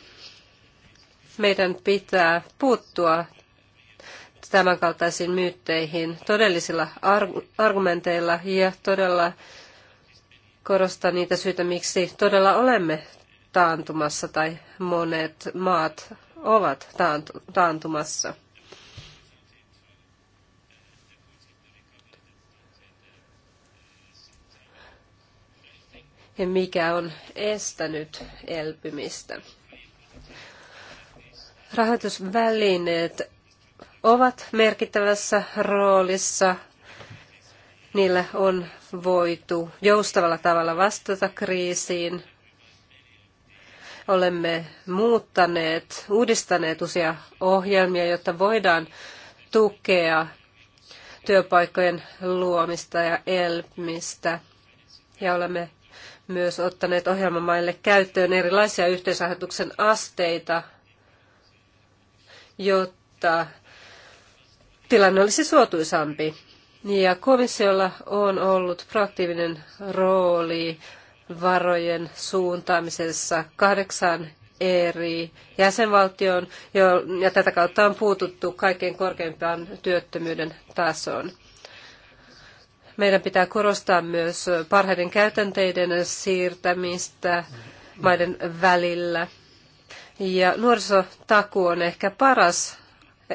Meidän pitää puuttua tämänkaltaisiin myytteihin todellisilla argumenteilla ja todella korostaa niitä syitä, miksi todella olemme taantumassa tai monet maat ovat taantumassa. ja mikä on estänyt elpymistä. Rahoitusvälineet ovat merkittävässä roolissa. Niillä on voitu joustavalla tavalla vastata kriisiin. Olemme muuttaneet, uudistaneet uusia ohjelmia, jotta voidaan tukea työpaikkojen luomista ja elpymistä. Ja olemme myös ottaneet ohjelmamaille käyttöön erilaisia yhteisrahoituksen asteita, jotta tilanne olisi suotuisampi. Ja komissiolla on ollut proaktiivinen rooli varojen suuntaamisessa kahdeksan eri jäsenvaltioon, ja tätä kautta on puututtu kaikkein korkeimpaan työttömyyden tasoon. Meidän pitää korostaa myös parhaiden käytänteiden siirtämistä maiden välillä. Ja nuorisotaku on ehkä paras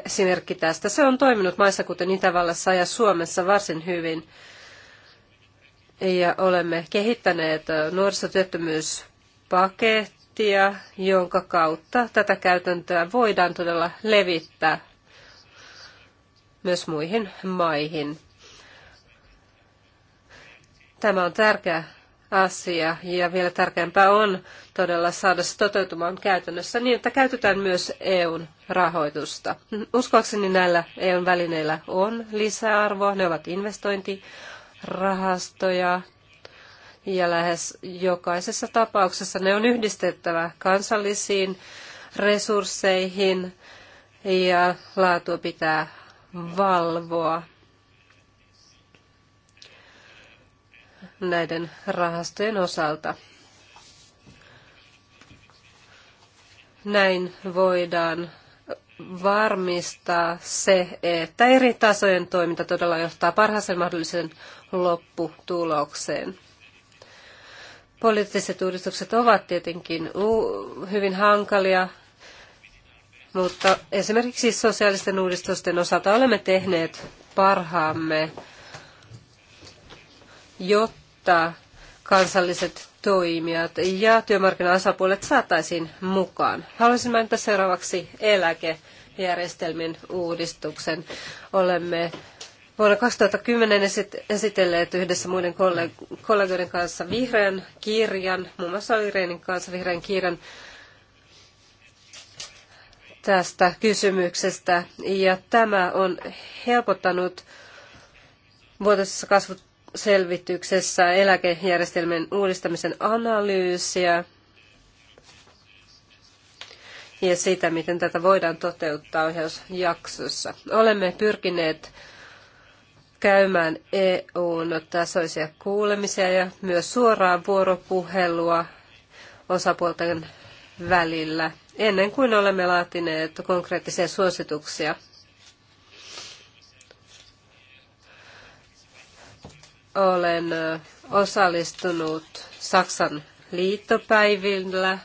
esimerkki tästä. Se on toiminut maissa kuten Itävallassa ja Suomessa varsin hyvin. Ja olemme kehittäneet nuorisotyöttömyyspakettia, jonka kautta tätä käytäntöä voidaan todella levittää myös muihin maihin. Tämä on tärkeä asia ja vielä tärkeämpää on todella saada se toteutumaan käytännössä niin, että käytetään myös EUn rahoitusta. Uskoakseni näillä EUn välineillä on lisäarvoa. Ne ovat investointirahastoja ja lähes jokaisessa tapauksessa ne on yhdistettävä kansallisiin resursseihin ja laatua pitää valvoa. näiden rahastojen osalta. Näin voidaan varmistaa se, että eri tasojen toiminta todella johtaa parhaaseen mahdolliseen lopputulokseen. Poliittiset uudistukset ovat tietenkin hyvin hankalia, mutta esimerkiksi sosiaalisten uudistusten osalta olemme tehneet parhaamme, jotta jotta kansalliset toimijat ja työmarkkinaosapuolet saataisiin mukaan. Haluaisin mainita seuraavaksi eläkejärjestelmien uudistuksen. Olemme vuonna 2010 esitelleet yhdessä muiden kollegoiden kanssa vihreän kirjan, muun muassa Irenin kanssa vihreän kirjan tästä kysymyksestä. Ja tämä on helpottanut vuotuisessa kasvut selvityksessä eläkejärjestelmän uudistamisen analyysiä ja sitä, miten tätä voidaan toteuttaa ohjausjaksossa. Olemme pyrkineet käymään EUn tasoisia kuulemisia ja myös suoraan vuoropuhelua osapuolten välillä ennen kuin olemme laatineet konkreettisia suosituksia – olen osallistunut Saksan liittopäivillä,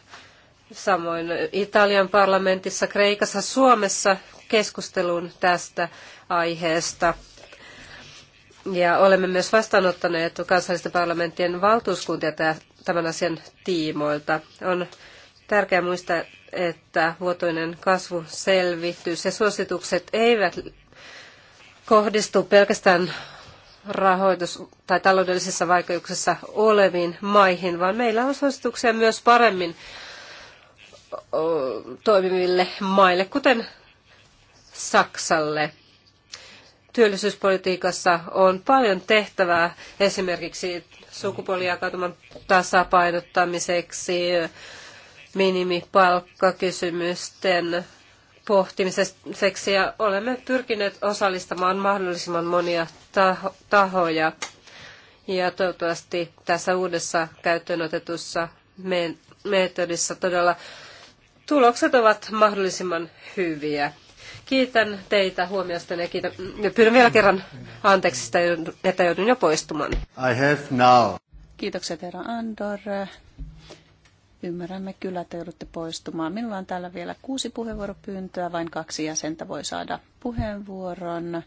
samoin Italian parlamentissa, Kreikassa, Suomessa keskusteluun tästä aiheesta. Ja olemme myös vastaanottaneet kansallisten parlamenttien valtuuskuntia tämän asian tiimoilta. On tärkeää muistaa, että kasvu kasvuselvitys ja suositukset eivät kohdistu pelkästään rahoitus- tai taloudellisissa vaikeuksissa oleviin maihin, vaan meillä on suosituksia myös paremmin toimiville maille, kuten Saksalle. Työllisyyspolitiikassa on paljon tehtävää esimerkiksi sukupuolijakautuman tasapainottamiseksi, minimipalkkakysymysten pohtimiseksi ja olemme pyrkineet osallistamaan mahdollisimman monia taho- tahoja. Ja toivottavasti tässä uudessa käyttöön otetussa metodissa todella tulokset ovat mahdollisimman hyviä. Kiitän teitä huomiosta ja, kiitän, ja pyydän vielä kerran anteeksi, että joudun jo poistumaan. I have now. Kiitokset herra Andor. Ymmärrämme kyllä, että joudutte poistumaan. Minulla on täällä vielä kuusi puheenvuoropyyntöä. Vain kaksi jäsentä voi saada puheenvuoron.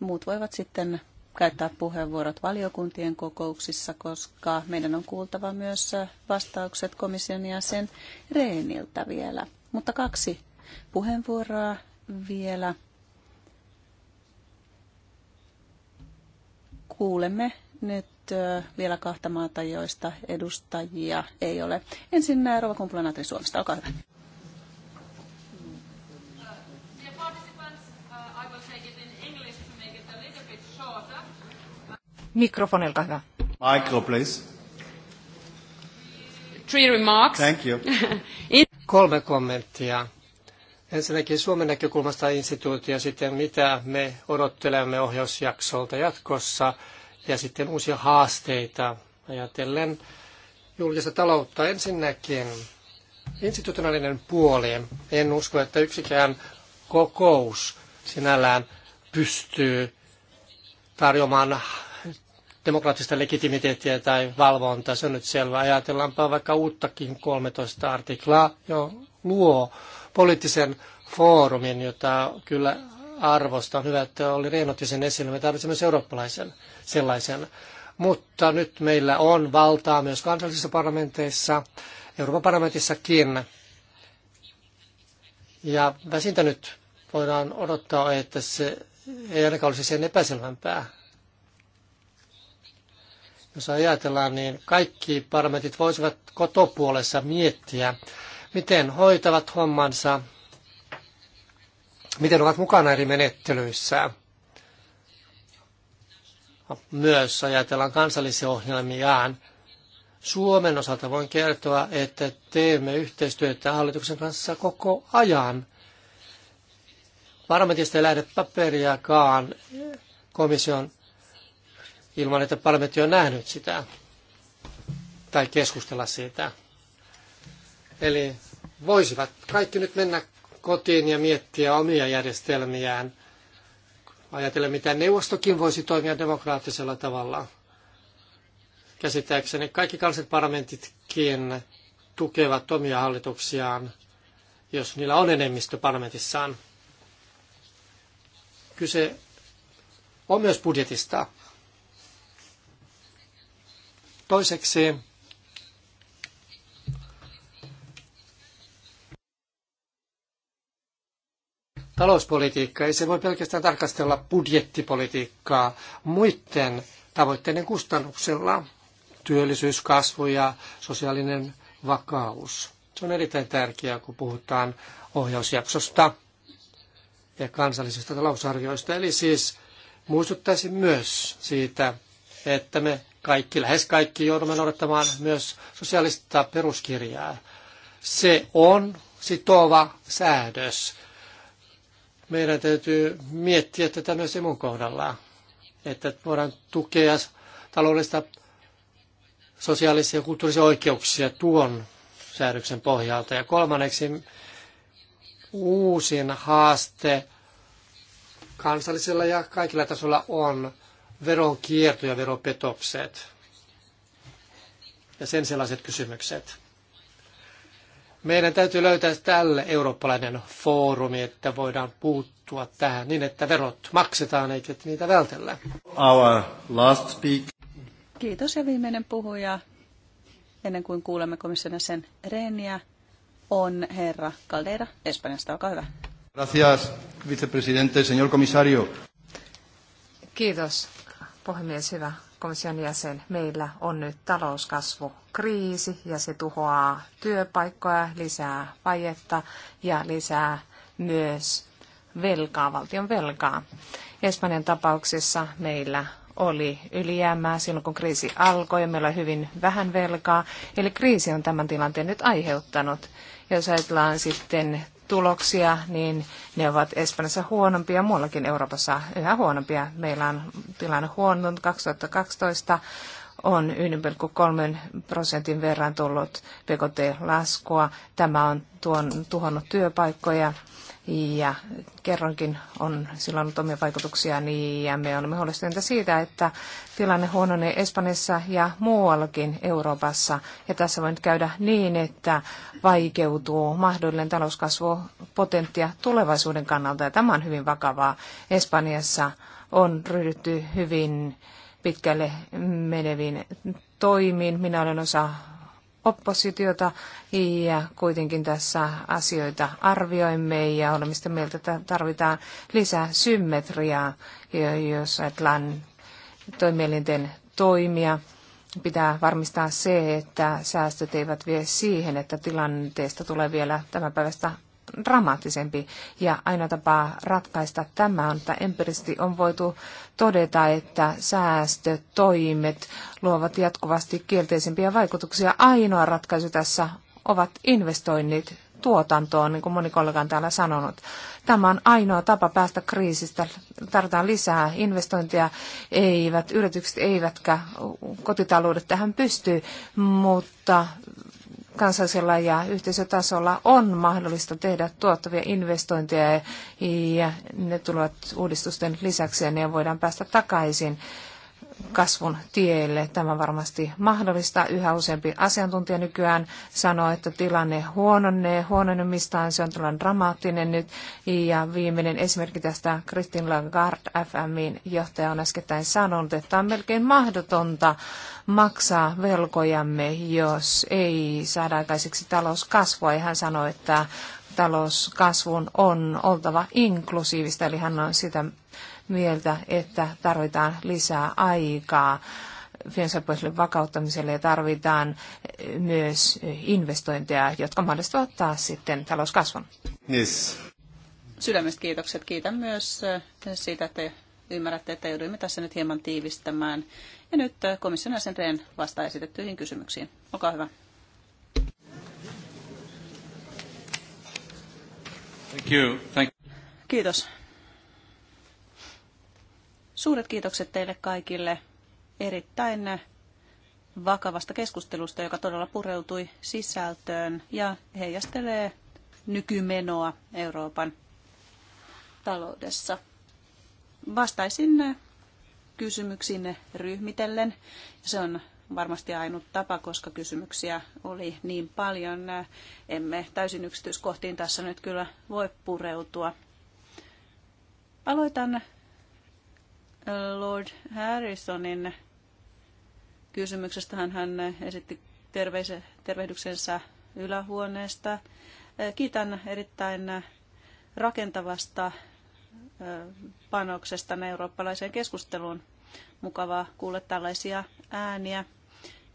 Muut voivat sitten käyttää puheenvuorot valiokuntien kokouksissa, koska meidän on kuultava myös vastaukset komission jäsen Reeniltä vielä. Mutta kaksi puheenvuoroa vielä. Kuulemme nyt vielä kahta maata, joista edustajia ei ole. Ensin Rova Kumpulanatri Suomesta, olkaa hyvä. Mikrofoni, hyvä. Micro, please. Three remarks. Thank you. Kolme kommenttia. Ensinnäkin Suomen näkökulmasta instituutio sitten, mitä me odottelemme ohjausjaksolta jatkossa ja sitten uusia haasteita ajatellen julkista taloutta ensinnäkin. Institutionaalinen puoli. En usko, että yksikään kokous sinällään pystyy tarjoamaan demokraattista legitimiteettiä tai valvontaa, se on nyt selvä. Ajatellaanpa vaikka uuttakin 13 artiklaa, jo luo poliittisen foorumin, jota kyllä arvosta. On hyvä, että oli Reinotti sen esillä. Me tarvitsemme myös eurooppalaisen sellaisen. Mutta nyt meillä on valtaa myös kansallisissa parlamenteissa, Euroopan parlamentissakin. Ja väsintä nyt voidaan odottaa, että se ei ainakaan olisi sen epäselvämpää. Jos ajatellaan, niin kaikki parlamentit voisivat kotopuolessa miettiä, miten hoitavat hommansa miten ovat mukana eri menettelyissä. Myös ajatellaan kansallisia ohjelmiaan. Suomen osalta voin kertoa, että teemme yhteistyötä hallituksen kanssa koko ajan. Parlamentista ei lähde paperiakaan komission ilman, että parlamentti on nähnyt sitä tai keskustella siitä. Eli voisivat kaikki nyt mennä kotiin ja miettiä omia järjestelmiään. Ajatella, miten neuvostokin voisi toimia demokraattisella tavalla. Käsittääkseni kaikki kansalliset parlamentitkin tukevat omia hallituksiaan, jos niillä on enemmistö parlamentissaan. Kyse on myös budjetista. Toiseksi talouspolitiikka, ei se voi pelkästään tarkastella budjettipolitiikkaa muiden tavoitteiden kustannuksella. Työllisyys, kasvu ja sosiaalinen vakaus. Se on erittäin tärkeää, kun puhutaan ohjausjaksosta ja kansallisista talousarvioista. Eli siis muistuttaisin myös siitä, että me kaikki, lähes kaikki joudumme noudattamaan myös sosiaalista peruskirjaa. Se on sitova säädös meidän täytyy miettiä tätä myös emun kohdalla, että voidaan tukea taloudellista, sosiaalisia ja kulttuurisia oikeuksia tuon säädöksen pohjalta. Ja kolmanneksi uusin haaste kansallisella ja kaikilla tasolla on veronkierto ja veropetokset ja sen sellaiset kysymykset. Meidän täytyy löytää tälle eurooppalainen foorumi, että voidaan puuttua tähän niin, että verot maksetaan eikä niitä vältellä. Our last speak. Kiitos ja viimeinen puhuja, ennen kuin kuulemme komission sen Reeniä, on herra Caldera, Espanjasta. Olkaa hyvä. Gracias, vicepresidente, señor comisario. Kiitos, puhemies, hyvä komission jäsen, meillä on nyt kriisi ja se tuhoaa työpaikkoja, lisää vajetta ja lisää myös velkaa, valtion velkaa. Espanjan tapauksessa meillä oli ylijäämää silloin, kun kriisi alkoi ja meillä oli hyvin vähän velkaa. Eli kriisi on tämän tilanteen nyt aiheuttanut. Jos ajatellaan sitten tuloksia, niin ne ovat Espanjassa huonompia, muuallakin Euroopassa yhä huonompia. Meillä on tilanne huonontunut 2012 on 1,3 prosentin verran tullut PKT-laskua. Tämä on tuon, tuhonnut työpaikkoja ja kerronkin on sillä ollut omia vaikutuksia, niin ja me olemme huolestuneita siitä, että tilanne huononee Espanjassa ja muuallakin Euroopassa. Ja tässä voi nyt käydä niin, että vaikeutuu mahdollinen talouskasvupotenttia tulevaisuuden kannalta, ja tämä on hyvin vakavaa. Espanjassa on ryhdytty hyvin pitkälle meneviin toimiin. Minä olen osa oppositiota ja kuitenkin tässä asioita arvioimme ja olemme sitä mieltä, että tarvitaan lisää symmetriaa, jos ajatellaan toimielinten toimia. Pitää varmistaa se, että säästöt eivät vie siihen, että tilanteesta tulee vielä tämän päivästä dramaattisempi. Ja ainoa tapa ratkaista tämä on, että empiristi on voitu todeta, että säästötoimet luovat jatkuvasti kielteisempiä vaikutuksia. Ainoa ratkaisu tässä ovat investoinnit tuotantoon, niin kuin moni kollega on täällä sanonut. Tämä on ainoa tapa päästä kriisistä. Tarvitaan lisää investointeja, eivät, yritykset eivätkä kotitaloudet tähän pysty, mutta kansallisella ja yhteisötasolla on mahdollista tehdä tuottavia investointeja ja ne tulevat uudistusten lisäksi ja ne voidaan päästä takaisin kasvun tielle. Tämä varmasti mahdollista. Yhä useampi asiantuntija nykyään sanoo, että tilanne huononnee huononemistaan. Se on tällainen dramaattinen nyt. Ja viimeinen esimerkki tästä Kristin Lagarde FMin johtaja on äskettäin sanonut, että on melkein mahdotonta maksaa velkojamme, jos ei saada aikaiseksi talouskasvua. Ja hän sanoi, että talouskasvun on oltava inklusiivista, eli hän on sitä mieltä, että tarvitaan lisää aikaa finanssipoliittiselle vakauttamiselle ja tarvitaan myös investointeja, jotka mahdollistavat taas sitten talouskasvun. Yes. Sydämestä kiitokset. Kiitän myös äh, siitä, että ymmärrätte, että jouduimme tässä nyt hieman tiivistämään. Ja nyt äh, komission jäsenten vasta esitettyihin kysymyksiin. Olkaa hyvä. Thank you. Thank you. Kiitos Suuret kiitokset teille kaikille erittäin vakavasta keskustelusta, joka todella pureutui sisältöön ja heijastelee nykymenoa Euroopan taloudessa. Vastaisin kysymyksinne ryhmitellen. Se on varmasti ainut tapa, koska kysymyksiä oli niin paljon. Emme täysin yksityiskohtiin tässä nyt kyllä voi pureutua. Aloitan Lord Harrisonin kysymyksestä. Hän esitti terveise, tervehdyksensä ylähuoneesta. Kiitän erittäin rakentavasta panoksesta eurooppalaiseen keskusteluun. Mukavaa kuulla tällaisia ääniä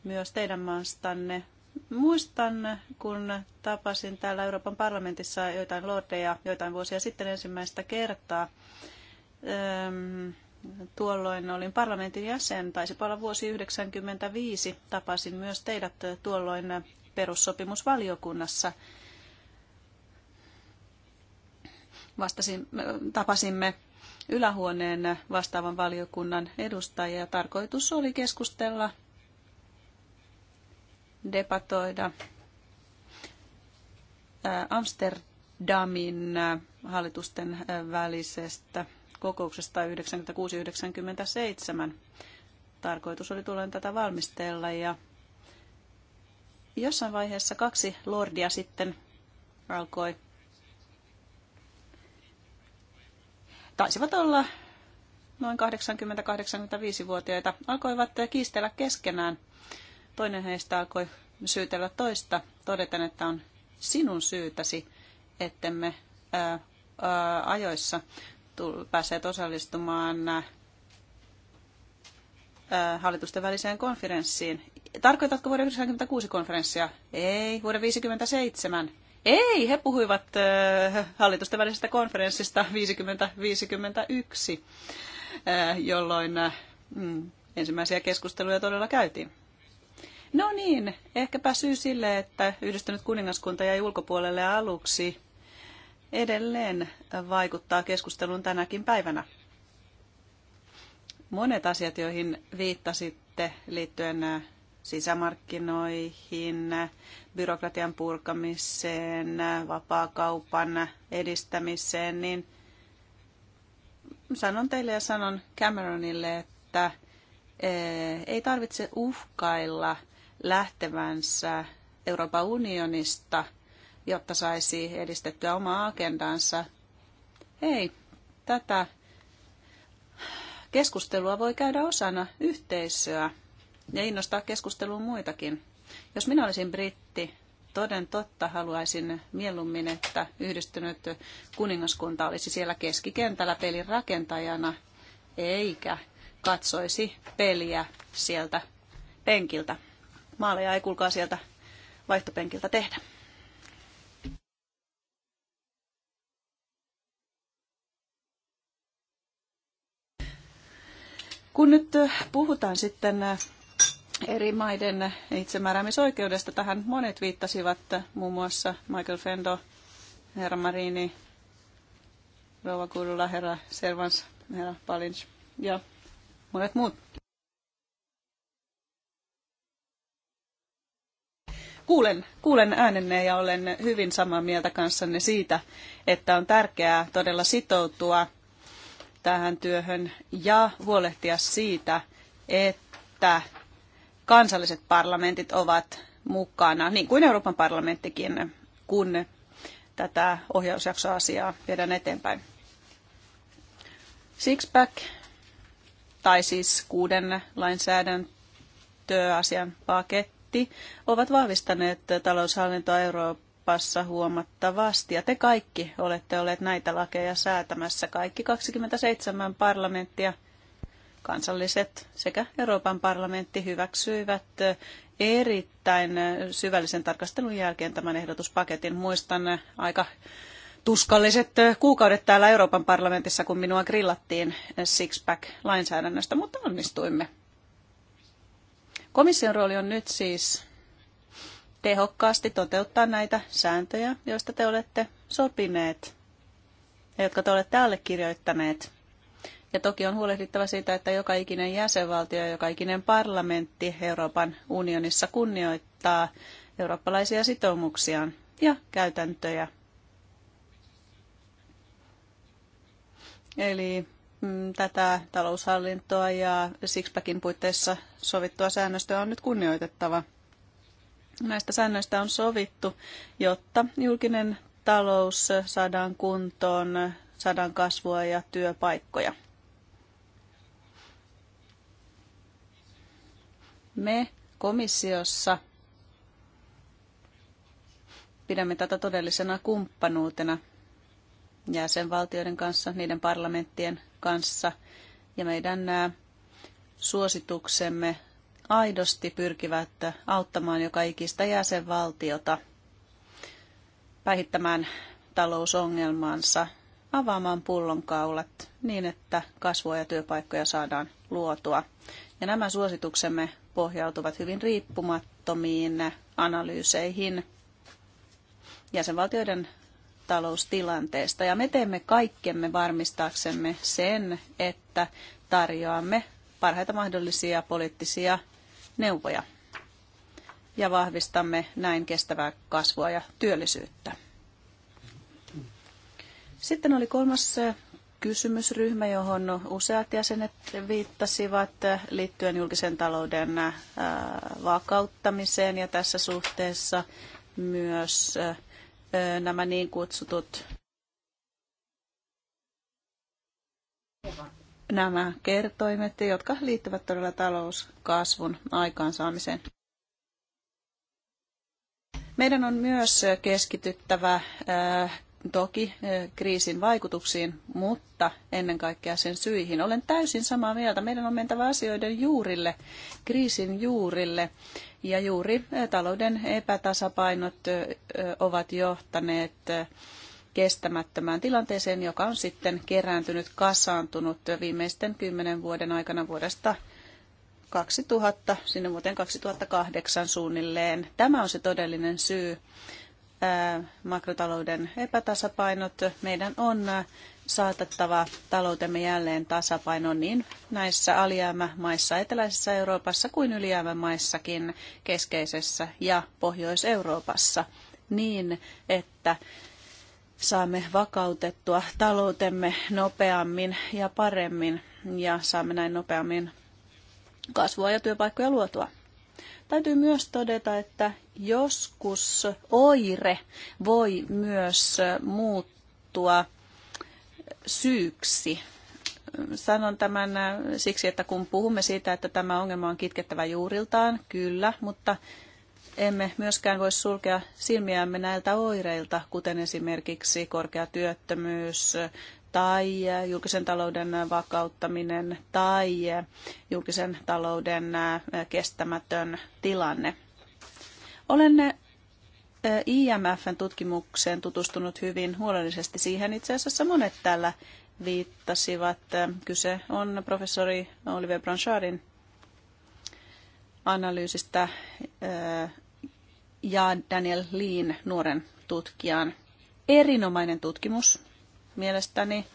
myös teidän maastanne. Muistan, kun tapasin täällä Euroopan parlamentissa joitain lordeja joitain vuosia sitten ensimmäistä kertaa. Tuolloin olin parlamentin jäsen, taisi olla vuosi 1995. Tapasin myös teidät tuolloin perussopimusvaliokunnassa. Vastasin, tapasimme ylähuoneen vastaavan valiokunnan edustajia. Tarkoitus oli keskustella, debatoida Amsterdamin hallitusten välisestä kokouksesta 96-97. Tarkoitus oli tulla tätä valmistella ja jossain vaiheessa kaksi lordia sitten alkoi. Taisivat olla noin 80-85-vuotiaita, alkoivat kiistellä keskenään. Toinen heistä alkoi syytellä toista, todeten, että on sinun syytäsi, ettemme ää, ää, ajoissa pääsee osallistumaan hallitusten väliseen konferenssiin. Tarkoitatko vuoden 1996 konferenssia? Ei, vuoden 1957. Ei, he puhuivat hallitusten välisestä konferenssista 50-51, jolloin mm, ensimmäisiä keskusteluja todella käytiin. No niin, ehkäpä syy sille, että yhdistynyt kuningaskunta jäi ulkopuolelle aluksi edelleen vaikuttaa keskusteluun tänäkin päivänä. Monet asiat, joihin viittasitte liittyen sisämarkkinoihin, byrokratian purkamiseen, vapaakaupan edistämiseen, niin sanon teille ja sanon Cameronille, että e, ei tarvitse uhkailla lähtevänsä Euroopan unionista – jotta saisi edistettyä omaa agendansa. Ei, tätä keskustelua voi käydä osana yhteisöä ja innostaa keskusteluun muitakin. Jos minä olisin britti, toden totta haluaisin mieluummin, että yhdistynyt kuningaskunta olisi siellä keskikentällä pelin rakentajana, eikä katsoisi peliä sieltä penkiltä. Maaleja ei kuulkaa sieltä vaihtopenkiltä tehdä. Kun nyt äh, puhutaan sitten äh, eri maiden itsemääräämisoikeudesta, tähän monet viittasivat, äh, muun muassa Michael Fendo, herra Marini, Rova Kurula, herra Servans, herra Palins ja monet muut. kuulen, kuulen äänenne ja olen hyvin samaa mieltä kanssanne siitä, että on tärkeää todella sitoutua tähän työhön ja huolehtia siitä, että kansalliset parlamentit ovat mukana, niin kuin Euroopan parlamenttikin, kun tätä ohjausjaksoasiaa viedään eteenpäin. Sixpack, tai siis kuuden lainsäädäntöasian paketti, ovat vahvistaneet taloushallintoa Euroopan Euroopassa huomattavasti. Ja te kaikki olette olleet näitä lakeja säätämässä, kaikki 27 parlamenttia, kansalliset sekä Euroopan parlamentti hyväksyivät erittäin syvällisen tarkastelun jälkeen tämän ehdotuspaketin. Muistan aika tuskalliset kuukaudet täällä Euroopan parlamentissa, kun minua grillattiin Sixpack-lainsäädännöstä, mutta onnistuimme. Komission rooli on nyt siis tehokkaasti toteuttaa näitä sääntöjä, joista te olette sopineet ja jotka te olette allekirjoittaneet. Ja toki on huolehdittava siitä, että joka ikinen jäsenvaltio ja joka ikinen parlamentti Euroopan unionissa kunnioittaa eurooppalaisia sitoumuksiaan ja käytäntöjä. Eli mm, tätä taloushallintoa ja Sixpackin puitteissa sovittua säännöstöä on nyt kunnioitettava. Näistä säännöistä on sovittu, jotta julkinen talous saadaan kuntoon, saadaan kasvua ja työpaikkoja. Me komissiossa pidämme tätä todellisena kumppanuutena jäsenvaltioiden kanssa, niiden parlamenttien kanssa. Ja meidän suosituksemme aidosti pyrkivät auttamaan joka ikistä jäsenvaltiota päihittämään talousongelmansa, avaamaan pullonkaulat niin, että kasvua ja työpaikkoja saadaan luotua. Ja nämä suosituksemme pohjautuvat hyvin riippumattomiin analyyseihin jäsenvaltioiden taloustilanteesta. Ja me teemme kaikkemme varmistaaksemme sen, että tarjoamme parhaita mahdollisia poliittisia neuvoja ja vahvistamme näin kestävää kasvua ja työllisyyttä. Sitten oli kolmas kysymysryhmä, johon useat jäsenet viittasivat liittyen julkisen talouden vakauttamiseen ja tässä suhteessa myös nämä niin kutsutut nämä kertoimet, jotka liittyvät todella talouskasvun aikaansaamiseen. Meidän on myös keskityttävä äh, toki äh, kriisin vaikutuksiin, mutta ennen kaikkea sen syihin. Olen täysin samaa mieltä. Meidän on mentävä asioiden juurille, kriisin juurille. Ja juuri äh, talouden epätasapainot ovat johtaneet kestämättömään tilanteeseen, joka on sitten kerääntynyt, kasaantunut viimeisten kymmenen vuoden aikana vuodesta 2000 sinne vuoteen 2008 suunnilleen. Tämä on se todellinen syy makrotalouden epätasapainot. Meidän on saatettava taloutemme jälleen tasapainoon niin näissä alijäämämaissa eteläisessä Euroopassa kuin ylijäämämaissakin keskeisessä ja Pohjois-Euroopassa niin, että saamme vakautettua taloutemme nopeammin ja paremmin ja saamme näin nopeammin kasvua ja työpaikkoja luotua. Täytyy myös todeta, että joskus oire voi myös muuttua syyksi. Sanon tämän siksi, että kun puhumme siitä, että tämä ongelma on kitkettävä juuriltaan, kyllä, mutta emme myöskään voi sulkea silmiämme näiltä oireilta, kuten esimerkiksi korkea työttömyys tai julkisen talouden vakauttaminen tai julkisen talouden kestämätön tilanne. Olen IMFn tutkimukseen tutustunut hyvin huolellisesti. Siihen itse asiassa monet täällä viittasivat. Kyse on professori Olivier Branchardin analyysistä ja Daniel Leen nuoren tutkijan. Erinomainen tutkimus mielestäni,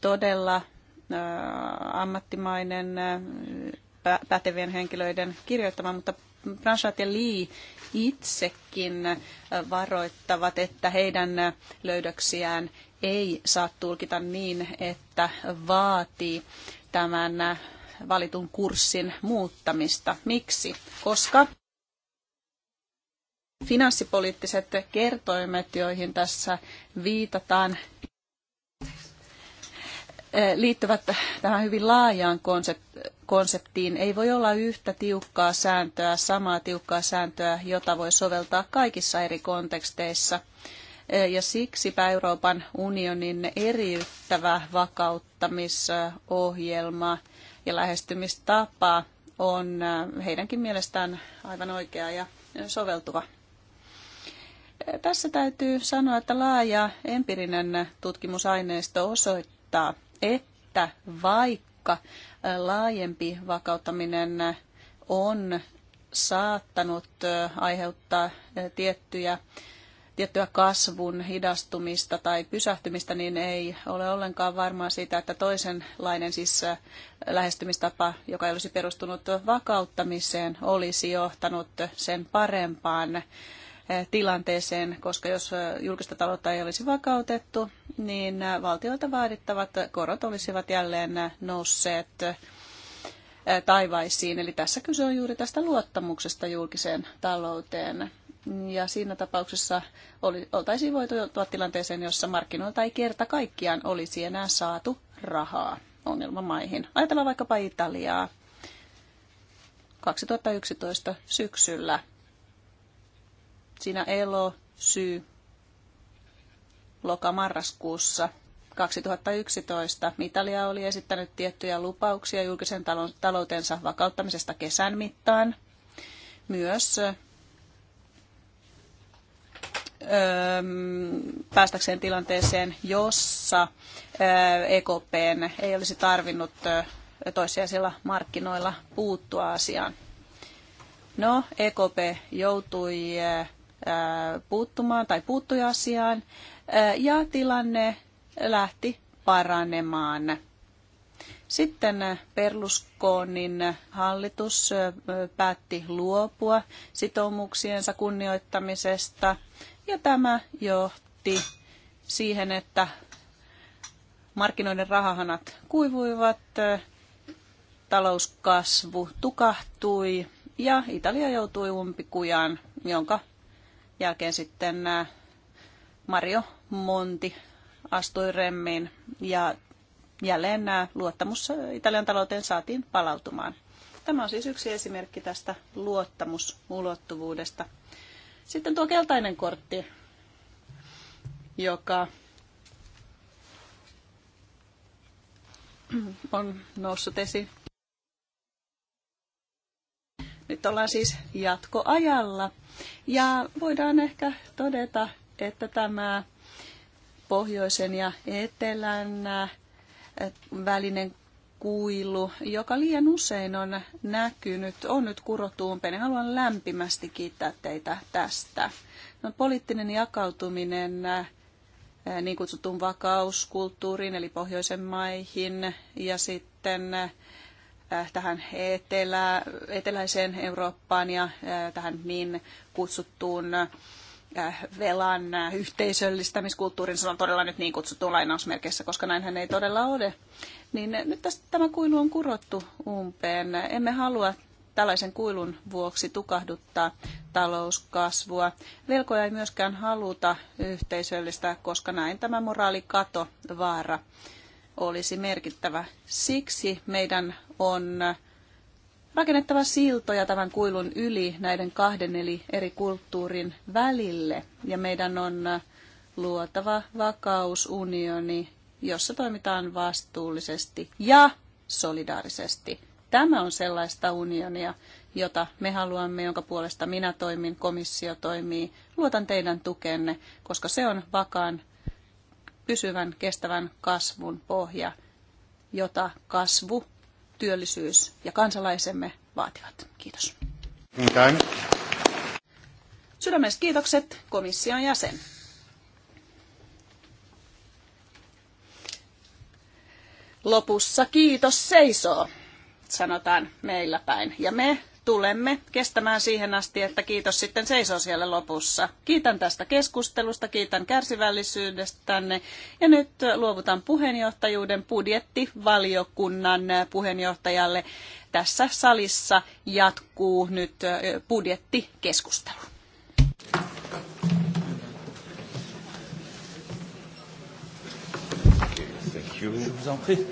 todella ammattimainen pätevien henkilöiden kirjoittama, mutta Branchat ja Lee itsekin varoittavat, että heidän löydöksiään ei saa tulkita niin, että vaatii tämän valitun kurssin muuttamista. Miksi? Koska finanssipoliittiset kertoimet, joihin tässä viitataan, eh, liittyvät tähän hyvin laajaan konseptiin. Ei voi olla yhtä tiukkaa sääntöä, samaa tiukkaa sääntöä, jota voi soveltaa kaikissa eri konteksteissa. Eh, ja siksipä Euroopan unionin eriyttävä vakauttamisohjelma – ja lähestymistapa on äh, heidänkin mielestään aivan oikea ja soveltuva. Äh, tässä täytyy sanoa, että laaja empiirinen tutkimusaineisto osoittaa, että vaikka äh, laajempi vakauttaminen on saattanut aiheuttaa tiettyjä tiettyä kasvun hidastumista tai pysähtymistä, niin ei ole ollenkaan varmaa siitä, että toisenlainen siis äh, lähestymistapa, joka ei olisi perustunut vakauttamiseen, olisi johtanut sen parempaan äh, tilanteeseen, koska jos äh, julkista taloutta ei olisi vakautettu, niin valtiolta vaadittavat korot olisivat jälleen nousseet taivaisiin. Eli tässä kyse on juuri tästä luottamuksesta julkiseen talouteen. Ja siinä tapauksessa oli, oltaisiin voitu joutua tilanteeseen, jossa markkinoilta ei kerta kaikkiaan olisi enää saatu rahaa ongelmamaihin. Ajatellaan vaikkapa Italiaa. 2011 syksyllä. Siinä elo, syy, lokamarraskuussa 2011 Italia oli esittänyt tiettyjä lupauksia julkisen taloutensa vakauttamisesta kesän mittaan. Myös päästäkseen tilanteeseen, jossa EKPn ei olisi tarvinnut toissijaisilla markkinoilla puuttua asiaan. No, EKP joutui puuttumaan tai puuttui asiaan ja tilanne lähti paranemaan. Sitten Berlusconin hallitus päätti luopua sitoumuksiensa kunnioittamisesta ja tämä johti siihen, että markkinoiden rahahanat kuivuivat, talouskasvu tukahtui ja Italia joutui umpikujaan, jonka jälkeen sitten Mario Monti astui remmiin ja jälleen nämä luottamus Italian talouteen saatiin palautumaan. Tämä on siis yksi esimerkki tästä luottamusulottuvuudesta. Sitten tuo keltainen kortti, joka on noussut esiin. Nyt ollaan siis jatkoajalla ja voidaan ehkä todeta, että tämä pohjoisen ja etelän eh, välinen kuilu, joka liian usein on näkynyt, on nyt kurottu umpeen. Haluan lämpimästi kiittää teitä tästä. No, poliittinen jakautuminen eh, niin kutsutun vakauskulttuuriin, eli pohjoisen maihin, ja sitten eh, tähän etelä, eteläiseen Eurooppaan ja eh, tähän niin kutsuttuun Äh, velan äh, yhteisöllistämiskulttuurin, se on todella nyt niin kutsuttu lainausmerkeissä, koska näinhän ei todella ole. Niin äh, nyt tästä tämä kuilu on kurottu umpeen. Emme halua tällaisen kuilun vuoksi tukahduttaa talouskasvua. Velkoja ei myöskään haluta yhteisöllistää, koska näin tämä moraalikato vaara olisi merkittävä. Siksi meidän on rakennettava siltoja tämän kuilun yli näiden kahden eli eri kulttuurin välille. Ja meidän on luotava vakausunioni, jossa toimitaan vastuullisesti ja solidaarisesti. Tämä on sellaista unionia, jota me haluamme, jonka puolesta minä toimin, komissio toimii. Luotan teidän tukenne, koska se on vakaan, pysyvän, kestävän kasvun pohja, jota kasvu työllisyys ja kansalaisemme vaativat. Kiitos. Okay. Sydämestä kiitokset komission jäsen. Lopussa kiitos seisoo, sanotaan meillä päin. Ja me tulemme kestämään siihen asti, että kiitos sitten seisoo siellä lopussa. Kiitän tästä keskustelusta, kiitän tänne ja nyt luovutan puheenjohtajuuden budjettivaliokunnan puheenjohtajalle. Tässä salissa jatkuu nyt budjettikeskustelu. Je vous en prie.